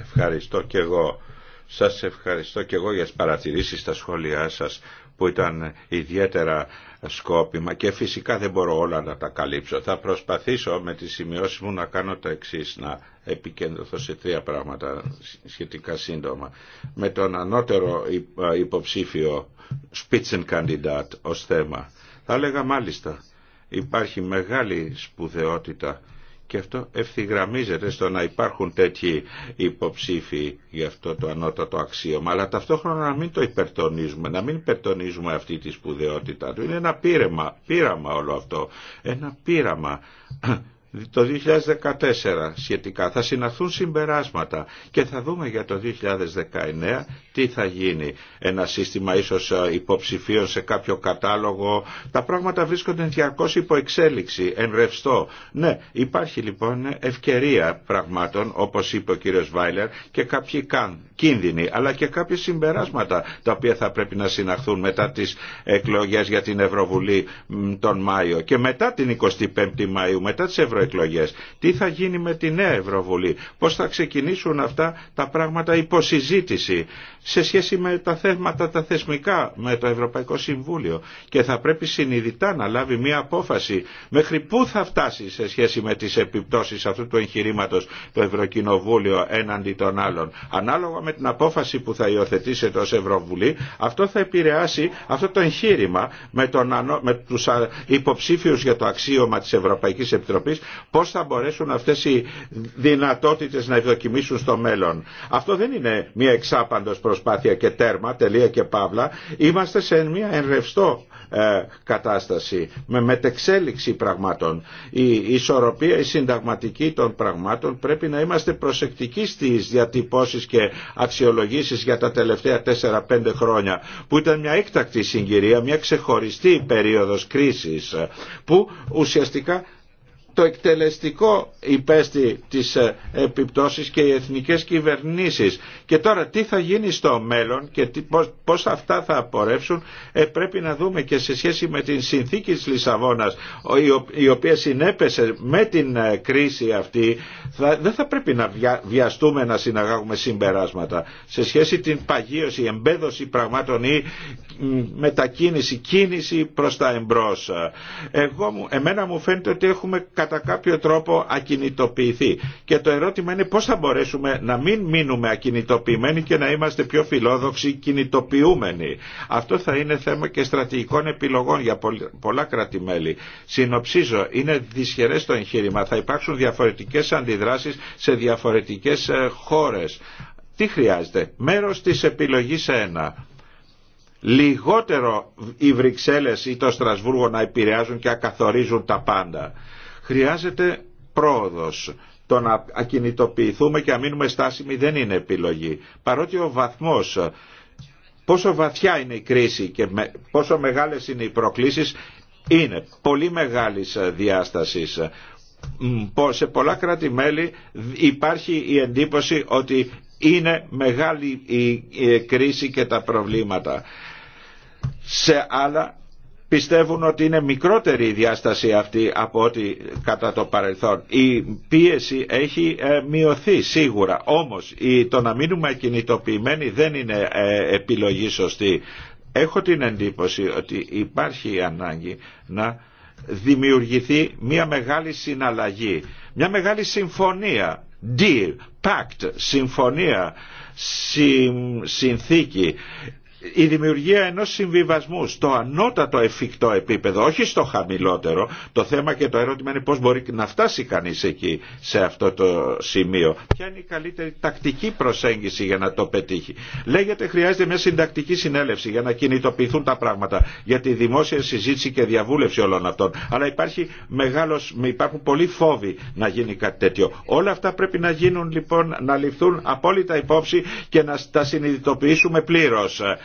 Ευχαριστώ και εγώ. Σας ευχαριστώ και εγώ για τις παρατηρήσεις στα σχόλιά σας που ήταν ιδιαίτερα σκόπιμα και φυσικά δεν μπορώ όλα να τα καλύψω. Θα προσπαθήσω με τις σημειώσεις μου να κάνω τα εξή να επικεντρωθώ σε τρία πράγματα σχετικά σύντομα. Με τον ανώτερο υποψήφιο Spitzenkandidat ως θέμα. Θα έλεγα μάλιστα υπάρχει μεγάλη σπουδαιότητα και αυτό ευθυγραμμίζεται στο να υπάρχουν τέτοιοι υποψήφοι για αυτό το ανώτατο αξίωμα αλλά ταυτόχρονα να μην το υπερτονίζουμε να μην υπερτονίζουμε αυτή τη σπουδαιότητά του είναι ένα πείραμα, πείραμα όλο αυτό ένα πείραμα το 2014 σχετικά. Θα συναθούν συμπεράσματα και θα δούμε για το 2019 τι θα γίνει. Ένα σύστημα ίσως ε, υποψηφίων σε κάποιο κατάλογο. Τα πράγματα βρίσκονται διαρκώ υπό εξέλιξη, ενρευστό. Ναι, υπάρχει λοιπόν ευκαιρία πραγμάτων όπως είπε ο κύριος Βάιλερ και κάποιοι καν, κίνδυνοι αλλά και κάποια συμπεράσματα τα οποία θα πρέπει να συναχθούν μετά τις εκλογές για την Ευρωβουλή τον Μάιο και μετά την 25η Μαΐου, μετά τις τι θα γίνει με τη νέα Ευρωβουλή, πώ θα ξεκινήσουν αυτά τα πράγματα υποσυζήτηση σε σχέση με τα θέματα τα θεσμικά με το Ευρωπαϊκό Συμβούλιο και θα πρέπει συνειδητά να λάβει μια απόφαση μέχρι πού θα φτάσει σε σχέση με τις επιπτώσεις αυτού του εγχειρήματο το Ευρωκοινοβούλιο έναντι των άλλων. Ανάλογα με την απόφαση που θα υιοθετήσετε ως Ευρωβουλή, τι επιπτώσει θα επηρεάσει αυτό το ευρωκοινοβουλιο εναντι των αλλων αναλογα με την αποφαση που θα υιοθετησετε ω ευρωβουλη αυτο θα επηρεασει αυτο το εγχειρημα με, τον, με τους υποψήφιους για το αξίωμα της Ευρωπαϊκής Επιτροπής πώς θα μπορέσουν αυτές οι δυνατότητες να ευδοκιμήσουν στο μέλλον. Αυτό δεν είναι μια εξάπαντος προσπάθεια και τέρμα, τελεία και παύλα. Είμαστε σε μια ενρευστό ε, κατάσταση, με μετεξέλιξη πραγμάτων. Η ισορροπία, η συνταγματική των πραγμάτων πρέπει να είμαστε προσεκτικοί στις διατυπώσεις και αξιολογήσεις για τα τελευταία 4-5 χρόνια, που ήταν μια έκτακτη συγκυρία, μια ξεχωριστή περίοδος κρίσης, που ουσιαστικά το εκτελεστικό υπέστη της ε, επιπτώσεις και οι εθνικές κυβερνήσεις και τώρα τι θα γίνει στο μέλλον και τι, πώς, αυτά θα απορρεύσουν ε, πρέπει να δούμε και σε σχέση με την συνθήκη της Λισαβόνας η, οποία συνέπεσε με την ε, κρίση αυτή θα, δεν θα πρέπει να βιαστούμε να συναγάγουμε συμπεράσματα σε σχέση την παγίωση, εμπέδωση πραγμάτων ή μετακίνηση, κίνηση προς τα εμπρός. Εγώ, εμένα μου φαίνεται ότι έχουμε κατά κάποιο τρόπο ακινητοποιηθεί και το ερώτημα είναι πώς θα μπορέσουμε να μην μείνουμε ακινητοποιημένοι κινητοποιημένοι και να είμαστε πιο φιλόδοξοι κινητοποιούμενοι. Αυτό θα είναι θέμα και στρατηγικών επιλογών για πολλά κράτη-μέλη. Συνοψίζω, είναι δυσχερέ το εγχείρημα. Θα υπάρξουν διαφορετικέ αντιδράσει σε διαφορετικέ ε, χώρε. Τι χρειάζεται. Μέρος τη επιλογή ένα. λιγότερο οι Βρυξέλλες ή το Στρασβούργο να επηρεάζουν και ακαθορίζουν τα πάντα. Χρειάζεται πρόοδος το να ακινητοποιηθούμε και να μείνουμε στάσιμοι δεν είναι επιλογή. Παρότι ο βαθμός, πόσο βαθιά είναι η κρίση και πόσο μεγάλες είναι οι προκλήσεις, είναι πολύ μεγάλης διάστασης σε πολλά κράτη-μέλη υπάρχει η εντύπωση ότι είναι μεγάλη η κρίση και τα προβλήματα. Σε άλλα πιστεύουν ότι είναι μικρότερη η διάσταση αυτή από ό,τι κατά το παρελθόν. Η πίεση έχει ε, μειωθεί σίγουρα, όμως το να μείνουμε κινητοποιημένοι δεν είναι ε, επιλογή σωστή. Έχω την εντύπωση ότι υπάρχει η ανάγκη να δημιουργηθεί μια μεγάλη συναλλαγή, μια μεγάλη συμφωνία, deal, pact, συμφωνία, συνθήκη η δημιουργία ενός συμβιβασμού στο ανώτατο εφικτό επίπεδο, όχι στο χαμηλότερο. Το θέμα και το ερώτημα είναι πώς μπορεί να φτάσει κανείς εκεί σε αυτό το σημείο. Ποια είναι η καλύτερη τακτική προσέγγιση για να το πετύχει. Λέγεται χρειάζεται μια συντακτική συνέλευση για να κινητοποιηθούν τα πράγματα, για τη δημόσια συζήτηση και διαβούλευση όλων αυτών. Αλλά υπάρχει μεγάλος, υπάρχουν πολλοί φόβοι να γίνει κάτι τέτοιο. Όλα αυτά πρέπει να γίνουν λοιπόν, να ληφθούν απόλυτα υπόψη και να τα συνειδητοποιήσουμε πλήρως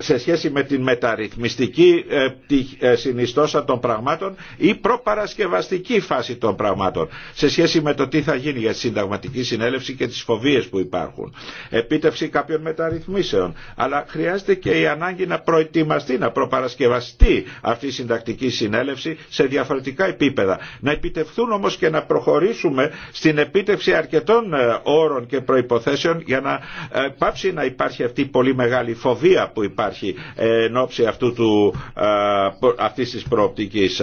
σε σχέση με την μεταρρυθμιστική ε, ε, συνιστόσα των πραγμάτων ή προπαρασκευαστική φάση των πραγμάτων σε σχέση με το τι θα γίνει για τη συνταγματική συνέλευση και τις φοβίες που υπάρχουν. Επίτευξη κάποιων μεταρρυθμίσεων. Αλλά χρειάζεται και η ανάγκη να προετοιμαστεί, να προπαρασκευαστεί αυτή η συντακτική συνέλευση σε διαφορετικά επίπεδα. Να επιτευχθούν όμως και να προχωρήσουμε στην επίτευξη αρκετών ε, όρων και προϋποθέσεων για να πάψει να υπάρχει αυτή η πολύ μεγάλη φοβία που υπάρχει υπάρχει ε, εν ώψη αυτού του, ε, αυτής της προοπτικής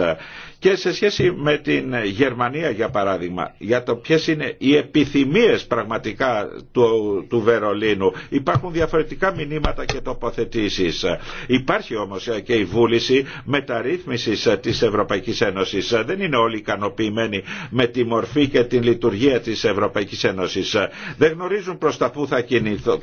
και σε σχέση με την Γερμανία για παράδειγμα, για το ποιες είναι οι επιθυμίες πραγματικά του, του Βερολίνου, υπάρχουν διαφορετικά μηνύματα και τοποθετήσεις. Υπάρχει όμως και η βούληση μεταρρύθμισης της Ευρωπαϊκής Ένωσης. Δεν είναι όλοι ικανοποιημένοι με τη μορφή και την λειτουργία της Ευρωπαϊκής Ένωσης. Δεν γνωρίζουν προς τα που θα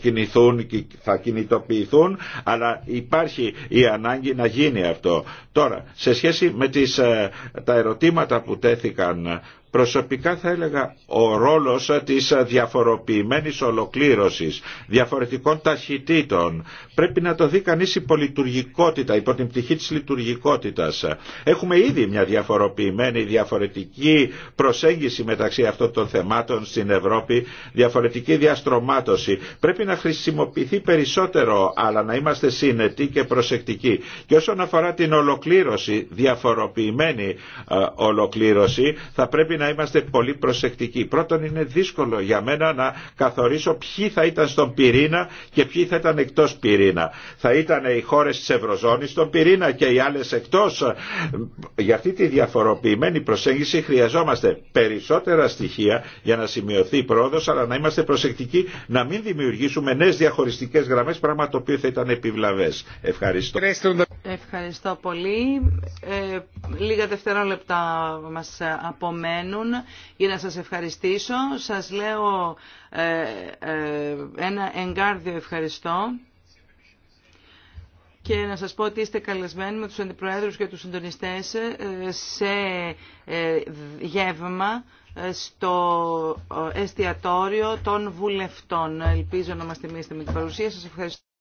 κινηθούν και θα κινητοποιηθούν, αλλά υπάρχει η ανάγκη να γίνει αυτό. Τώρα, σε σχέση με τις ε, τα ερωτήματα που τέθηκαν προσωπικά θα έλεγα ο ρόλος της διαφοροποιημένης ολοκλήρωσης, διαφορετικών ταχυτήτων. Πρέπει να το δει κανείς υπό λειτουργικότητα, υπό την πτυχή της λειτουργικότητας. Έχουμε ήδη μια διαφοροποιημένη, διαφορετική προσέγγιση μεταξύ αυτών των θεμάτων στην Ευρώπη, διαφορετική διαστρωμάτωση. Πρέπει να χρησιμοποιηθεί περισσότερο, αλλά να είμαστε συνετοί και προσεκτικοί. Και όσον αφορά την ολοκλήρωση, διαφοροποιημένη ε, ολοκλήρωση, θα πρέπει να είμαστε πολύ προσεκτικοί. Πρώτον είναι δύσκολο για μένα να καθορίσω ποιοι θα ήταν στον πυρήνα και ποιοι θα ήταν εκτός πυρήνα. Θα ήταν οι χώρες της Ευρωζώνης στον πυρήνα και οι άλλες εκτός. Για αυτή τη διαφοροποιημένη προσέγγιση χρειαζόμαστε περισσότερα στοιχεία για να σημειωθεί η πρόοδος αλλά να είμαστε προσεκτικοί να μην δημιουργήσουμε νέες διαχωριστικές γραμμές πράγμα το οποίο θα ήταν επιβλαβές. Ευχαριστώ. Ευχαριστώ πολύ. Ε, λίγα δευτερόλεπτα μας απομένουν μένουν για να σας ευχαριστήσω. Σας λέω ε, ε, ένα εγκάρδιο ευχαριστώ και να σας πω ότι είστε καλεσμένοι με τους αντιπροέδρους και τους συντονιστές ε, σε γεύμα στο εστιατόριο των βουλευτών. Ελπίζω να μας τιμήσετε με την παρουσία σας. Ευχαριστώ.